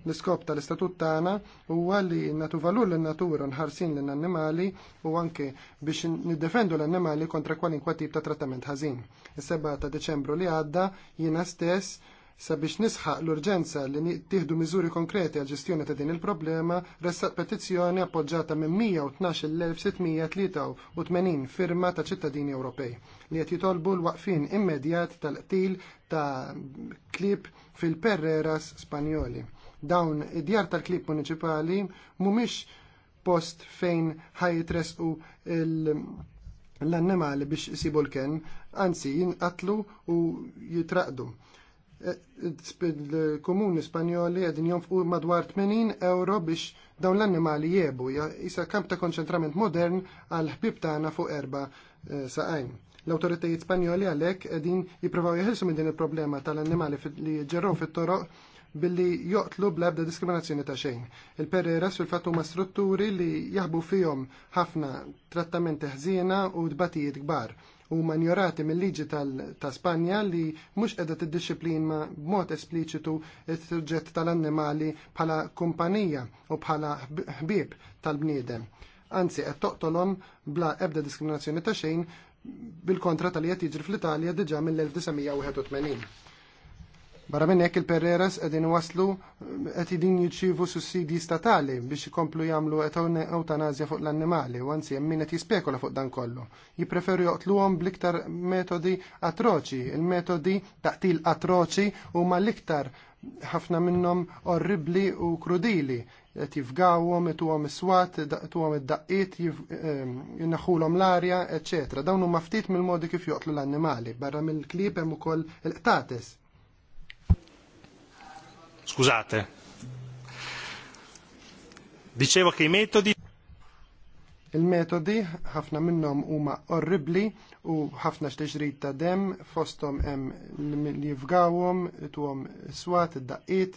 L-iskop tal-istatut tagħna huwa li natu valur lin-natura nħarsin lin-annimali u anke biex niddefendu l-annimali kontra kwalinkwa tip ta' trattament ħażin. Is-7 ta' Deċembru li għadda jiena stess Sabiex nisħaq l-urġenza li tieħdu miżuri konkreti għal ġestjoni ta' din il-problema, ressaq petizzjoni appoġġata minn 112.683 firma ta' ċittadini Ewropej li qed jitolbu l-waqfin immedjat tal-qtil ta' klib fil-Perreras Spanjoli. Dawn id-djar tal-klib municipali mhumiex post fejn ħajtresqu l-annimali biex isibu l-ken, anzi jinqatlu u jitraqdu. Eh, il-komuni spanjoli għedin jonfqu madwar 80 euro biex dawn l-annimali jiebu. Jisa kamp ta' konċentrament modern għal ħbib tagħna fuq erba eh, saqajn. L-autoritajiet spanjoli għalek għedin jiprofaw jħelsu minn din il-problema tal-annimali li ġerru fit-toroq billi joqtlu bl-ebda diskriminazzjoni ta' xejn. Il-Pereiras fil-fatt huma strutturi li jaħbu fihom ħafna trattamenti ħżiena u dbatijiet kbar u manjorati mill-liġi ta' Spanja li mhux qiegħda tiddixxiplina b'mod espliċitu s-suġġett tal-annimali bħala kumpanija u bħala ħbieb tal-bniedem. Anzi qed toqtolhom bla ebda diskriminazzjoni ta' xejn bil-kontra tal-li jiġri fl-Italja diġà mill-1981. Barra minn hekk il-Perreras qegħdin waslu qed din jirċievu sussidi statali biex ikomplu jagħmlu eutanazja fuq l-annimali u anzi hemm min qed jispekula fuq dan kollu. Jippreferu joqtluhom bl-iktar metodi atroċi, il-metodi taqtil atroċi huma l-iktar ħafna minnhom orribli u krudili. Qed s ituhom iswat, għom id-daqqiet, jinaħulhom ehm, l-arja, eċċetera. Dawn huma ftit mill-modi kif joqtlu l-annimali. Barra mill-klieb hemm ukoll il-qtates Scusate. Dicevo che i metodi Il-metodi ħafna minnhom huma orribli u ħafna xteġrid ta' dem fosthom hemm li jifgawhom tuhom swat id-daqqiet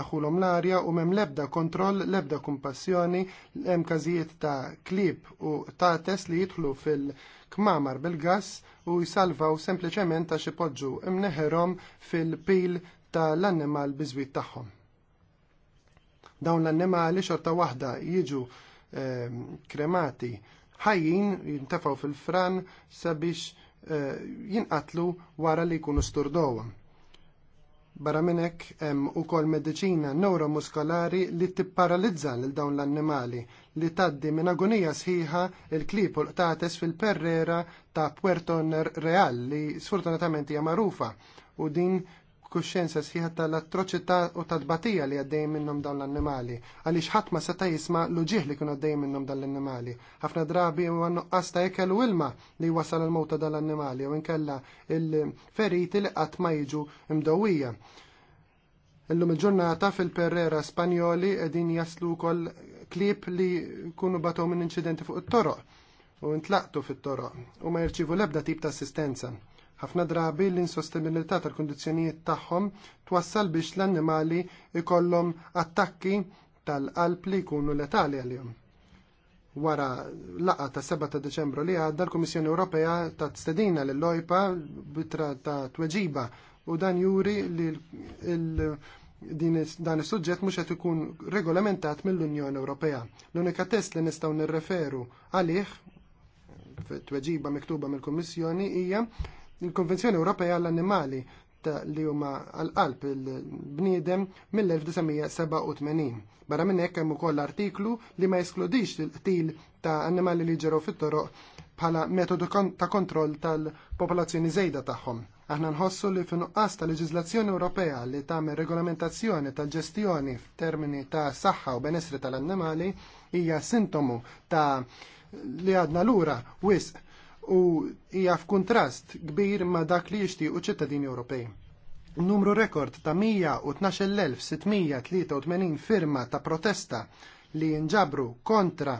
naħulhom l-arja u m'hemm lebda kontroll, lebda kumpassjoni, hemm każijiet ta' klib u tates li jidħlu fil-kmamar bil-gass u jsalvaw sempliċement għax ipoġġu imneħerhom fil-pil Ta l annimal bizwit tagħhom. Dawn l-annimali xorta waħda jiġu eh, kremati ħajjin jintefgħu fil-fran sabiex eh, jinqatlu wara li jkunu sturdowa. Barra minnek hemm ukoll mediċina neuromuskolari li tipparalizza lil dawn l-annimali li taddi minn agonija sħiħa il-klib u l-qtates fil-perrera ta' Puerto Real li sfortunatament hija magħrufa u din kuxxenza sħiħa tal-atroċità u tal-batija li għaddej minnhom dawn l-annimali, għaliex ħadd ma seta' jisma l-uġieħ li kienu għaddej minnhom dawn l-annimali. Ħafna drabi u għannu għasta ekel u ilma li wasal il-mowta l annimali u nkella il-feriti li qatt ma jiġu imdowija. Illum il-ġurnata fil-Perrera Spanjoli qegħdin jaslu wkoll klieb li kunu batu minn incidenti fuq it-toroq u ntlaqtu fit-toroq u ma jirċivu l-ebda tip ta' assistenza. Ħafna drabi l-insostenibilità tal-kundizzjonijiet tagħhom twassal biex l-annimali ikollhom attakki tal-qalb li jkunu letali għalihom. Wara laqa ta' 7 ta' Deċembru li għadda l-Kummissjoni Ewropea ta' stedina l lojpa bitra ta' tweġiba u dan juri li dan is-suġġett mhux qed ikun regolamentat mill-Unjoni Ewropea. L-unika test li nistgħu nirreferu għalih fit-tweġiba miktuba mill-Kummissjoni hija Il-Konvenzjoni Ewropea għall-Annimali li huma għal-qalb il-bniedem mill-1987. Barra minn hekk hemm ukoll artiklu li ma jeskludix il-qtil ta' annimali li ġeru fit-toroq bħala metodu ta' kontroll tal-popolazzjoni żejda tagħhom. Aħna nħossu li f'nuqqas ta' leġiżlazzjoni Ewropea li tagħmel regolamentazzjoni tal-ġestjoni f'termini ta' saħħa u benessri tal-annimali hija sintomu ta' li għadna lura wisq u hija f'kuntrast kbir ma' dak li jixtiequ ċittadini Ewropej. Numru rekord ta' 112.683 firma ta' protesta li nġabru kontra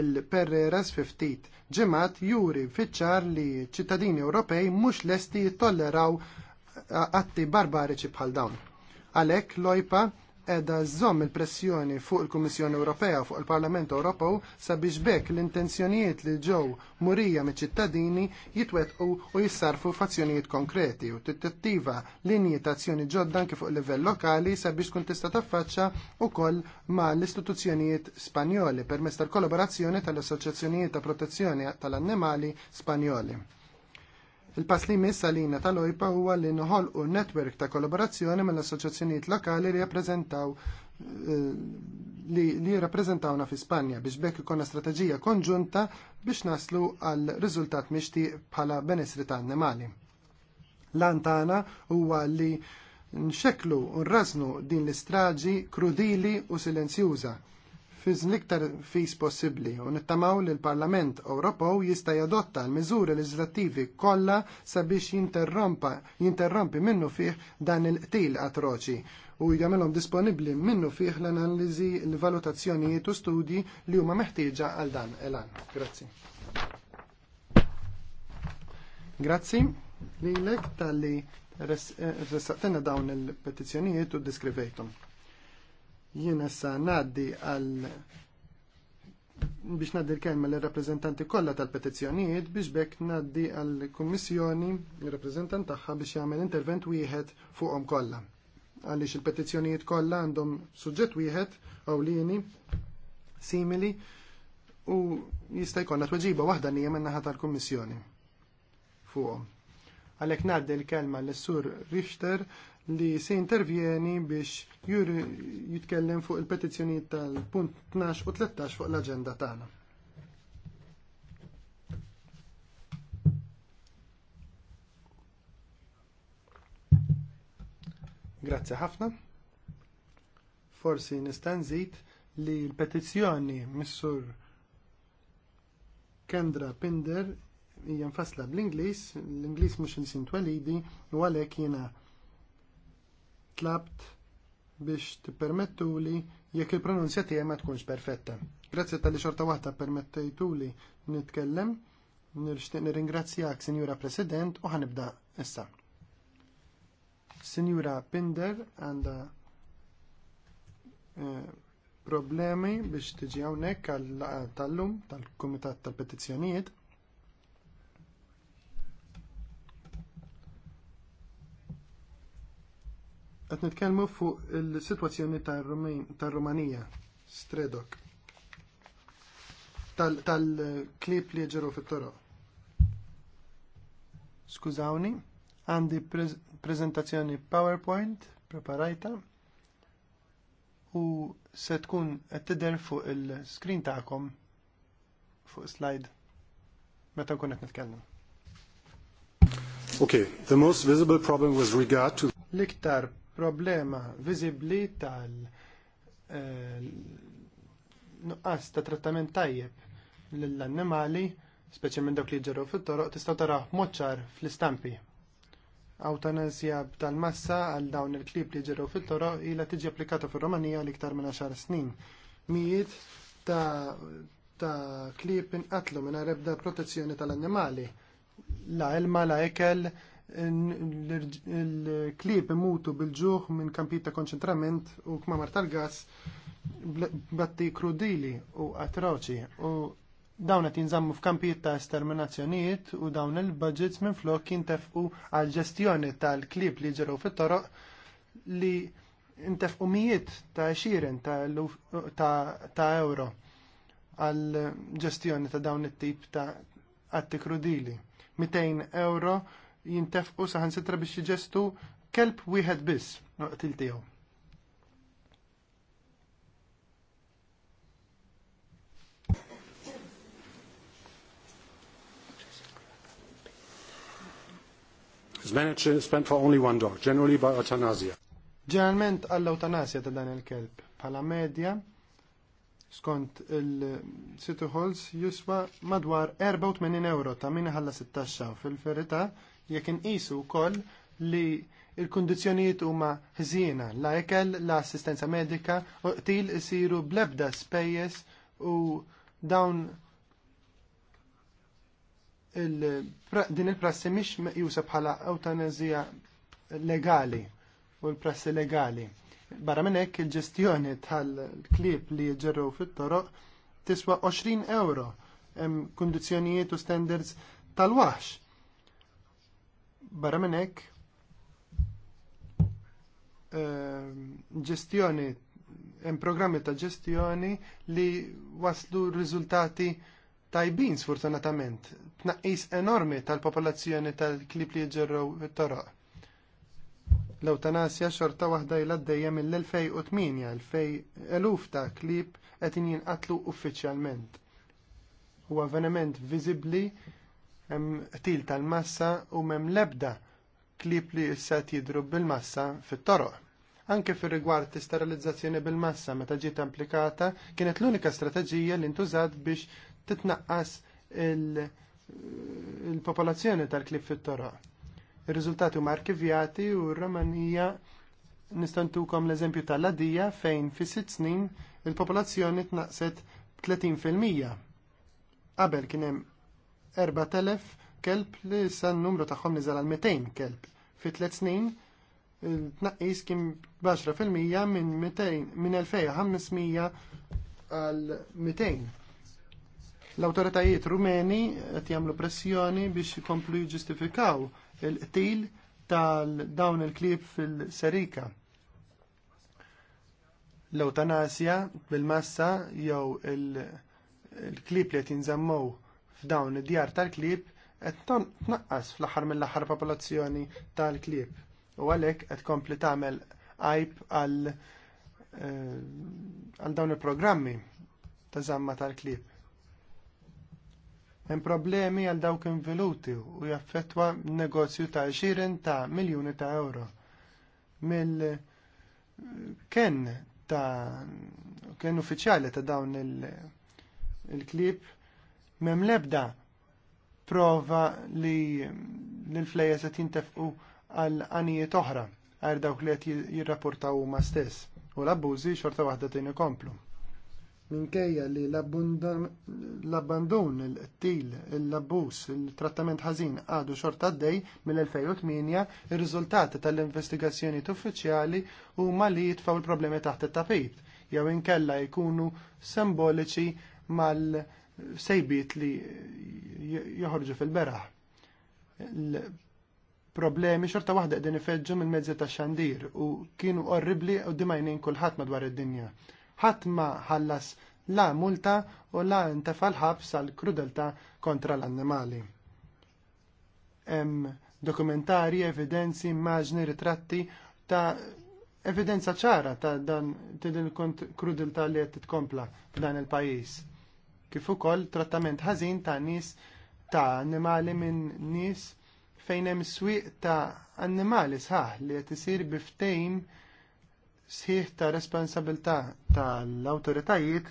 il-Perreras ftit ġemat juri fitxar li ċittadini Ewropej mhux lesti jittolleraw atti barbariċi bħal dawn. Għalhekk lojpa edha żomm il-pressjoni fuq il-Kummissjoni Ewropea fuq il-Parlament Ewropew sabiex bekk l-intenzjonijiet li ġew murija miċ-ċittadini jitwetqu u jissarfu f'azzjonijiet konkreti u tittettiva linji ta' azzjoni ġodda anke fuq livell lokali sabiex tkun tista' taffaċċa wkoll ma' l-istituzzjonijiet Spanjoli permezz tal-kollaborazzjoni tal-Assoċjazzjonijiet ta' Protezzjoni tal-Annimali Spanjoli. Il-pass li jmiss għalina tal-OIPA huwa li nħolqu netwerk ta' kollaborazzjoni mill assoċjazzjonijiet lokali li rappresentaw eh, li, li rappresentawna fi Spanja biex bekk ikonna strateġija konġunta biex naslu għal riżultat mixti bħala benessri ta' annimali. Lan tagħna huwa li nxeklu u nraznu din l-istraġi krudili u silenzjuża Fi l-iktar fis possibbli u nittamaw li l-Parlament Ewropew jista' jadotta l-miżuri leġislattivi kollha sabiex jinterrompa jinterrompi minnu fih dan il-qtil atroċi u jagħmelhom disponibbli minnu fih l-analiżi l-valutazzjonijiet u studji li huma meħtieġa għal dan elan. Grazzi. Grazzi lilek tal-li eh, ressaqtena dawn il-petizzjonijiet u diskrivejtum. Jiena sa naddi għal biex naddi l-kelma l rappreżentanti kollha tal-petizzjonijiet biex bekk naddi għall-Kummissjoni l rappreżentant tagħha biex jagħmel intervent wieħed fuqhom kollha. Għaliex il-petizzjonijiet kollha għandhom suġġett wieħed awlieni simili u jista' jkollna tweġiba waħda nija man naħa tal-Kummissjoni fuqhom. Għalhekk ngħaddi l-kelma lis sur Richter li se intervjeni biex juri jitkellem fuq il petizzjoni tal-punt 12 u 13 fuq l-agenda tagħna. Grazzi ħafna. Forsi nista' nżid li l-petizzjoni missur Kendra Pinder hija mfassla bl-Ingliż, l-Ingliż mhux insin twelidi u għalhekk jiena tlabt biex tippermettuli li jekk il-pronunzja tiegħi ma tkunx perfetta. Grazzi tal-li xorta waħda permettejtu li nitkellem, nirxtiq nirringrazzjak, Sinjura President, u ħanibda issa. Sinjura Pinder għandha eh, problemi biex tiġi hawnhekk għall-laqgħa tal-lum tal-Kumitat tal-Petizzjonijiet Qed nitkellmu fuq il-sitwazzjoni tar-Rumanija, Stredok. Tal-klip li ġeru fit-toroq. Skużawni, għandi prezentazzjoni PowerPoint preparajta u se tkun qed tidher fuq il-screen tagħkom fuq slide meta nkun qed nitkellem. Okay, the most visible problem with regard to l-iktar problema viżibbli tal eh, nuqqas ta' trattament tajjeb lill-annimali, speċjalment dawk li ġeru fit-toroq, tistgħu taraw moċċar fl-istampi. Awtanasja tal-massa għal dawn il-klib li ġeru fit-toroq ilha tiġi applikata fir-Romanija l-iktar minn 10 snin. Mijiet ta' ta' klib inqatlu minn ebda protezzjoni tal-annimali. La ilma, la ekel, l-klib imutu bil-ġuħ minn kampijiet ta' konċentrament u kmamar tal-gas batti krudili u atroċi u dawn qed jinżammu f'kampijiet ta' esterminazzjonijiet u dawn il-budgets minn flok jintefqu għal ġestjoni tal-klib li ġeru fit-toroq li intefqu mijiet ta' xiren ta' euro għal ġestjoni ta' dawn it-tip ta' atti krudili. 200 euro jintefqu saħan sitra biex jġestu kelb wieħed biss noqtil tiegħu. is managed spent for only one dog, generally by euthanasia. Ġeneralment għall-eutanasja ta' dan il-kelb. bħala medja, skont il-City Halls, jiswa madwar 84 euro ta' minna ħalla 16 fil-verita jekk inqisu wkoll li il kundizzjonijiet huma ħżiena, la ekel, l assistenza medika, u qtil isiru blebda spejjeż u dawn din il-prassi mhix meqjusa bħala eutanazija legali u l-prassi legali. Barra minn hekk il-ġestjoni tal-klieb li jġerru fit-toroq tiswa 20 euro hemm kundizzjonijiet u standards tal-waħx Barra minn hekk ehm, ġestjoni hemm programmi ta' ġestjoni li waslu riżultati tajbin sfortunatament. Tnaqqis enormi tal-popolazzjoni tal-klib li jġerru toroq. L-eutanasja xorta waħda il dejjem mill-2008 2000 eluf ta' klib qed jinqatlu uffiċjalment. U avveniment viżibbli hemm tal-massa u m'hemm l-ebda klib li issa jidru bil-massa fit-toroq. Anke fir rigward sterilizzazzjoni bil-massa meta ġiet implikata kienet l-unika strateġija li ntużat biex titnaqqas il-popolazzjoni il tal-klib fit-toroq. Ir-riżultati huma arkivjati u r-Romanija nistantukom l-eżempju tal-ladija fejn fi sitt snin il-popolazzjoni tnaqset fil 30 qabel kien hemm 4,000 kelb li sa n-numru tagħhom niżel għal 200 kelb. Fi tliet snin il-tnaqqis kien b'10% minn 200 minn 2500 għal 200. L-awtoritajiet rumeni qed jagħmlu pressjoni biex jkomplu jġustifikaw il-qtil tal-dawn il-klieb fil-serika. L-eutanasja bil-massa jew il-klieb li qed jinżammow f'dawn id-djar tal-klieb qed tnaqqas fl-aħħar mill-aħħar popolazzjoni tal-klieb u għalhekk qed tkompli tagħmel għajb għal eh, għal dawn il-programmi ta' zamma tal-klieb. Hemm problemi għal dawk involuti u jaffettwa negozju ta' 20 ta' miljuni ta' euro. Mill ken ta' ken uffiċjali ta' dawn il-klib Mem lebda prova li l flejja qed jintefqu għal anijiet oħra għal dawk li qed jirrapportaw huma stess u l-abbużi xorta waħda tejn ikomplu. Minkejja li l-abbandun, il-til, l-abbus, il-trattament ħażin għadu xorta għaddej mill-2008, ir-riżultati tal-investigazzjoni uffiċjali huma li jitfaw il-problemi taħt it-tapit jew inkella jkunu simboliċi mal- sejbiet li joħorġu fil-beraħ. Problemi xorta waħda għedin ifeġġu minn mezzi ta' xandir u kienu orribli u dimajnin kulħadd madwar id-dinja. Ħadd ma ħallas la multa u la intefal ħabs għal krudelta kontra l-annimali. Hemm dokumentari, evidenzi, immaġni, ritratti ta' evidenza ċara ta' dan din il-krudelta li qed titkompla f'dan il-pajjiż kif ukoll trattament ħażin ta' nies ta' annimali minn nies fejn hemm swieq ta' annimali sħaħ li qed isir biftejn sħiħ ta' responsabilità tal-awtoritajiet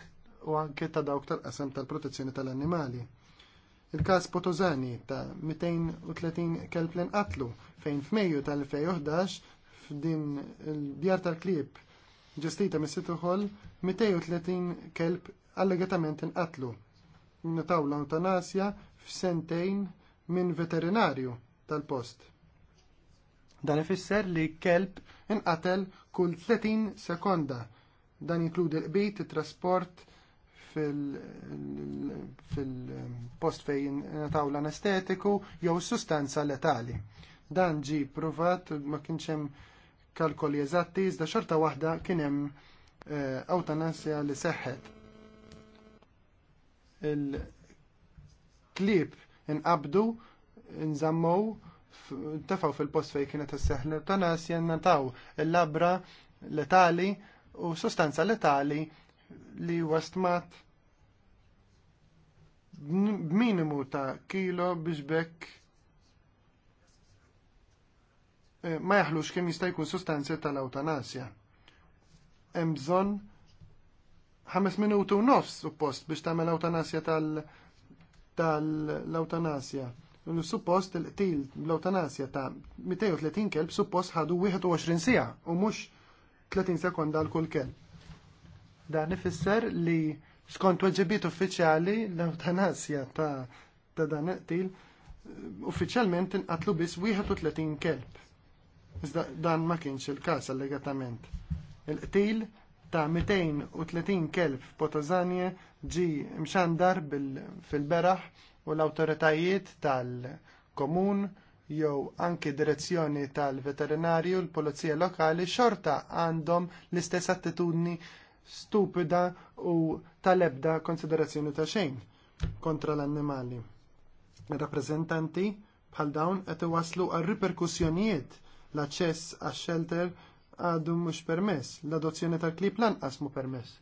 u anke ta' dawk tal-qasam tal-protezzjoni tal-annimali. Il-każ Potozani ta' 230 kelb inqatlu fejn f'Mejju tal-2011 f'din il-djar tal-klieb ġestita mis-situħol 230 kelb allegatament inqatlu l eutanasja f'sentejn minn veterinarju tal-post. Dan ifisser li kelb inqatel kull 30 sekonda. Dan jinkludi l-qbit, trasport fil-post fil fejn natawla anestetiku jew sustanza letali. Dan ġi provat ma kienx hemm kalkoli eżatti, iżda xorta waħda kien hemm eh, eutanasja li seħħet il-klib inqabdu, nżammow, tefaw fil-post fej kienet s-seħ l-eutanasja jennataw il-labra letali u sostanza letali li wastmat b'minimu ta' kilo biex bekk eh, ma jaħlux kemm jista' jkun sostanzi tal-eutanasja. Hemm bżonn ħames minuti u nofs suppost biex tagħmel awtanasja tal-awtanasja. tal Suppost il-qtil l-awtanasja ta' 230 kelb suppost ħadu 21 sija u mhux 30 sekonda għal kull kelb. Dan ifisser li skont weġibiet uffiċjali l-awtanasja ta' ta' dan qtil uffiċjalment inqatlu biss 31 kelb. Iżda dan ma kienx il-każ allegatament. Il-qtil ta' 230 kelb f'Potozanje ġi mxandar fil-beraħ u l awtoritajiet tal-komun jew anki direzzjoni tal-veterinarju l-polizija lokali xorta għandhom l-istess attitudni stupida u tal-ebda konsiderazzjoni ta' xejn kontra l-annimali. Rappreżentanti bħal dawn qed iwasslu għal riperkussjonijiet l-aċċess għax-shelter għadu mhux permess, l-adozzjoni tal-klib lanqas mu permess.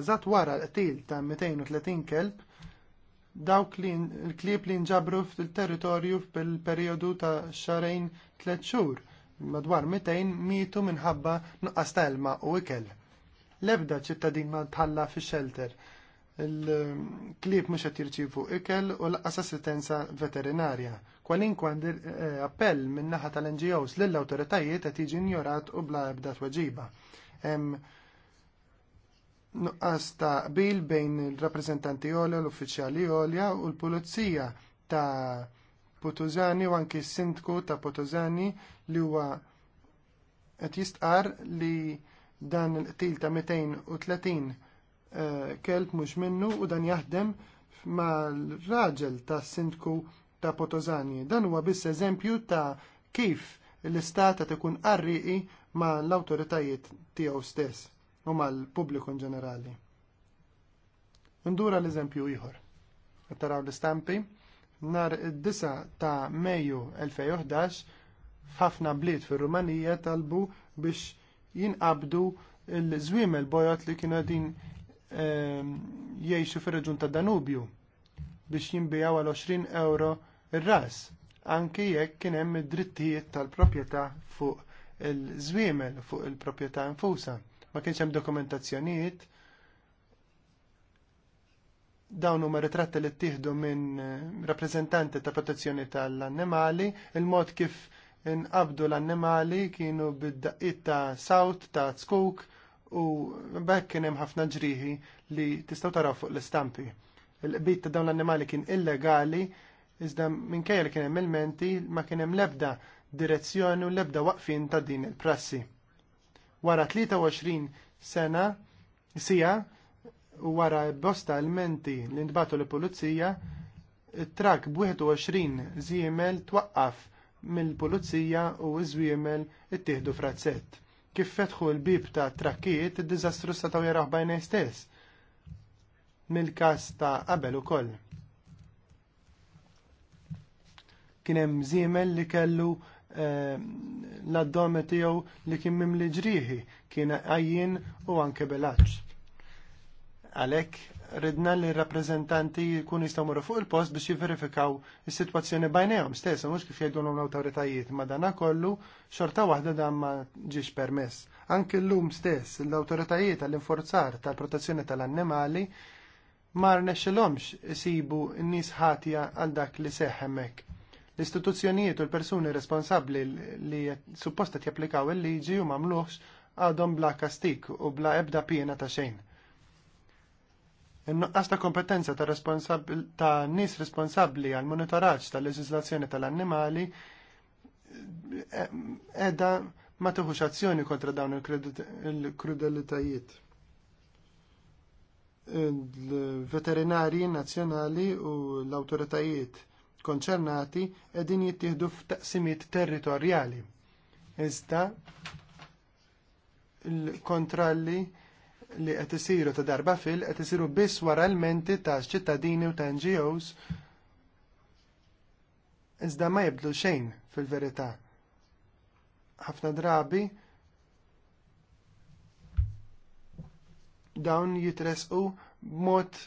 Eżatt wara l-qtil ta' 230 kelb, dawk li l-klib li nġabru fil-territorju fil-periodu ta' xarejn tlet xur madwar 200 mietu minħabba nuqqas ta' elma u ikel. L-ebda ċittadin ma tħalla fi shelter. Il-klib mhux qed jirċievu ikel u l-assistenza veterinarja Kwalinkwa eh, eh, appell minn naħa tal-NGOs lill-awtoritajiet qed jiġi injorat u bla ebda tweġiba. nuqqas ta' qbil bejn il-rappreżentanti jolja, l-uffiċjali għolja u l-pulizija ta' Potozani u anki s-sindku ta' Potozani li huwa qed jistqar li dan il-qtil ta' 230 eh, kelb mhux minnu u dan jaħdem ma' raġel ta' sindku ta' Potozani. Dan huwa biss eżempju ta' kif l-istat ta' tkun qarriqi ma' l-awtoritajiet tiegħu stess u mal-pubbliku ġenerali. Ndura l-eżempju ieħor. taraw l-istampi nar id-disa ta' Mejju 2011 f'ħafna bliet fir-Rumanija talbu biex jinqabdu l-żwiemel bojot li kienu din ehm, jgħixu fir-reġun ta' Danubju biex jinbijaw għal 20 euro ir-ras anki jekk kien hemm id-drittijiet tal-proprjetà fuq il-żwiemel fuq il-proprjetà infusa. Ma kienx hemm dokumentazzjonijiet dawn huma ritratti li ttieħdu minn eh, rappreżentanti ta' protezzjoni tal-annimali, il-mod kif inqabdu l-annimali kienu bid-daqqiet ta' sawt ta' skuk u bekk kien hemm ħafna ġrieħi li tistgħu taraw fuq l-istampi. Il-qbit ta' dawn l-annimali kien illegali, Iżda minkejja li kien hemm ilmenti ma kien hemm l-ebda direzzjoni u l-ebda waqfin ta' din il-prassi. Wara 23 sena sija u wara bosta elmenti li ntbatu l-pulizija, it-trak b'21 żiemel twaqqaf mill-pulizija u żwiemel ittieħdu frazzett. Kif fetħu l-bib ta' trakkiet, id-diżastru setaw jaraħ bajnej stess. mill każ ta' qabel ukoll kien hemm żiemel li kellu ehm, l-addome tiegħu li kien mimli ġrieħi, kien għajjin u anke belaċ. Għalhekk ridna li rappreżentanti jkunu jistgħu marru fuq il-post biex jiverifikaw is-sitwazzjoni bajnejhom stess, mhux kif jgħidulhom l-awtoritajiet, ma dana kollu xorta waħda dan ma ġiex permess. Anke llum stess l-awtoritajiet għall-inforzar tal-protezzjoni tal-annimali ma rnexxilhomx isibu n-nies ħatja għal dak li seħħemek L-istituzzjonijiet u l-persuni responsabbli li supposta japplikaw il-liġi u mamluħx għadhom bla kastik u bla ebda piena ta' xejn. in ta' kompetenza ta', ta nis responsabbli għal monitoraġġ tal-leġislazzjoni tal-annimali eh, edha ma tieħux azzjoni kontra dawn il-krudelitajiet. Il-veterinari nazzjonali u l-awtoritajiet konċernati qegħdin jittieħdu f'taqsimiet territorjali. Iżda l kontrolli li qed isiru ta' darba fil qed isiru biss wara l-menti ta' ċittadini u ta' NGOs iżda ma jibdlu xejn fil-verità. Ħafna drabi dawn jitresqu b'mod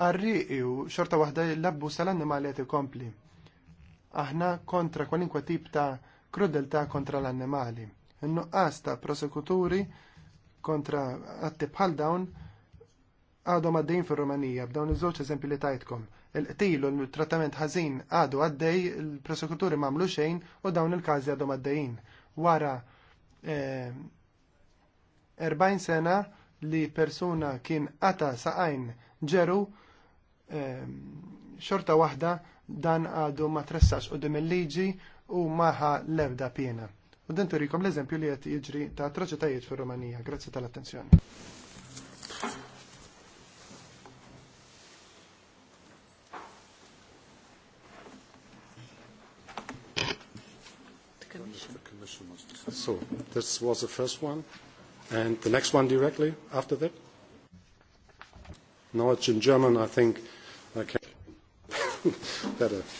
arriqi u xorta waħda l-abbuż tal-annimali qed ikompli. Aħna kontra kwalinkwa tip ta' krudeltà kontra l-annimali. In-nuqqas ta' prosekuturi kontra atti bħal dawn għadhom għaddejn fir-Rumanija b'dawn iż-żewġ eżempji li tajtkom. Il-qtil u l-trattament ħażin għadu għaddej, il-prosekuturi m'għamlu xejn u dawn il-każi għadhom għaddejjin. Wara 40 eh, sena li persuna kien qata saqajn ġeru eh, xorta waħda dan għadu ma tressax u dim il-liġi u maħa levda piena. U din rikom l-eżempju li għet jġri ta' atroċitajiet fil Romanija. Grazie tal-attenzjoni. So, this was the first one. And the next one directly after that? No, it's in German, I think better.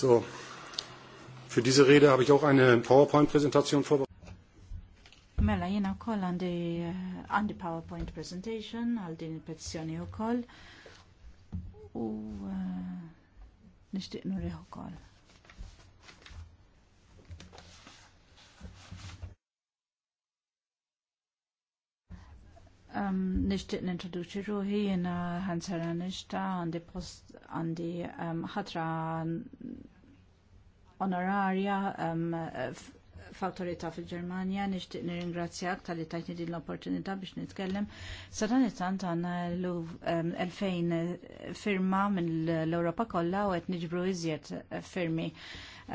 So, für diese Rede habe ich auch eine PowerPoint-Präsentation vorbereitet. Mela, jena koll għandi eh, għandi PowerPoint presentation għal din il-petizjoni u koll eh, u nishtiq nuriħu koll. Um, nishtiq nintroduċi ruħi jena ħansara nishta għandi post għandi ħatra onorarja um, f'autorità fil-Ġermanja, nixtieq nirringrazzjak tal-li tajtni din l-opportunità biex nitkellem. Sa dan it-tant għandna l-2000 um, firma minn l-Ewropa kollha u qed niġbru iżjed firmi.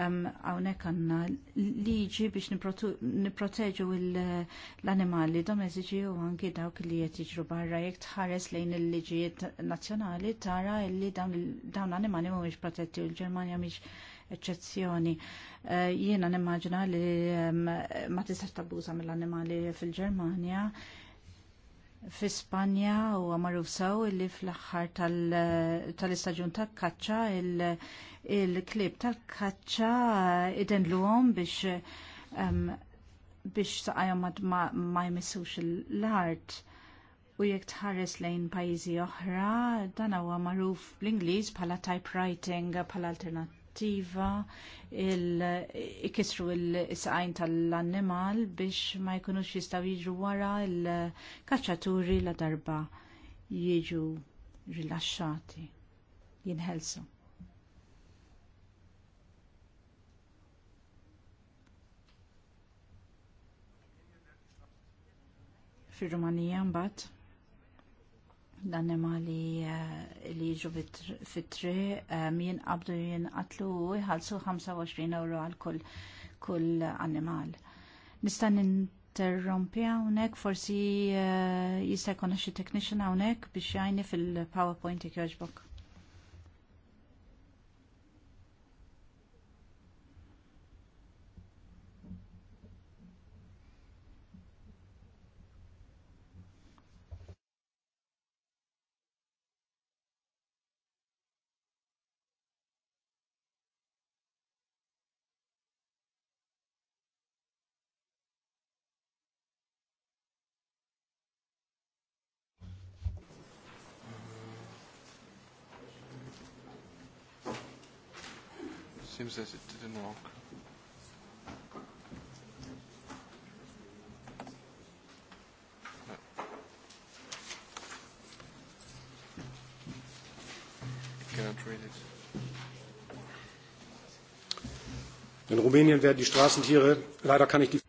Um, hawnhekk għandna liġi biex nipproteġu l-animali domestiċi u anki dawk li qed jiġru barra jekk tħares lejn il-liġijiet nazzjonali tara li dawn l-animali mhumiex protetti u l-Ġermanja mhix eċċezzjoni. Eh, jiena nimmaġina li ma tistax tabbuża mill-annimali fil-Ġermanja. Fi Spanja u marruf saw li fl-aħħar tal-istaġun tal-kaċċa il-klib tal-kaċċa għom eh, biex biex saqajom ma jmissux l-art u jekk tħares lejn pajjiżi oħra dan huwa magħruf bl-Ingliż bħala typewriting bħala alternat attiva ikisru il isqajn tal-annimal biex ma jkunux jistaw jiġu wara il-kacċaturi la darba jiġu rilasċati, jinħelsu. Fir-Rumanija mbagħad l-annimali eh, li jiġu fit-tri eh, qabdu jinqatlu jħallsu jħalsu 25 euro għal kull kull annimal. Nista' ninterrompi hawnhekk forsi eh, jista' jkun xi technician hawnhekk biex jgħinni fil-PowerPoint jogħġbok. seems that it didn't work. In Rumänien werden die Straßentiere, leider kann ich die...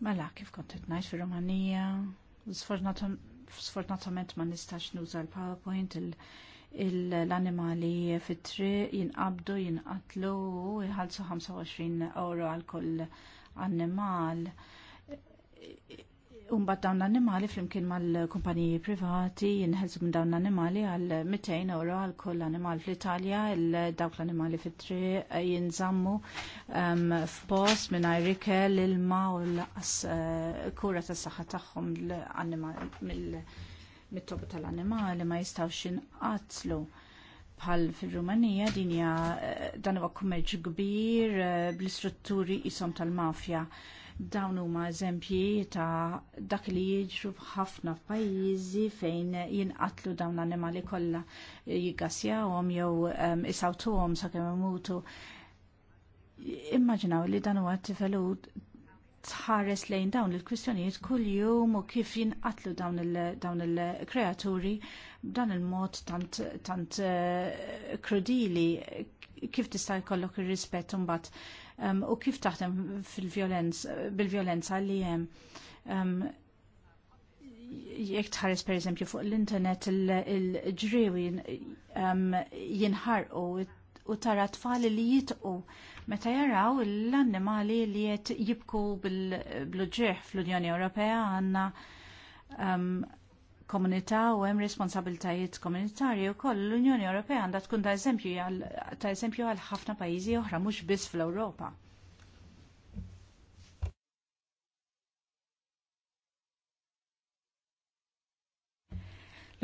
Mela, kif kontet najt fi Romanija, sfortunatament ma nistax nuża l-PowerPoint, il- l-animali fit jinqabdu, jinqatlu, jħalsu 25 euro għal kull animal. Umbat dawn l-animali flimkien mal-kumpaniji privati jinħelsu minn dawn l-animali għal 200 euro għal kull animal fl-Italja, dawk l-animali fit jinżammu um, f'post minn l ilma u l eh, kura tas-saħħa tagħhom l-animal mill- mit-tobu tal-annimali ma jistawx inqatlu bħal fil-Rumanija dinja eh, dan huwa kummerċ kbir eh, bl-istrutturi isom tal-mafja. Dawn huma eżempji ta' dak li jiġru ħafna f'pajjiżi fejn jinqatlu dawn l-annimali kollha jiggassjawhom jew ehm, isawtuhom sakemm imutu. Immaġinaw li dan huwa tifelud tħares lejn dawn il-kwistjonijiet kuljum u kif jinqatlu dawn il-kreaturi b'dan il-mod tant, tant uh, krudili kif tista' jkollok ir-rispett imbagħad um, u kif taħdem fil bil-violenza li hemm. Um, jekk tħares pereżempju fuq l-internet il-ġriewi um, jinħarqu u tara tfal li jitqu meta jaraw l-annimali li qed jibku bil ġieħ fl-Unjoni Ewropea għanna um, komunità u hemm responsabiltajiet komunitarji wkoll l-Unjoni Ewropea għandha tkun ta' eżempju għal ħafna pajjiżi oħra mhux biss fl-Ewropa.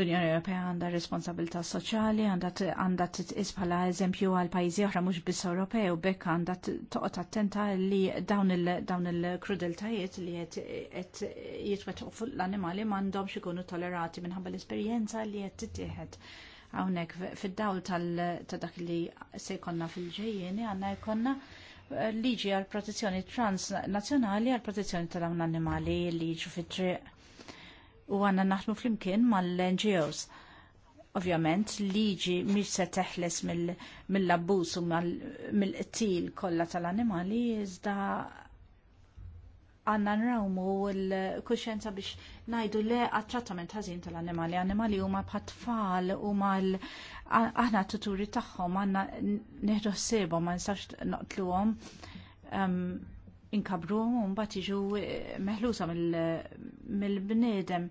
L-Unjoni Ewropea għandha responsabilità soċjali, għandha titqis bħala eżempju għal pajjiżi oħra mhux biss Ewropew bekk għandha toqgħod attenta li dawn il-krudeltajiet li qed jitwettqu fuq l-annimali m'għandhomx ikunu tollerati minħabba l-esperjenza li qed tittieħed hawnhekk fid-dawl ta' dak li se jkollna fil-ġejjieni għandna jkollna eh, liġi għal protezzjoni transnazzjonali għal protezzjoni tal-annimali li jiġu fit-triq u għanna naħdmu flimkien mal-NGOs. Ovvjament, liġi miex se teħles mill-abbus u mill-qtil kollha tal-animali, iżda għanna nrawmu l-kuxenza biex najdu le għat-trattament ħażin tal-animali. Animali huma bħat-tfal huma aħna t-tuturi tagħhom għandna neħdu s-sebo, ma nistax noqtluhom inkabru u mbagħad jiġu eh, meħlusa mill-bniedem.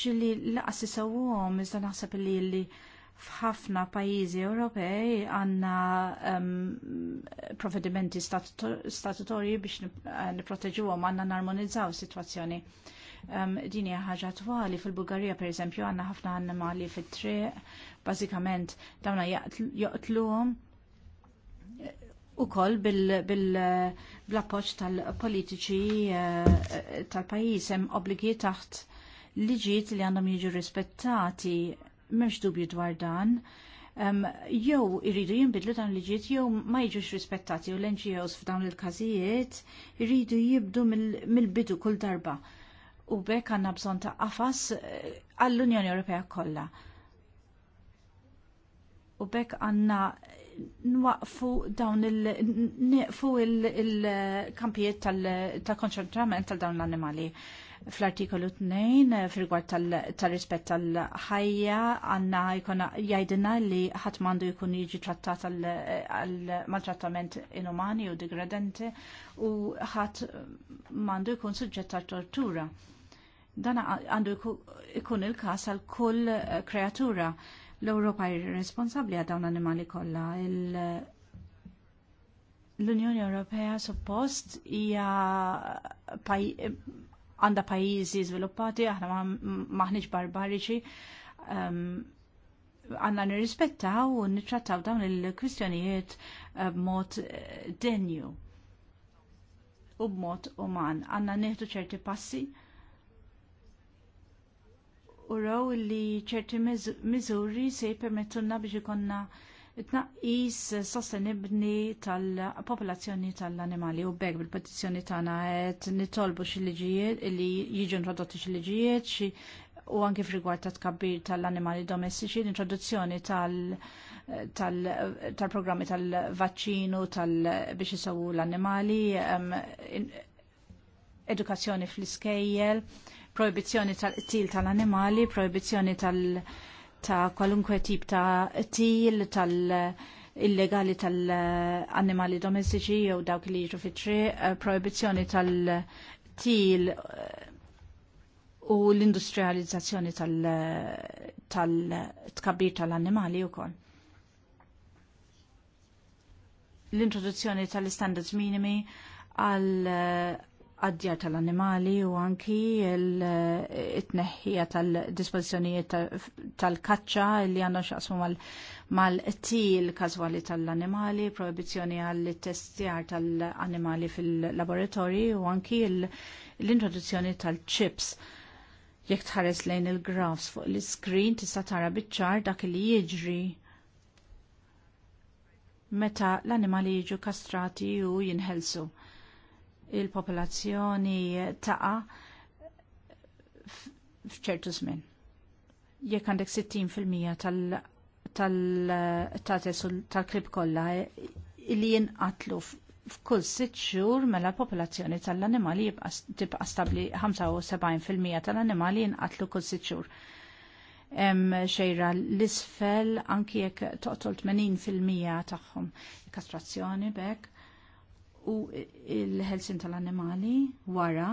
Ġili laqas isawhom iżda naħseb li li f'ħafna pajjiżi Ewropej għandna um, provvedimenti statutorji biex niproteġuhom eh, għandna narmonizzaw is-sitwazzjoni. Um, din hija ħaġa twali fil-Bulgarija pereżempju għandna ħafna annimali fit-triq, bażikament dawna joqtluhom u koll bil-appoċ tal-politiċi eh, tal-pajis hemm obligi taħt liġijiet li għandhom jiġu rispettati m'hemmx dubju dwar dan. jew iridu jinbidlu dan liġijiet jew ma jiġux rispettati u l-NGOs f'dawn il-każijiet iridu jibdu mill-bidu kull darba. U bekk għandna bżonn ta' qafas eh, għall-Unjoni Ewropea kollha. U bekk għandna nwaqfu dawn il-neqfu il-kampijiet tal-konċentrament tal dawn l-animali fl-artikolu 2 fil-gwar tal-rispet tal-ħajja għanna jkun jajdina li ħatmandu jkun jiġi trattat għal-maltrattament inumani u degradenti u ħatmandu jkun suġġett tal-tortura. Dan għandu jkun il-kas għal kull kreatura L-Europa responsabli għad dawn animali kollha. L-Unjoni Ewropea suppost hija għandha pajjiżi żviluppati, aħna maħniġ barbariċi, ehm, għanna nirrispettaw u nittrattaw dawn il-kwistjonijiet eh, b'mod eh, denju u b'mod uman. Għanna neħdu ċerti passi u raw li ċerti miżuri se jpermettulna biex ikonna tnaqqis sostenibni tal-popolazzjoni tal-animali u bek bil-petizzjoni tagħna qed nitolbu xi liġijiet li jiġu introdotti xi liġijiet u anke f'rigward ta' tkabbir tal-animali domestiċi l-introduzzjoni tal-programmi tal-vaċċinu tal biex isawu l-animali edukazzjoni fl-iskejjel proibizjoni tal-qtil tal-animali, proibizjoni tal- ta' kwalunkwe tip ta' til tal- illegali tal-annimali domestiċi jew dawk li jiġu fitri, eh, proibizjoni tal-til eh, u l-industrializzazzjoni tal-tkabbir tal-annimali wkoll. L-introduzzjoni tal-standards minimi għal eh, għaddjar tal-animali u anki il-tneħħija tal-dispozizjonijiet tal-kaċċa li għandhom xaqsmu mal-til kazwali tal-animali, proibizjoni għall-testjar tal-animali fil-laboratori u anki l-introduzzjoni tal-chips. Jekk tħares lejn il-grafs fuq l-screen tista' tara biċ-ċar dak li jiġri meta l-animali jiġu kastrati u jinħelsu il-popolazzjoni taqa f'ċertu żmien. Jekk għandek 60% tal- tal-klib kollha li jinqatlu f'kull sitt xhur mela l-popolazzjoni tal-annimali tibqa' stabbli 75% tal-annimali jinqatlu kull sitt xhur. Hemm xejra l-isfel anki jekk toqtol 80% tagħhom kastrazzjoni bekk u il-ħelsin tal-annimali wara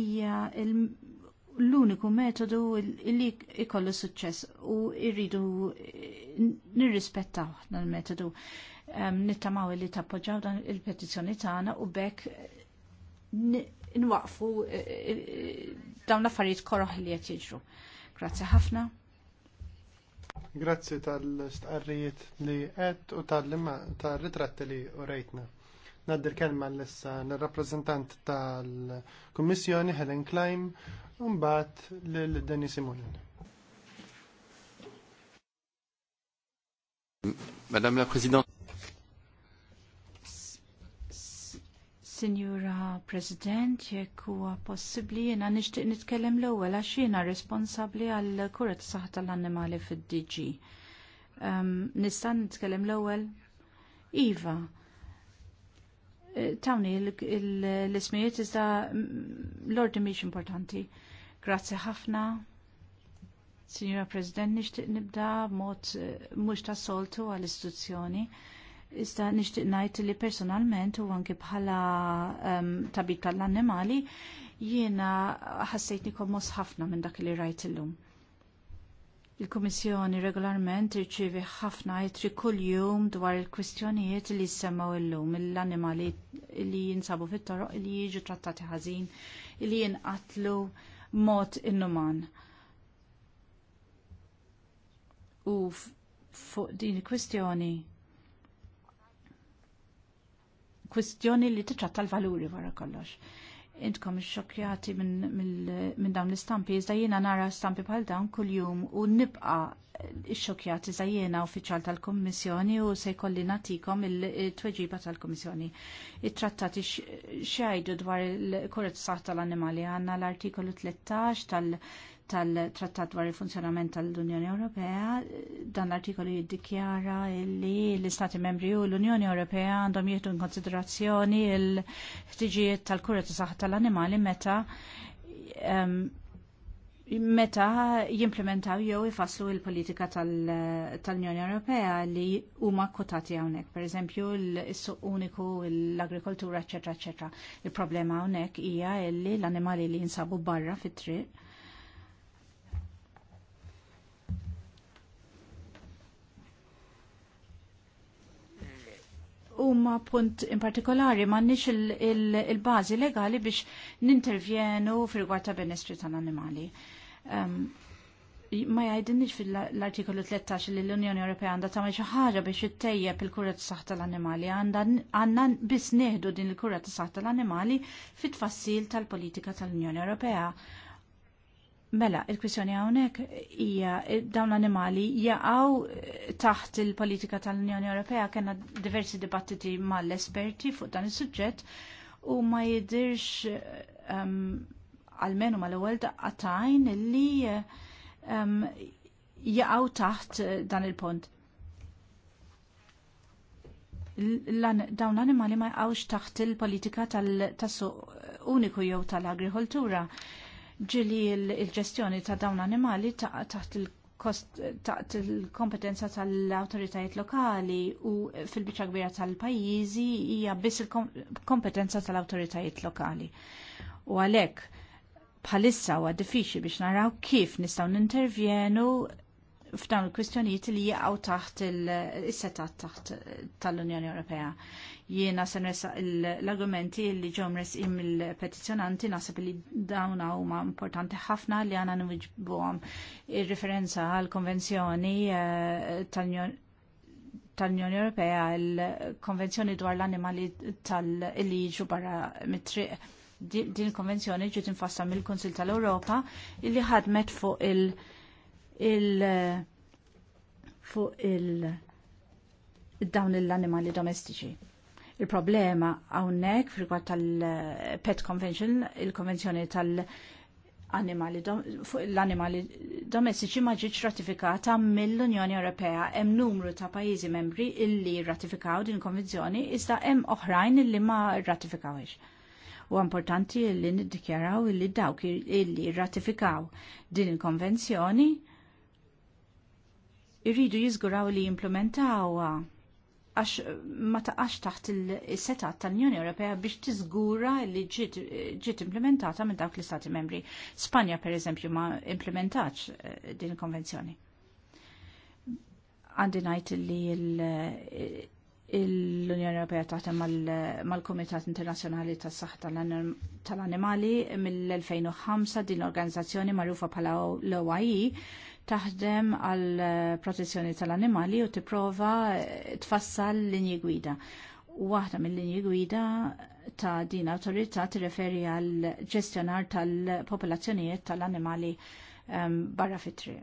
hija l-uniku metodu li ikollu suċċess u irridu nirrispettaw dan il-metodu. Um, Nittamaw li tappoġġaw dan il-petizzjoni tagħna u bekk nwaqfu eh, eh, dawn l-affarijiet koroħ li qed jiġru. Grazzi ħafna. Grazzi tal-istqarrijiet li għedt u tal-ritratti li urejtna. Naddir kelma l-issa l-rappresentant tal-Kommissjoni Helen Klein un-bat l-Denny Simonin. Madame la Présidente. Signora President, jekk huwa possibbli jiena nixtieq nitkellem l-ewwel għax jiena responsabbli għall kura ta' saħħa tal-annimali fid-DG. Um, ehm, Nista' nitkellem l-ewwel? Iva. Eh, tawni l-ismijiet iżda mm, l-ordi mhix importanti. Grazzi ħafna. Signora President, nixtieq nibda b'mod eh, mhux tas soltu għall-istituzzjoni. Ista nixtieq ngħid li personalment u anke bħala um, tabib tal-annimali jiena ħassejtni kommos ħafna minn dak li rajt illum. Il-Kummissjoni regolarment irċievi ħafna jitri kuljum dwar il-kwistjonijiet li jissemmaw illum mill-annimali li jinsabu fit toro li jiġu trattati ħażin, li jinqatlu mod innuman. U fuq din il-kwistjoni kwistjoni li titratta l-valuri wara kollox. Intkom xokjati minn min dawn l-istampi, iżda jiena nara stampi bħal dawn kuljum u nibqa xokjati iżda jiena uffiċjal tal-Kommissjoni u se jkolli natikom il-tweġiba tal-Kommissjoni. It-trattati xajdu dwar il-kurezza tal-annimali għanna l-artikolu 13 tal- tal-Trattat dwar il-funzjonament tal-Unjoni Ewropea, dan l-artikolu jiddikjara li l-Istati membri u l-Unjoni Ewropea għandhom jieħdu in konsiderazzjoni l-ħtiġijiet tal-kura ta' saħħa tal-animali meta meta jimplementaw jew ifasslu il-politika tal-Unjoni Ewropea li huma kotati hawnhekk, pereżempju l-suq uniku, l-agrikoltura, eċetera, eċetera. Il-problema hawnhekk hija li l-annimali li jinsabu barra fit-triq huma punt in partikolari m'għandniex il-bażi il, legali biex nintervjenu fil-rigward ta' benestri tal-annimali. Ehm, ma jgħidinniex fil-artikolu 13 li l-Unjoni Ewropea għandha tagħmel xi ħaġa biex ittejjeb il-kura tas saħħ tal-annimali għandna biss neħdu din il-kura tas saħħ tal-annimali fit-tfassil tal-politika tal-Unjoni Ewropea Mela, il-kwissjoni hawnhekk hija dawn l-animali jaqgħu eh, taħt il-politika tal-Unjoni Ewropea kena diversi dibattiti mal-esperti fuq dan is-suġġett u ma jidirx ehm, għalmenu um, mal-ewwel daqqatajn li um, jaqgħu taħt eh, dan il-pont. Dawn l-animali ma jaqgħux taħt il-politika tal-tassu uniku jew tal-agrikoltura. tal, tal agrikoltura ġili il-ġestjoni ta' dawn animali taħt il- taqt il-kompetenza tal awtoritajiet lokali u fil-biċa kbira tal pajjiżi hija biss il-kompetenza tal awtoritajiet lokali. U għalhekk bħalissa huwa diffiċli biex naraw kif nistgħu nintervjenu f'dawn il-kwistjonijiet li jaqgħu taħt il-setat taħt tal-Unjoni Ewropea. Jiena se l-argumenti li ġew mresqin mill-petizzjonanti naħseb li dawn huma importanti ħafna li għandna nwiġbuhom ir-referenza għall konvenzjoni eh, tal-Unjoni Ewropea il-Konvenzjoni dwar l-annimali tal-li jiġu barra mit-triq din il konvenzjoni ġiet infassa mill-Kunsil tal-Ewropa li ħadmet fuq il- il- fuq il- dawn l-animali domestiċi. Il-problema għawnek fil tal-Pet Convention, il-konvenzjoni tal- animali fuq l-animali domestiċi ma ġietx ratifikata mill-Unjoni Ewropea hemm numru ta' pajjiżi membri illi rratifikaw din konvenzjoni iżda hemm oħrajn illi ma rratifikawx. U importanti illi niddikjaraw illi dawk illi rratifikaw din il-konvenzjoni irridu jiżguraw li jimplementawha għax ma taqax taħt il-seta tal-Unjoni Ewropea biex tiżgura li ġiet implementata minn dawk l-Istati membri. Spanja, per eżempju, ma implementax eh, din il-konvenzjoni. Għandi najt li l-Unjoni Ewropea taħtem mal-Komitat Internazzjonali tas saħħa tal-Animali mill-2005 din l-organizzazzjoni magħrufa bħala l-OAI taħdem għal eh, protezzjoni tal-animali u tipprova eh, tfassal linji gwida. U waħda mill-linji gwida ta' din autorità tirreferi għal ġestjonar tal-popolazzjonijiet tal-animali ehm, barra fitri.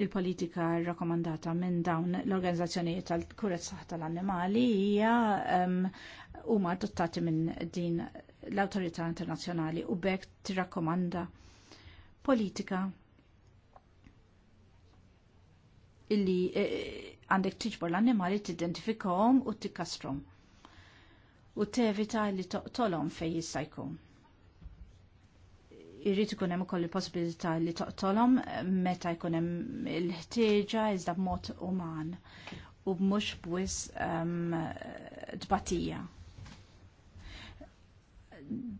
Il-politika rrakkomandata minn dawn l-organizzazzjonijiet tal-kurezza tal-animali hija ehm, huma adottati minn din l-autorità internazzjonali u bekk tirrakkomanda politika illi eh, għandek tiġbor l-annimali t-identifikom u t-kastrom u tevita li toqtolhom fejn jista' jkun. Irrid ikun hemm ukoll il-possibilità li toqtolhom eh, meta jkun hemm il-ħtieġa iżda b'mod uman u mhux bwis dbatija. Ehm,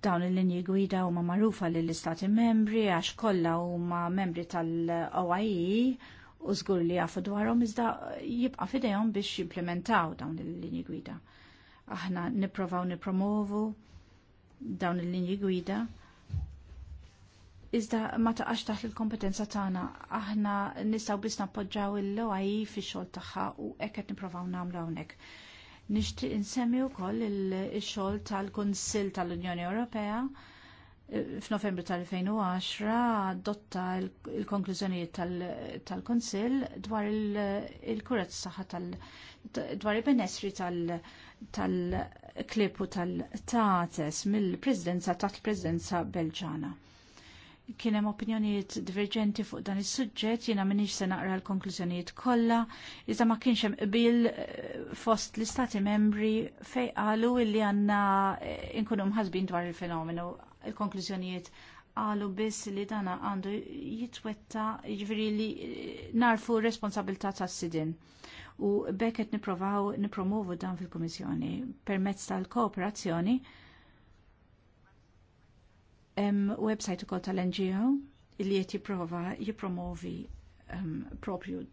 Dawn il-linji gwida huma magħrufa lill istati membri għax kollha huma membri tal-OIE u żgur li jafu dwarhom iżda jibqa' fidejhom biex jimplementaw dawn il-linji gwida. Aħna nipprovaw nipromovu dawn il-linji gwida iżda ma taqax taħt il-kompetenza tagħna aħna nistgħu biss nappoġġaw il-loqgħi e fix-xogħol tagħha u hekk qed nippruvaw nagħmlu hawnhekk. Nixtieq insemmi wkoll ix-xogħol tal-Kunsill tal-Unjoni Ewropea f'Novembru tal-2010 adotta il-konklużjonijiet tal-Konsil dwar il-kurat saħħa tal- dwar il-benessri tal-klipu tal-tates mill-Presidenza taħt il-Presidenza Belġana. Kien hemm opinjonijiet diverġenti fuq dan is-suġġett, jiena minix se naqra l-konklużjonijiet kollha, iżda ma kienx hemm qbil eh, fost l-Istati membri fejn qalu li għandna eh, inkunu mħasbin dwar il-fenomenu il-konklużjonijiet għalu biss li dana għandu jitwetta ġviri jiġifieri li eh, narfu ta' s sidin U bekket niprovaw nipromovu dan fil-Komissjoni permezz tal-kooperazzjoni website kol tal-NGO li qed jipprova jippromovi um, propju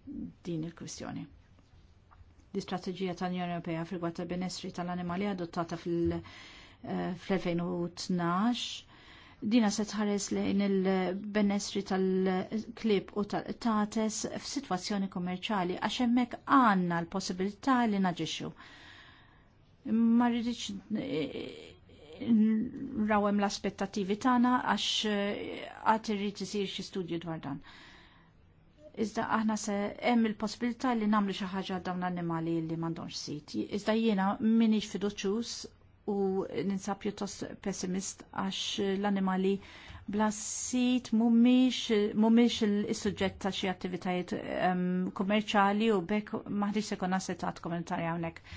din il-kwistjoni l-istrateġija tal-Unjoni Ewropea fil-gwatta benessri tal-animali adottata fil- Eh, fl-2012 dina se tħares lejn il-benessri tal-klib u tal-tates f'sitwazzjoni kommerċali għax hemmhekk għandna l-possibilità li naġixxu. Ma rridx eh, rawem l-aspettattivi tagħna għax eh, għad irrid isir xi studju dwar dan. Iżda aħna se hemm il-possibilità li nagħmlu xi ħaġa dawn l-annimali li m'għandhomx sit. Iżda jiena m'iniex fiduċjuż u ninsab pjuttost pessimist għax l-animali blassit mumiex il-sujġett ta' xi attivitajiet kummerċali u bekk maħdix se jkun kommentari komunitarja hawnhekk.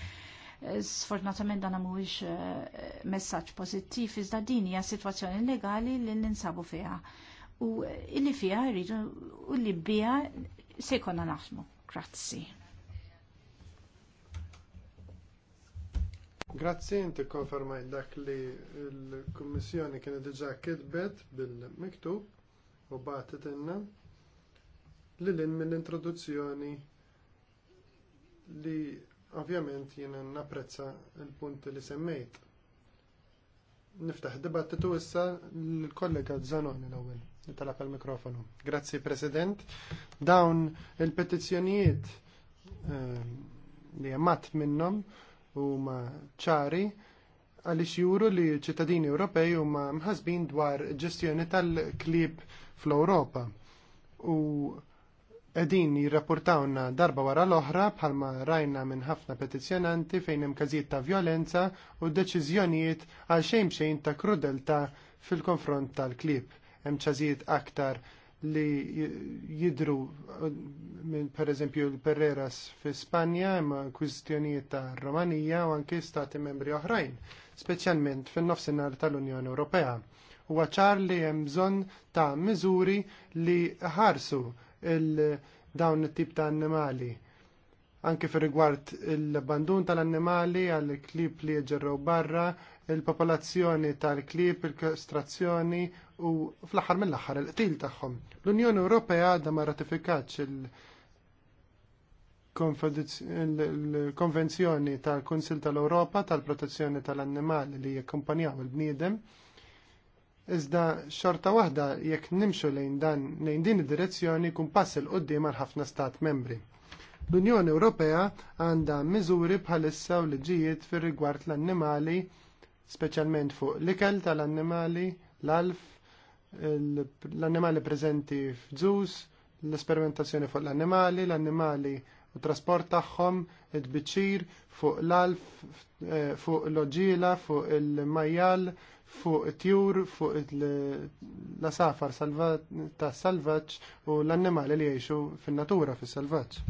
Sfortunatament dan mhuwiex eh, messaġġ pożittiv iżda din hija sitwazzjoni legali li ninsabu fiha. U illi fiha rridu u li biha se jkollna naħdmu. Grazzi. Grazzi, inti konfermaj dak li l-Kummissjoni kienet diġà kitbet bil-miktub u batet inna li l-in mill-introduzzjoni li ovvjament jiena napprezza il-punti li semmejt. Niftaħ dibattitu issa l-kollega Zanoni l-ewwel li talab il-mikrofonu. Grazzi President. Dawn il-petizzjonijiet eh, li jemmat minnom huma ċari għaliex juru li ċittadini Ewropej huma mħasbin dwar ġestjoni tal-klib fl-Ewropa. U qegħdin jirrapportawna darba wara l-oħra bħalma rajna minn ħafna petizzjonanti fejn hemm każijiet ta' violenza u deċiżjonijiet għal xejn xejn ta' krudelta fil-konfront tal-klib. Hemm ċażijiet aktar li jidru uh, minn per eżempju l-Perreras fi Spanja imma kwistjonijiet ta' Romanija u anki stati membri oħrajn, speċjalment fin-nofsinhar tal-Unjoni Ewropea. Huwa ċar li hemm bżonn ta' miżuri li ħarsu il-dawn it-tip ta' annimali anke fir rigward l-abbandun tal-annimali għall-klib li ġerrew barra, il-popolazzjoni tal-klib, il-kastrazzjoni u fl-aħħar mill-aħħar il-qtil tagħhom. L-Unjoni Ewropea għadha ma ratifikatx il-Konvenzjoni tal-Kunsil tal-Ewropa tal-Protezzjoni tal-Annimali li jakkumpanjaw il-bniedem. Iżda xorta waħda jekk nimxu lejn dan lejn din id-direzzjoni kun pass il qudiem għal ħafna stat membri. L-Unjoni Ewropea għandha miżuri bħalissa u liġijiet fir-rigward l-annimali speċjalment fuq l-ikel tal-annimali, l-alf, l-annimali prezenti f'żuż, l-esperimentazzjoni fuq l-annimali, l-annimali u trasport tagħhom, id-biċir, fuq l-alf, eh, fuq l-oġila, fuq il-majjal, fuq it-tjur, fuq l-asafar ta' salvaġġ u l-annimali li jgħixu fin-natura fis-salvaġġ.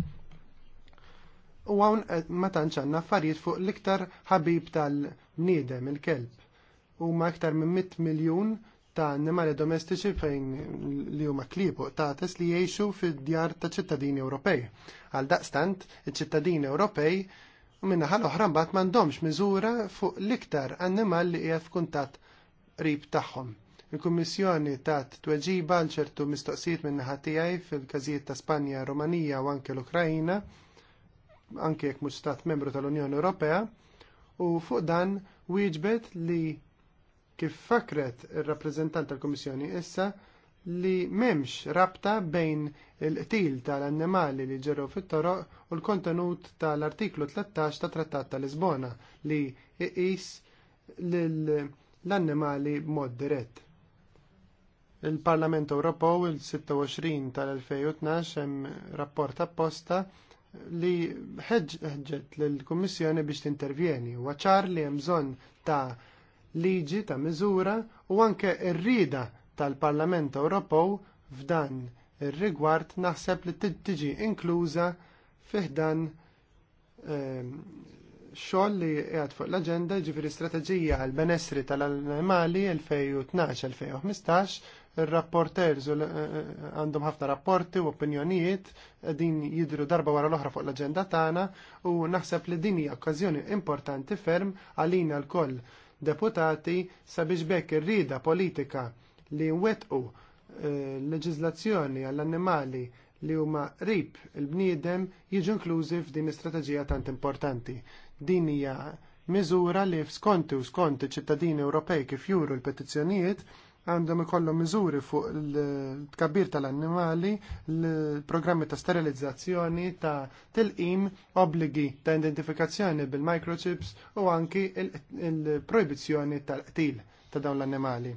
U hawn eh, ma tantx għandna affarijiet fuq l-iktar ħabib tal-bniedem, il-kelb. Huma iktar minn 100 miljun ta' annimali domestiċi fejn li huma klibu ta' tes li jgħixu fid-djar ta' ċittadini Ewropej. Għal daqstant, iċ-ċittadini Ewropej u minnaħa l-oħra mbagħad m'għandhomx miżura fuq l-iktar annimali li jgħaf kuntat qrib tagħhom. Il-Kummissjoni tat tweġiba għal ċertu mistoqsijiet minn naħa tiegħi fil-każijiet ta' Spanja, Rumanija u anke l-Ukrajina, anke jekk mhux stat membru tal-Unjoni Ewropea, u fuq dan wieġbet li kif fakret ir-rappreżentant tal-Kummissjoni issa li m'hemmx rabta bejn il-qtil tal-annimali li ġeru fit-toroq u l-kontenut tal-artiklu 13 ta' Trattat ta' Lisbona li iqis l-annimali b'mod dirett. Il-Parlament Ewropew il-26 tal-2012 hemm rapport apposta li ħeġġet lill-Kummissjoni biex tintervjeni u ċar li hemm bżonn ta' liġi ta' miżura u anke r tal-Parlament Ewropew f'dan ir-rigward naħseb li tiġi inkluża dan ehm, xogħol li qiegħed fuq l-aġenda ġifieri strateġija għall benessri tal-annimali 2012-2015 ir rapporters għandhom ħafna rapporti u opinjonijiet din jidru darba wara l-oħra fuq l aġenda tagħna u naħseb li din hija okkażjoni importanti ferm għalina l-koll deputati sabiex bekk ir-rida politika li nwettqu eh, leġiżlazzjoni għall-annimali li huma rib il-bniedem jiġu inklużi f'din l-istrateġija tant importanti. Din hija miżura li f'skonti u skont ċittadini Ewropej kif juru l-petizzjonijiet għandhom ikollhom miżuri fuq il-tkabbir tal-annimali, l-programmi ta' sterilizzazzjoni ta' tilqim, obbligi ta' identifikazzjoni bil-microchips u anki il-proibizzjoni tal-qtil ta' dawn l-annimali.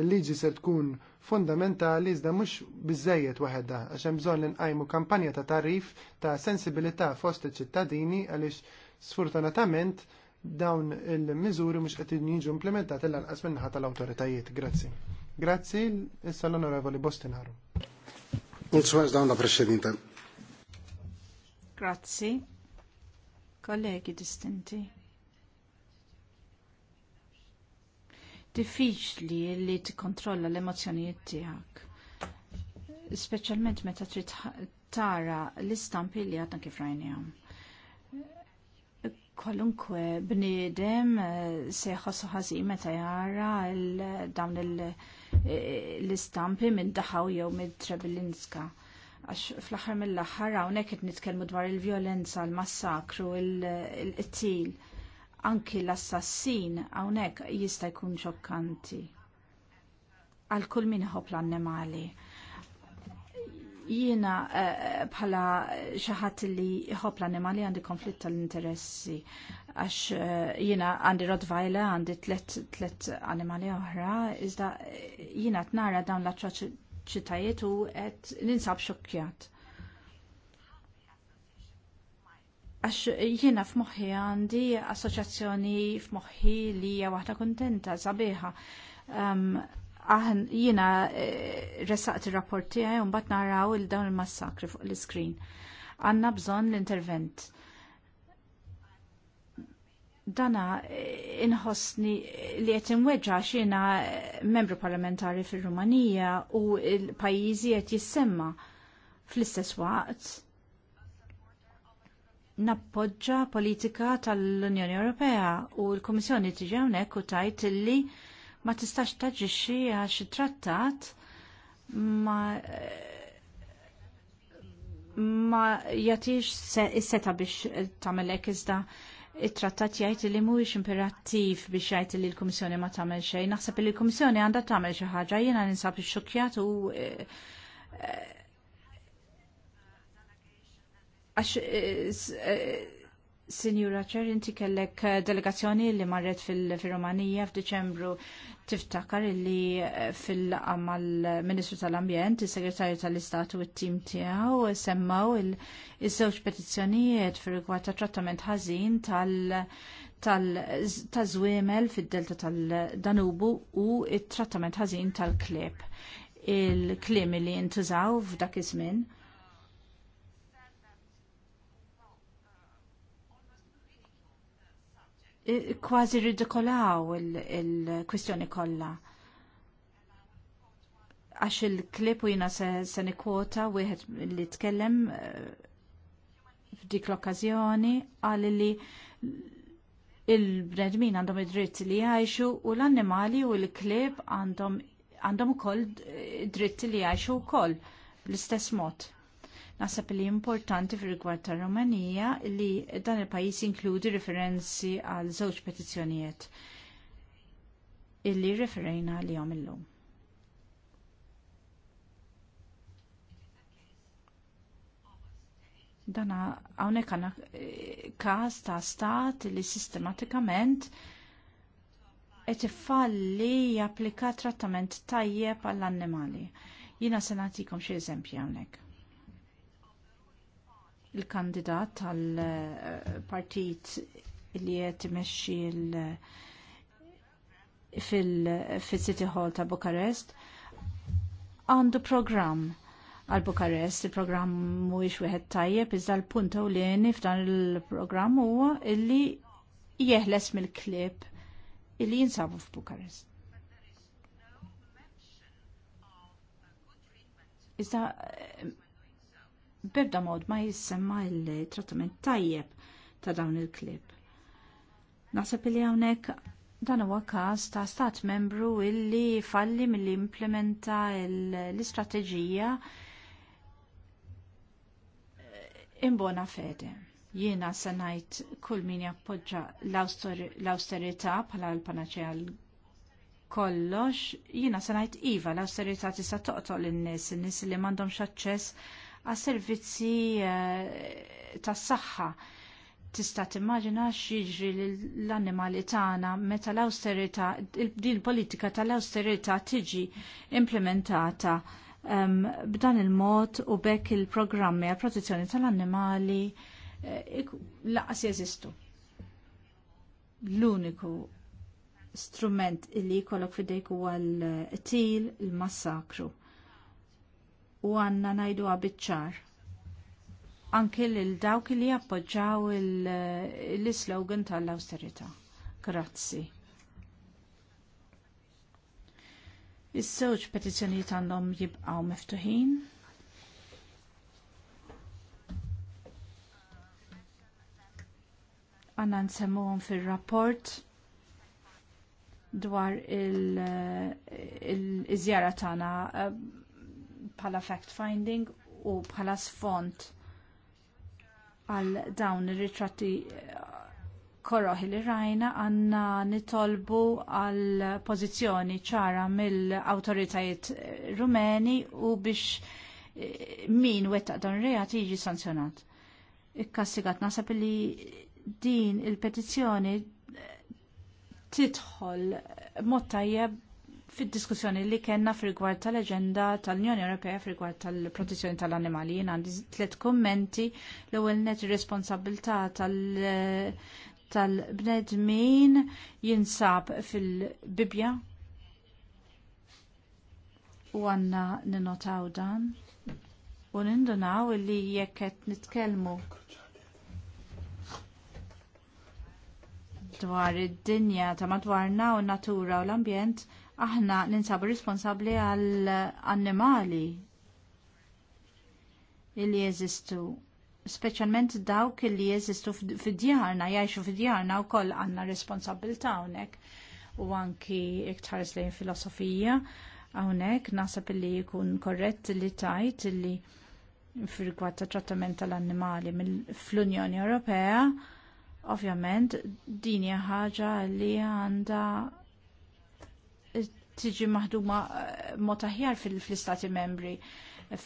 Il-liġi se tkun fundamentali iżda mhux biżejjed waħedha għax hemm bżonn li nqajmu kampanja ta' tarif ta' sensibilità fost iċ-ċittadini għaliex sfortunatament dawn il-miżuri mhux qed jiġu implementati lanqas min-naħa tal-awtoritajiet. Grazzi. Grazzi, issa l-Onorevoli Bostinaru. Mulțumesc, Grazzi, kollegi distinti. diffiċli li tikkontrolla l-emozjonijiet tiegħek. Speċjalment meta trid tara l-istampi li għadna kif rajnijam. Kolunkwe bniedem eh, se jħossu meta jara dawn eh, l-istampi minn Daħaw jew minn Treblinska. Għax fl-aħħar mill-aħħar hawnhekk qed nitkellmu dwar il-vjolenza, l-massakru, il-qtil, anki l-assassin hawnhekk jista' jkun xokkanti għal kull min ħob l-annimali. Jiena eh, bħala xaħat li jħob l-animali għandi konflitt tal-interessi għax eh, jiena għandi Rottweiler, għandi tlet animali oħra, iżda eh, jiena t-nara dawn l-atroċitajiet u għet ninsab xokkjat. għax jiena f'moħħi għandi assoċjazzjoni f'moħħi li hija waħda kontenta, sabiħa. Ehm, aħn jina eh, resaqt il rapporti tiegħi u mbagħad naraw il dawn il-massakri fuq l-iskrin. Għanna bżonn l-intervent. Dana eh, inħossni li qed imweġa xina eh, membru parlamentari fir-Rumanija u l-pajjiżi qed jissemma fl-istess waqt nappoġġa politika tal-Unjoni Ewropea u l-Kummissjoni tiġi hawnhekk u tajt li ma tistax taġixxi għax trattat ma eh, ma jatix is-seta biex tagħmel hekk iżda trattat jgħid li mhuwiex imperattiv biex jajt li l-Kummissjoni ma tagħmel xejn. Naħseb li l komissjoni għandha tagħmel xi ħaġa, jiena ninsab ix-xukjat u għax eh, eh, Sinjura Cher, inti kellek eh, delegazzjoni li marret fil-Romanija f'Diċembru tiftakar li eh, fil għamal ministru tal-Ambjent, il-Segretarju tal-Istatu u t-tim tiegħu semmaw il-żewġ petizzjonijiet fir rigward ta' trattament ħażin tal-żwiemel fid-delta tal-Danubu u it-trattament ħażin tal-kleb. Il-klim li jintużaw f'dak iż-żmien kważi ridikolaw il-kwistjoni kollha. Għax il-klip u jina se, nikwota nikwota wieħed li tkellem eh, f'dik l-okkażjoni għal li il-bnedmin għandhom id-dritt li jgħajxu u l-annimali u l-klib għandhom għandhom ukoll dritt li jgħajxu wkoll bl-istess mod. Nasab li importanti fil rigward ta' Romanija li dan il-pajis inkludi referenzi għal żewġ petizzjonijiet illi referejna li illum. Dana għawnek għana eh, kas ta' stat li sistematikament et falli japplika trattament tajjeb għall-annimali. Jina nagħtikom xie eżempji għawnek il-kandidat tal-partit li qed imexxi fil-City Hall ta' Bukarest għandu programm għal Bukarest, il-programm mhuwiex wieħed tajjeb iżda l-punt ewlieni f'dan il-programm huwa illi jeħles mill-klib illi jinsabu f'Bukarest. Iżda bebda mod ma jissemma il-trattament tajjeb ta' dawn il-klib. Naħseb li hawnhekk dan huwa każ ta' stat membru illi falli milli implementa l-istrateġija imbona fede. Jiena se ngħid kull min jappoġġa l-austerità bħala l-panaċea kollox, jiena se ngħid iva l-austerità tista' toqtol in-nies, in-nies li m'għandhomx aċċess għas servizzi eh, tas saħħa Tista' timmaġina jiġri l-annimali tagħna meta l-awsterità din politika tal awsterita tiġi implementata um, b'dan il-mod u bekk il-programmi għal protezzjoni tal-annimali eh, laqas jeżistu. L-uniku strument illi jkollok fidejk huwa l-til il-massakru u għanna najdu għabitċar. Anke lil dawk li jappoġġaw l-slogan tal-austerita. Grazzi. Is-żewġ petizzjonijiet għandhom jibqgħu miftuħin. Għanna nsemmuhom fir-rapport dwar il izjara il tagħna bħala fact-finding u bħala sfond għal dawn ir-ritratti eh, korroħi li rajna għanna nitolbu għal pożizzjoni ċara mill awtoritajiet eh, rumeni u biex eh, min wettaq dan reati jiġi sanzjonat. Ikkassigat nasab li din il-petizzjoni tidħol mod tajjeb fid-diskussjoni li kellna fil-gwar tal-agenda tal-Unjoni Ewropea fil-gwar tal-protezzjoni tal-animali jien għandi tliet kummenti l-ewwel net ir-responsabilità tal- tal-bnedmin jinsab fil-Bibja u għanna ninotaw dan u nindunaw li jekket nitkelmu dwar id-dinja ta' madwarna u natura u l-ambjent aħna ninsabu responsabli għal annimali illi jeżistu specialment dawk illi jeżistu fid-djarna, jgħixu fid-djarna u koll għanna responsabilta għonek u anki iktar lejn filosofija għonek nasab illi jkun korrett li tajt li fil ta' trattament tal-annimali fl-Unjoni Ewropea, ovvjament din ħaġa li għandha tiġi maħduma eh, mod aħjar fil-istati membri eh,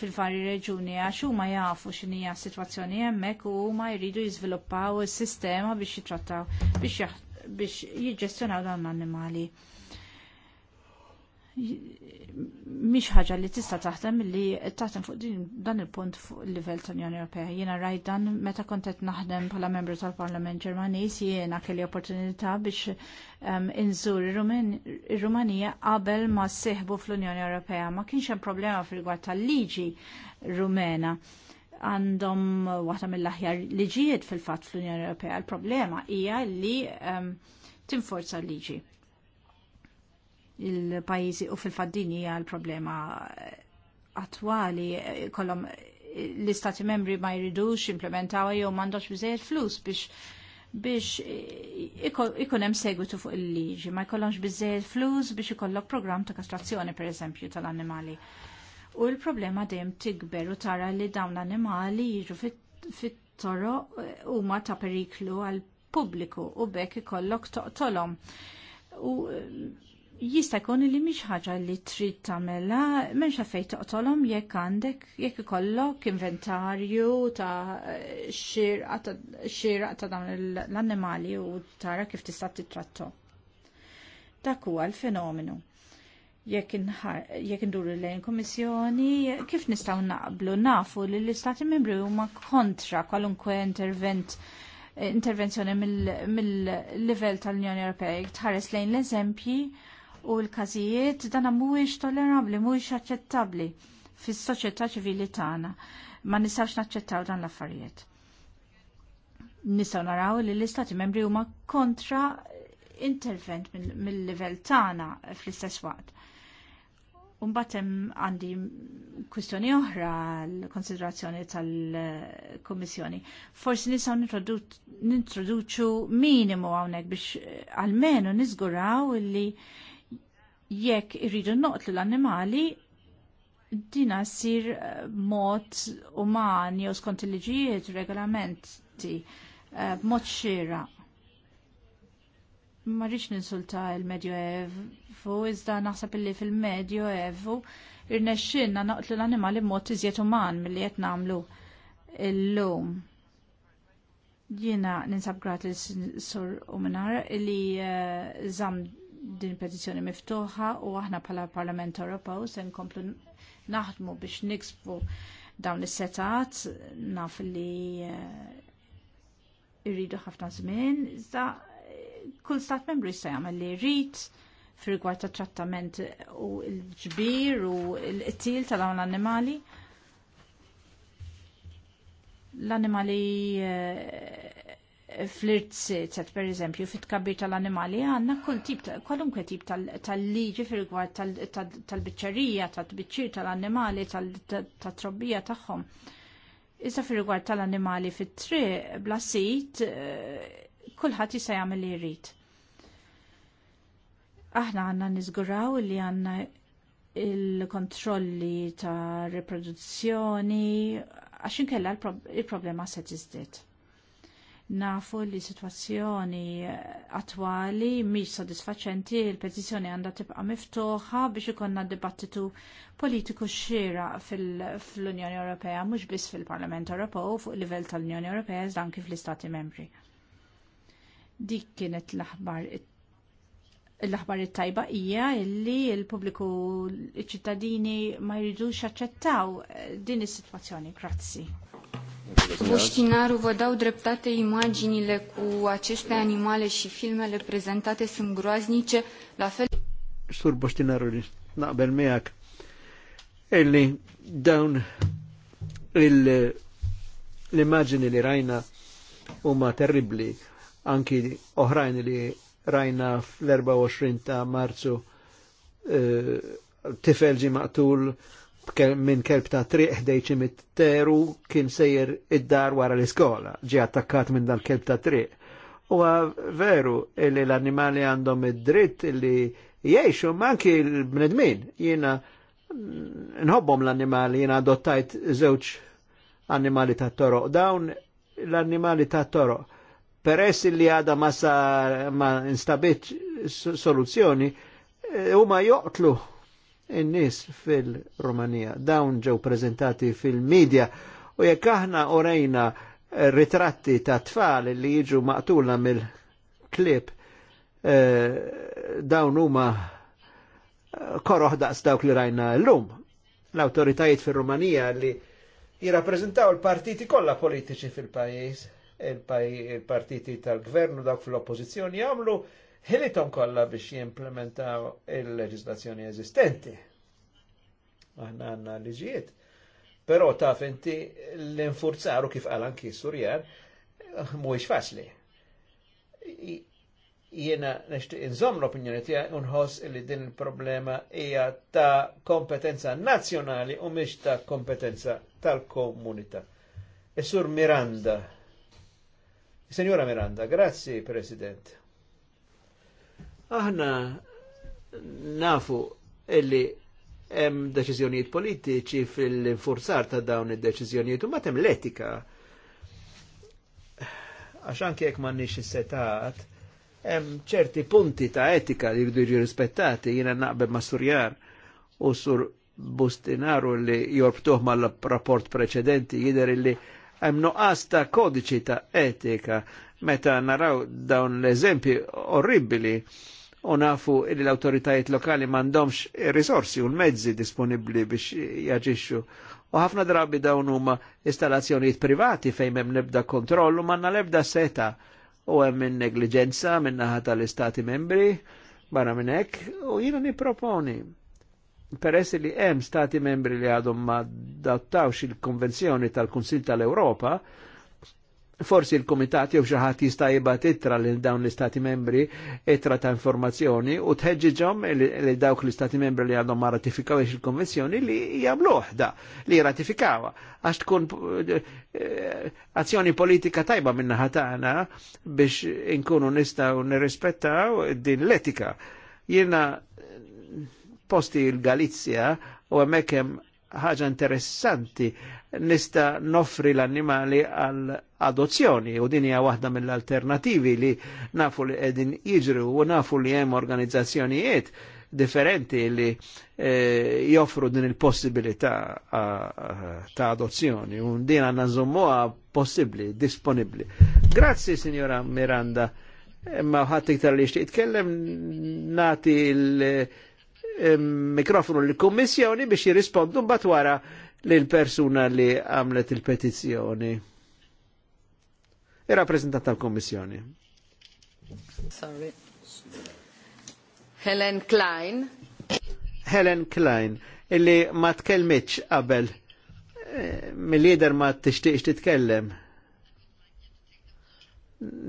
fil-vari reġuni għax huma jafu x'inhija s-sitwazzjoni hemmhekk u huma jridu jiżviluppaw is-sistema biex jitrattaw biex jiġġestjonaw dawn l-annimali mhix ħaġa li tista' taħdem li taħdem fuq din dan il-punt fuq il-livell tal-Unjoni Ewropea. Jiena rajt dan meta kont qed naħdem bħala membru tal-Parlament Ġermaniż jiena kelli opportunità biex ehm, inżur ir-Rumanija qabel ma sseħħbu fl-Unjoni Ewropea. Ma kienx hemm problema fil-gwad tal-liġi rumena għandhom waħda mill-aħjar liġijiet fil-fatt fl-Unjoni Ewropea. Il-problema hija li ehm, tinforza l-liġi il-pajizi u fil-faddini għal problema attwali kolom l-istati membri ma jridux implementaw jew mandoċ bizzejt flus biex biex ikun hemm segwitu fuq il-liġi, ma jkollhomx biżejjed flus biex ikollok programm ta' kastrazzjoni pereżempju tal-annimali. U l-problema dejjem tikber u tara li dawn l-annimali jiġu fit-toro huma ta' periklu għal pubbliku u bekk ikollok toqtolhom. U jista' jkun li mhix ħaġa li trid tagħmilha m'hemmx fejn toqtolhom jekk għandek jekk ikollok inventarju ta' xieraq ta' dawn l-annimali u tara kif tista' titrattahom. Dak huwa l-fenomenu. Jekk induru lejn kommissjoni, kif nistgħu naqblu nafu li l-istati membri huma kontra kwalunkwe intervent intervenzjoni mill-livell tal-Unjoni Ewropea tħares lejn l-eżempji u l-każijiet dan mhuwiex tollerabbli, mhuwiex aċċettabbli fis-soċjetà ċivili tagħna. Ma nistax naċċettaw dan l-affarijiet. Nistgħu naraw li l-istati membri huma kontra intervent mill-livell tagħna fl-istess waqt. hemm għandi kwistjoni oħra l-konsiderazzjoni tal kummissjoni Forsi nisaw nintroduċu minimu hawnhekk biex eh, almenu nizguraw li jekk irridu noqtlu l-annimali dina sir eh, mod uman jew skont il-liġijiet, regolamenti, eh, b'mod xira. Ma rridx ninsulta il-Medju Evu, iżda naħseb illi fil-Medju Evu irnexxinna noqtlu l-annimali b'mod iżjed uman milli qed nagħmlu illum. Jiena ninsab grat sur Uminar li eh, żamm uh, din petizzjoni miftuħa u aħna bħala Parlament Ewropew se nkomplu naħdmu biex niksbu dawn is-setat naf li eh, rridu ħafna żmien, iżda eh, kull stat membru jista' jagħmel li jrid fir-rigward tat trattament u l-ġbir u l-qtil ta' dawn l-annimali. L-annimali eh, fl-irtsiet, per eżempju, fit-kabbir tal-animali, għanna kull tip, kwalunkwe tip tal-liġi fil rigward tal-bicċerija, tal-bicċir tal-animali, tal-trobbija tagħhom. Issa fil rigward tal-animali fit-tri, blasit, eh, kullħat jista' jagħmel li jrid. Aħna għanna niżguraw li għanna il-kontrolli ta' riproduzzjoni, għaxin kella il-problema se tiżdied nafu li situazzjoni eh, attwali mhix sodisfaċenti il-petizzjoni għandha tibqa' miftuħa biex ikonna dibattitu politiku xira fl-Unjoni Ewropea mhux biss fil-Parlament Ewropew fuq livell tal-Unjoni Ewropea iżda anke fl-Istati Membri. Dik kienet l-aħbar l-aħbar it-tajba hija li l-pubbliku iċ-ċittadini ma jridux jaċċettaw eh, din is-sitwazzjoni. Grazzi. Poștinaru, vă dau dreptate, imaginile cu aceste animale și filmele prezentate sunt groaznice, la fel... Sur Poștinaru, naqbel miak, illi dawn l-immagini li rajna huma terribli, anki oħrajn li rajna fl-24 ta' marzu eh, tifel ġi maqtul minn kelb ta' triq ħdejċi mit-teru kien sejjer id-dar wara l-iskola, ġi attakkat minn dal kelb ta' triq. U veru li l-animali għandhom id-dritt li jiexu manki l-bnedmin. Jina nħobbom l-animali, jina adottajt zewċ animali ta' toro. Dawn l-animali ta' toro. Peress li għada ma, ma instabit soluzzjoni, eh, huma joqtlu in-nies fil romania Dawn ġew prezentati fil-medja u jekk aħna orejna eh, ritratti ta' tfal li jiġu maqtula mill-klib eh, dawn huma eh, koroħ daqs dawk li rajna l-lum. L-autoritajiet fil-Rumanija li jirrappreżentaw il-partiti kollha politiċi fil-pajjiż, il-partiti tal-gvernu dawk fil-oppożizzjoni jagħmlu ħilitom kollha biex jimplementaw il-leġislazzjoni eżistenti. Aħna għanna liġijiet. Però taf inti l-infurzaru kif qal anki Surjan mhuwiex fasli. Jiena nishti inżom l-opinjoni tija unħoss li din il-problema hija ta' kompetenza nazjonali u mhix ta' kompetenza tal-komunità. Is-Sur e Miranda. Signora Miranda, grazzi President. Aħna nafu illi hemm deċiżjonijiet politiċi fil-forzar ta' dawn id-deċiżjonijiet u matem l-etika. Għax anke jekk m'għandniex is-setat, hemm ċerti punti ta' etika li jridu jiġu rispettati, jiena naqbel ma' Surjar u Sur Bustinaru li jorbtuħ mal-rapport preċedenti jidher li hemm noqas ta' kodiċi ta' etika meta naraw dawn l-eżempji orribili u nafu li l-autoritajiet lokali mandomx risorsi u l-mezzi disponibli biex jaġixxu. U ħafna drabi dawn huma installazzjonijiet privati fejn hemm nebda kontrollu manna lebda seta u hemm minn negliġenza minn tal-istati membri barra minn hekk u jiena nipproponi. Peress li hemm stati membri li għadhom ma dattawx il-konvenzjoni tal-Kunsil tal-Ewropa, tal kunsil tal ewropa tal tal ewropa forsi il-komitat jew xaħat jista' jibgħat ittra lil dawn l-istati membri ittra ta' informazzjoni u tħeġġiġhom li dawk l-istati membri li għadhom ma ratifikawiex il-konvenzjoni li jagħmluh da li ratifikawa għax tkun eh, eh, azzjoni politika tajba minna ħatana biex inkunu nistgħu nirrispettaw din l-etika. Jiena eh, posti l-Galizja u hemmhekk ħaġa interessanti nista noffri l-annimali għal adozzjoni u din hija waħda mill-alternativi li nafu li qegħdin jiġru u nafu li hemm organizzazzjonijiet differenti li eh, joffru din il-possibilità ta' adozzjoni u din għandna nżommuha possibbli, disponibbli. Grazzi, signora Miranda. imma eh, ħadd iktar li xtieq tkellem nati l- mikrofonu l-Kommissjoni biex jirrispondu mbagħad wara lill-persuna li għamlet il-petizzjoni. Ir-rappreżentant tal-Kommissjoni. Sorry. Helen Klein. Helen Klein, illi ma tkellmitx qabel eh, mill-lider ma tixtieqx titkellem.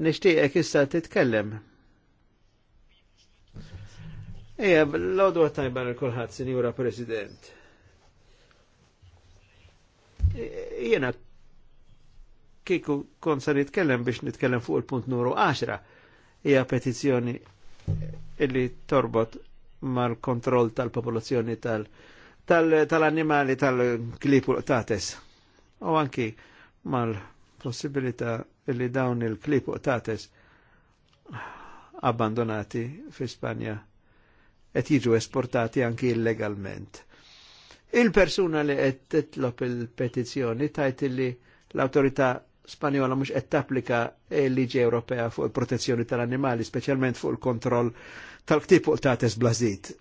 Nixtieqek issa titkellem. Eja, l-għodu għattajban il-kolħat, Sinjura President. E, jena kiku kon sa nitkellem biex nitkellem fuq il-punt numru 10 hija petizzjoni illi torbot mal-kontroll tal-popolazzjoni tal-animali tal tal-klipu tal tates. U anki mal-possibilità illi dawn il-klipu tates abbandonati fi Spanja et jiġu esportati anki illegalment. Il-persuna li qed titlob il-petizzjoni tajt li l-autorità Spanjola mhux qed tapplika l-liġi Ewropea fuq il-protezzjoni tal-annimali, speċjalment fuq il-kontroll tal-ktib fuq tates blażit.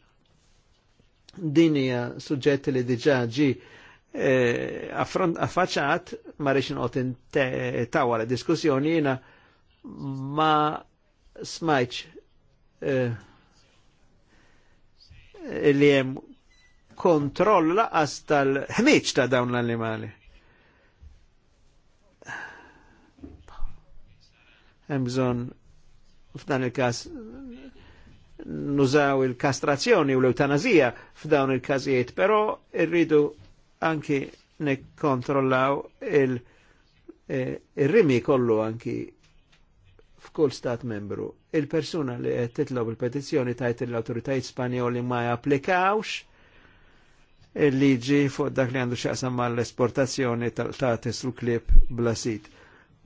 Din hija suġġett li diġà ġi eh, affaċċat ma rix inqgħod tawwa diskussjoni jiena ma smajċ eh, li jem kontroll laqas tal-ħmiċ ta' dawn l-animali. Hemm bżonn f'dan il-każ nużaw il-kastrazzjoni u l-eutanazija f'dawn il-każijiet, però irridu anki nekkontrollaw eh, il-rimi kollu anki f'kull stat membru. Il-persuna li qed titlob il-petizzjoni tajt l-awtoritajiet Spanjoli ma japplikawx il-liġi fuq dak li għandu xaqsam ma l-esportazzjoni ta' tisru klib blasit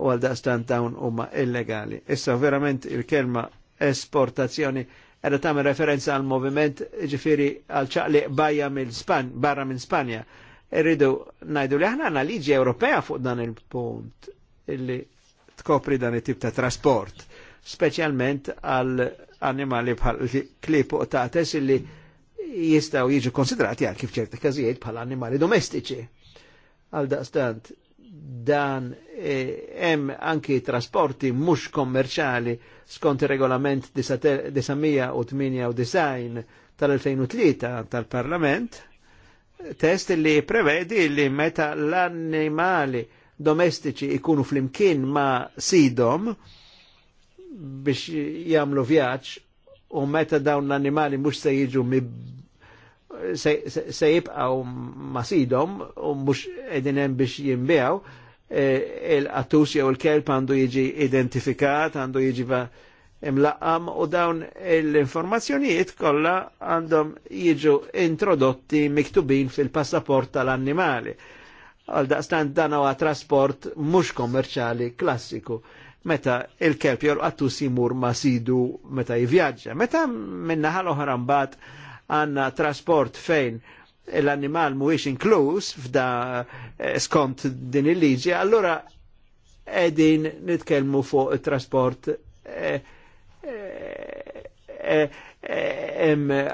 u għal daqstan dawn huma illegali. Issa verament il-kelma esportazzjoni għedha tagħmel referenza għal moviment ġifiri għal ċaqli bajja mill-Span, barra minn Spanja. Irridu najdu li aħna għandna liġi Ewropea fuq dan il-punt illi tkopri dan it-tip ta' trasport, speċjalment għal animali bħal klip u tates illi jistaw jiġu konsidrati kif f'ċerti kazijiet bħal animali domestiċi. Għal daqstant dan e, hemm eh, anki trasporti mhux kommerċali skont ir-regolament 1998 tal-2003 tal-Parlament test li prevedi li meta l-annimali domestiċi ikunu flimkien ma sidom biex jamlu vjaġġ u meta dawn l-animali mux se jiġu mi se, jibqaw ma sidom u mux edinem biex jimbijaw e, il-attus jew il-kelb għandu jiġi identifikat, għandu jiġi imlaqqam u dawn l-informazzjonijiet kollha għandhom jiġu introdotti miktubin fil-passaport tal-annimali. Għal daqstan dan huwa trasport mhux kommerċali klassiku meta il-kelb jorqattu simur ma sidu meta jivjaġġa. Meta minna ħal-oħra mbagħad għandna trasport fejn l-animal mhuwiex inkluż f'da eh, skont din il-liġi, allura edin nitkelmu fuq il-trasport eh, eh,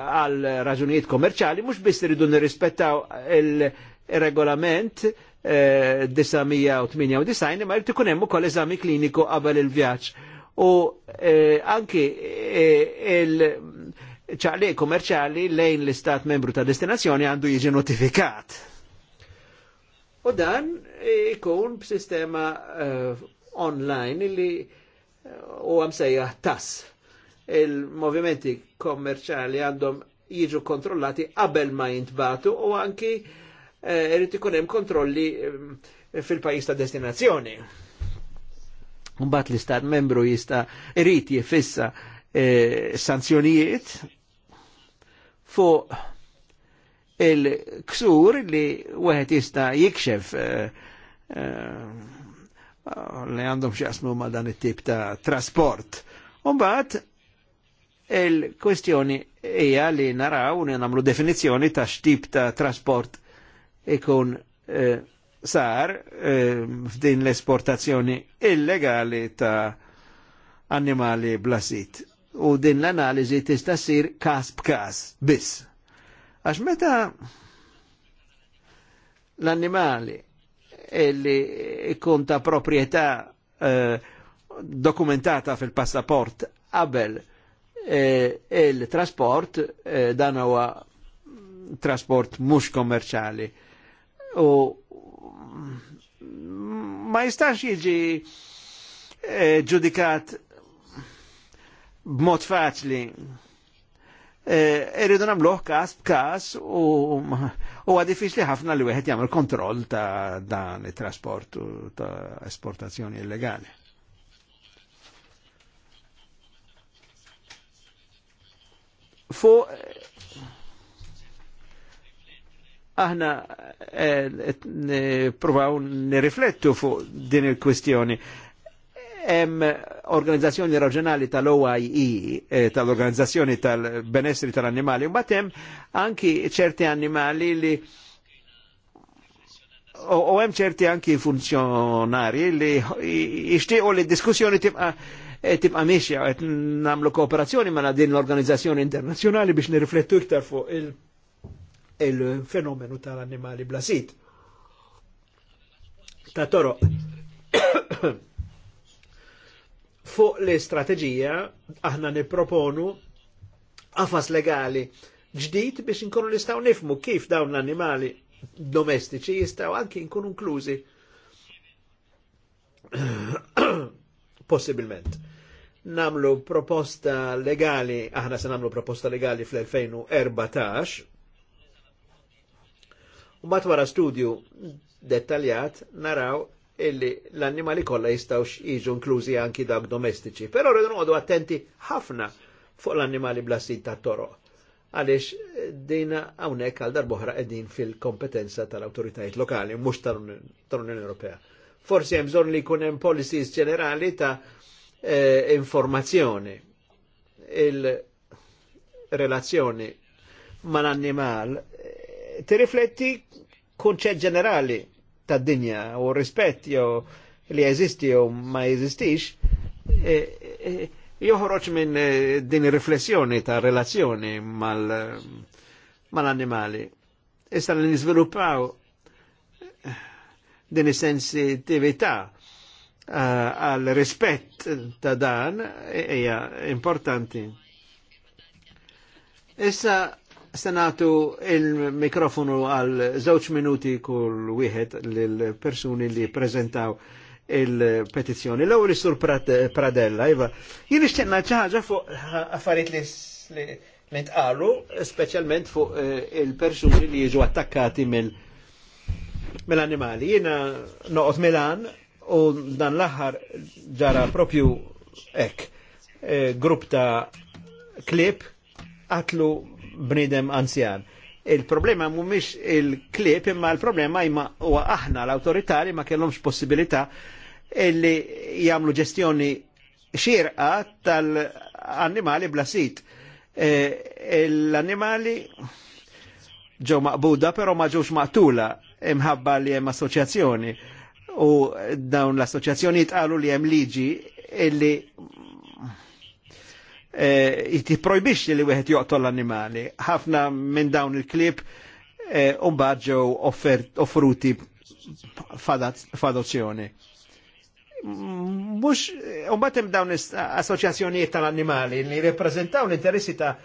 għal raġunijiet kommerċali, mux biss iridu nirrispettaw regolament 998 eh, imma jrid ikun hemm ukoll eżami kliniku qabel eh, eh, il vjaċ U anki il ċaqli kummerċali lejn l-istat membru ta' destinazzjoni għandu jiġi notifikat. U dan ikun b'sistema online li u għamsejja tas. Il-movimenti kommerċali għandhom jiġu kontrollati qabel ma jintbatu u anki Eh, irrid ikun hemm kontrolli eh, fil-pajjiż ta' destinazzjoni. Mbagħad l-istat membru jista' irid jifissa eh, sanzjonijiet fuq il-ksur li wieħed jista' jikxef li għandhom xjasmu ma dan it-tip ta' trasport. Mbagħad il-kwestjoni hija li naraw li namlu definizzjoni ta' xtip ta' trasport ikun eh, sar eh, f'din l-esportazzjoni illegali ta' animali blasit. U din l analizi tista' sir kas b'kas biss. Għax meta l animali illi ikun ta' proprjetà eh, dokumentata fil-passaport qabel eh, il-trasport e, dan huwa trasport mhux kommerċali u ma jistax jiġi eh, ġudikat b'mod faċli. Eh, irridu namluħ kas b'kas u u huwa diffiċli ħafna li wieħed jagħmel kontroll ta' dan it-trasport ta' esportazzjoni illegali. Fu aħna eh, provaw nirriflettu fuq din il-kwistjoni. Hemm organizzazzjoni raġjonali tal-OIE, eh, tal-Organizzazzjoni tal-Benessri tal-Annimali, u hemm anki ċerti annimali li u hemm ċerti anki funzjonari li jixtiequ li diskussjoni tibqa' eh, tibqa' mixja qed nagħmlu kooperazzjoni ma' mela din l-organizzazzjoni internazzjonali biex nirriflettu iktar fuq il- il-fenomenu tal-annimali blasit. Ta' toro, fuq l-istrateġija aħna niproponu qafas legali ġdid biex inkunu nistgħu nifmu kif dawn l-annimali domestiċi jistgħu anki nkunu inklużi possibilment. Namlu proposta legali, aħna se namlu proposta legali fl-2014 U mat wara studju dettaljat naraw illi l-annimali kollha jistgħux jiġu inklużi anki dawk domestiċi. Però rridu noqogħdu attenti ħafna fuq l-annimali blasin ta' toro. Għaliex din hawnhekk għal darboħra qegħdin fil-kompetenza tal-awtoritajiet lokali, mhux tal-Unjoni Ewropea. Forsi hemm bżonn li jkun hemm policies ġenerali ta' eh, informazzjoni. Il-relazzjoni mal-annimal tirifletti kunċet ġenerali ta' dinja u rispett jew li jeżisti jew ma jeżistix e, e, joħroġ minn e, din ir-riflessjoni ta' relazzjoni mal-animali. Mal Issa li niżviluppaw eh, din is-sensitività eh, għal rispett ta' dan hija importanti. Issa Senatu il-mikrofonu għal żewġ minuti kull wieħed lill-persuni li prezentaw il-petizzjoni. L-ewwel is-Sur Pradella, iva, jien nixtieq ngħid ħaġa fuq affarijiet li nintqarru, speċjalment fuq eh, il-persuni li jiġu attakkati mill-animali. Jiena noqgħod Milan u dan l-aħħar ġara propju hekk eh, grupp ta' klip qatlu bnidem anzjan. Il-problema mhumiex il klip imma l-problema imma huwa aħna l awtoritari ma kellhomx possibilità illi jagħmlu ġestjoni xirqa tal-annimali bla sit. E, l-annimali ġew maqbuda però ma ġewx maqtula imħabba li hemm assoċjazzjoni u dawn l-assoċjazzjoni tqalu li hemm liġi illi jti eh, projbix li wieħed joqtol l-animali. Ħafna minn dawn il klip eh, u bħadġew offruti f'adozzjoni. Mux, umbatem dawn l assoċjazzjonijiet tal-animali li reprezentaw l-interessi ta'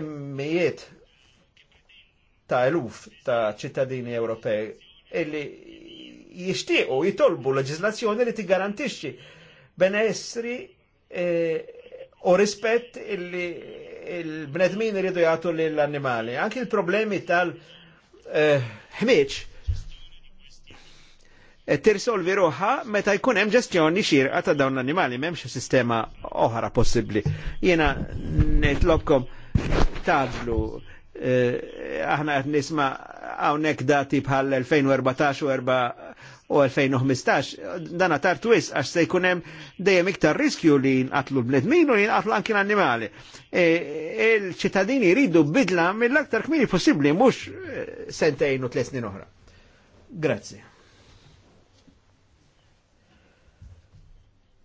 mijiet ta' eluf ta' ċittadini Ewropej illi jishtiqu jitolbu leġislazzjoni li ti garantixxi benessri eh, u rispett illi il-bnedmin iridu jgħatu l-annimali. Anki il-problemi tal eh, ħmieċ eh, tirsolvi ruħa meta jkun hemm ġestjoni xirqa ta' dawn l-annimali, m'hemmx sistema oħra possibbli. Jiena nitlobkom tablu eh, aħna qed nisma' hawnhekk dati bħal 2014 u u 2015 dana tar twis għax se jkunem dejjem iktar riskju li jinqatlu bnedmin u jinqatlu anki l-annimali. E, il-ċittadini jridu bidla mill-aktar kmini possibli mhux e, sentejn u tlesnin oħra. Grazzi.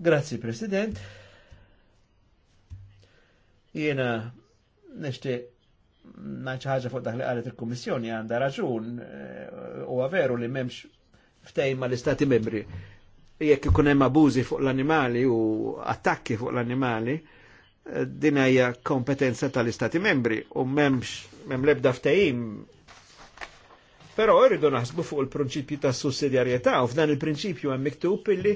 Grazzi President. Jiena nixtieq naċ ħaġa fuq daħli li qalet il komissjoni għandha raġun e, u għaveru li m'hemmx ftejn ma l-istati membri. Jekk ikun hemm abużi fuq l-annimali u attakki fuq l-annimali, eh, din hija kompetenza tal-istati membri u m'hemmx m'hemm lebda ftehim. Però irridu naħsbu fuq il-prinċipju ta' sussidjarjetà u f'dan il-prinċipju hemm miktub illi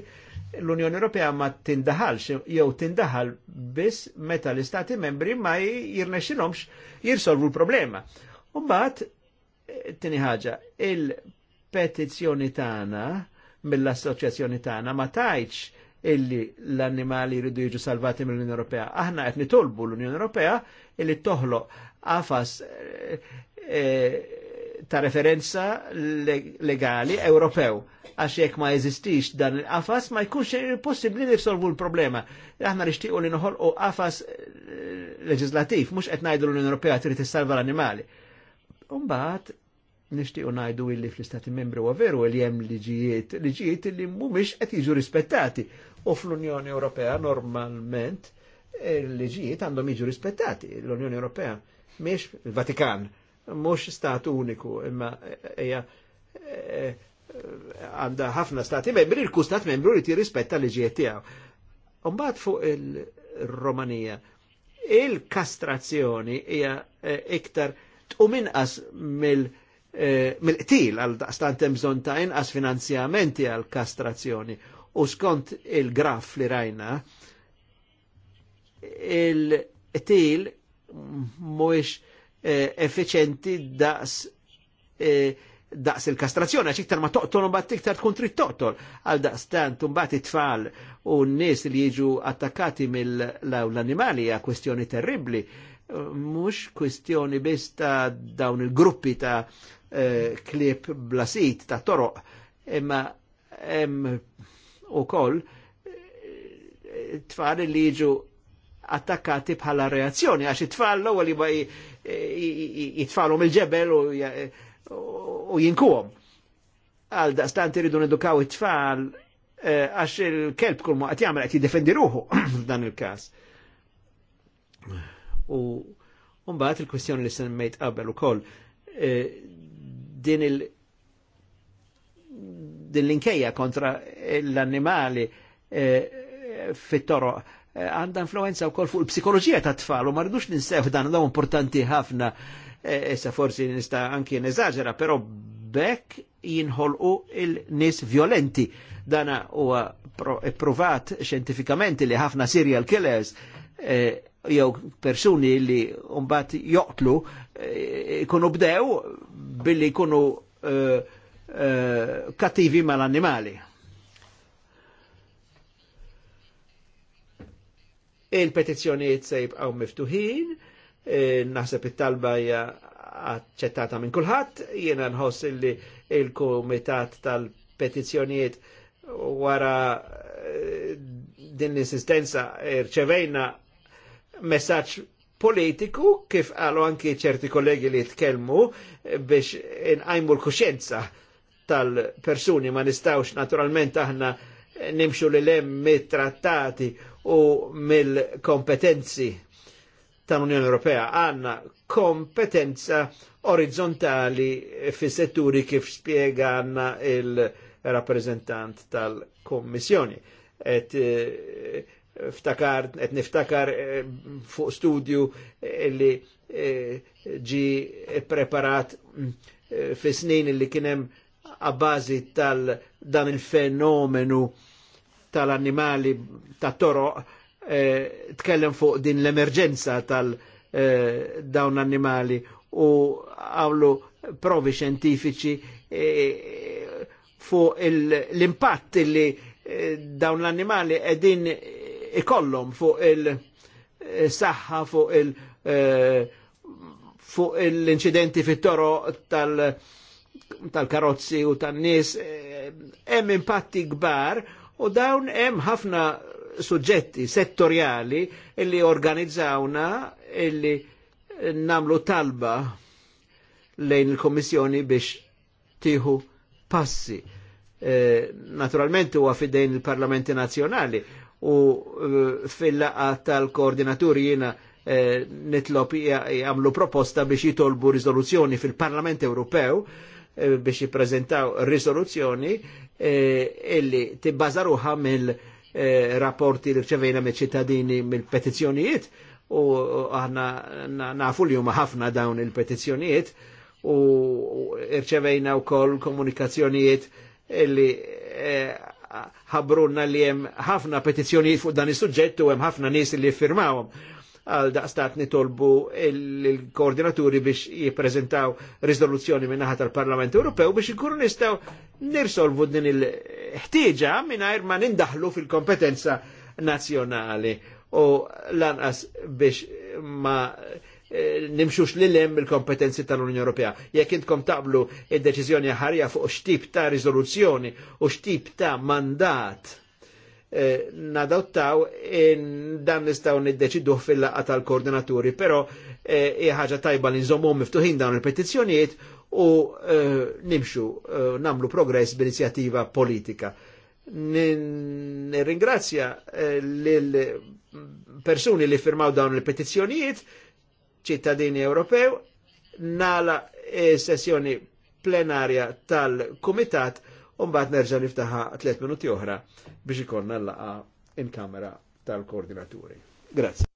l-Unjoni Ewropea ma tindaħalx jew tindaħal biss meta l-istati membri ma jirnexxinhomx jirsolvu l-problema. U mbagħad eh, tini ħaġa, il petizzjoni tagħna mill-assoċjazzjoni tagħna ma tajċ illi l-annimali jridu jiġu salvati mill-Unjoni Ewropea. Aħna qed nitolbu l-Unjoni Ewropea illi toħloq afas eh, eh, ta' referenza legali Ewropew għax jekk ma jeżistix dan il-qafas ma jkunx possibbli nirsolvu l-problema. Aħna rixtiequ li noħolqu qafas eh, leġislattiv, mhux qed ngħidu l-Unjoni Ewropea trid tissalva l-annimali. Umbagħad nishtiqu najdu illi fl-istati membri u veru li jem liġijiet, liġijiet li mumiex qed jiġu rispettati. U fl-Unjoni Ewropea normalment liġijiet għandhom jiġu rispettati. L-Unjoni Ewropea miex il-Vatikan, mux stat uniku, imma eja eh, għanda ħafna stati membri, il-ku stat membru li tirrispetta liġijiet tiegħu. Umbat fuq il-Romanija, il-kastrazzjoni hija eh, iktar tqum inqas mill- Eh, mil qtil għal daqstant zontajn għas finanzjamenti għal kastrazzjoni. U skont il-graf li rajna, il-qtil mhuwiex eh, effiċenti daqs eh, daqs il-kastrazzjoni, għax iktar ma toqtol un bat iktar tkun trid toqtol. Għal daqstant un bat it-tfal u n-nies li jiġu attakkati mill-animali hija kwestjoni terribli mux kwestjoni biss ta' dawn il-gruppi ta' Eh, klip blasit ta' toroq imma u koll eh, tfal li jiġu attakkati bħala reazzjoni għax it-tfal l li jibqa' jitfalhom il-ġebel u jinkuhom. Għal daqstan tiridu nedukaw it-tfal eh, għax il-kelb kull ma qed jagħmel qed jiddefendi ruħu f'dan il-każ. U mbagħad il-kwestjoni li semmejt qabel ukoll din il- din l-inkejja kontra l-annimali eh, fit-toro eh, għanda influenza influenza wkoll fuq il psikologija ta' tfal u marridux ninsew dan da' importanti ħafna essa eh, forsi nista' anki neżaġera, però bekk jinħolqu il-nis violenti. Dana huwa provat xentifikament li ħafna serial killers jew persuni li mbagħad joqtlu ikunu bdew billi jkunu eh, eh, kattivi mal-annimali. Il-petizzjonijiet se jibqaw miftuħin, eh, naħseb it-talba hija aċċettata minn kulħadd, jiena nħoss li il-kumitat tal-petizzjonijiet wara din l-insistenza irċevejna messaċ politiku, kif għalu anki ċerti kollegi li tkellmu biex inqajmu l-kuxenza tal-persuni ma nistawx naturalment aħna nimxu li lem mit-trattati u mill-kompetenzi tal-Unjoni Ewropea għanna kompetenza orizzontali fi setturi kif spiega għanna il-rappresentant tal-Kommissjoni. Eh, ftakar, et niftakar eh, fuq studju eh, li eh, ġi preparat mm, fi snin li kienem għabazi tal dan il-fenomenu tal-animali ta' toro tkellem fuq din l-emerġenza tal dawn animali u għawlu provi xentifiċi fuq l-impatt li dawn l-animali edin ikollhom fuq il-saħħa eh, fuq il- eh, fuq l-inċidenti fit-toro tal-karozzi u tan-nies eh, hemm impatti kbar u dawn hemm ħafna suġġetti settorjali illi organizzawna illi namlu talba lejn il-Komissjoni biex tiħu passi. E, naturalment huwa fidejn il-Parlamenti Nazzjonali u eh, fil-laqa tal koordinatur jina eh, nitlob jgħamlu proposta biex jitolbu rizoluzzjoni fil-Parlament Ewropew eh, biex jiprezentaw rizoluzzjoni illi tibbażaruha mill-rapporti li rċevejna mill-ċittadini mill-petizzjonijiet u aħna nafu li huma ħafna dawn il-petizzjonijiet u irċevejna wkoll komunikazzjonijiet illi ħabrunna li hemm ħafna petizzjoni fuq dan is-suġġett u hemm ħafna nies li firmawhom għal daqstat nitolbu il-koordinaturi biex riżoluzzjoni minn naħa tal-Parlament Ewropew biex ikunu nistgħu nirsolvu din il-ħtieġa mingħajr ma nindaħlu fil-kompetenza nazzjonali u lanqas biex ma Eh, nimxux li lem il-kompetenzi tal-Unjoni Ewropea. Jekk intkom taqblu id-deċiżjoni ħarja fuq x'tip ta' riżoluzzjoni u x'tip ta' mandat eh, nadottaw in dan nistgħu niddeċidu fil-laqgħa tal-koordinaturi, però eh, hija ħaġa tajba li nżommhom miftuħin dawn il-petizzjonijiet u nimxu namlu progress b'inizjattiva politika. Nirringrazzja l persuni li firmaw dawn il-petizzjonijiet ċittadini Ewropew, nala e sessjoni plenarja tal-Kumitat un bat nerġa niftaħa 3 minuti oħra biex ikonna l-laqa in kamera tal-koordinaturi. Grazie.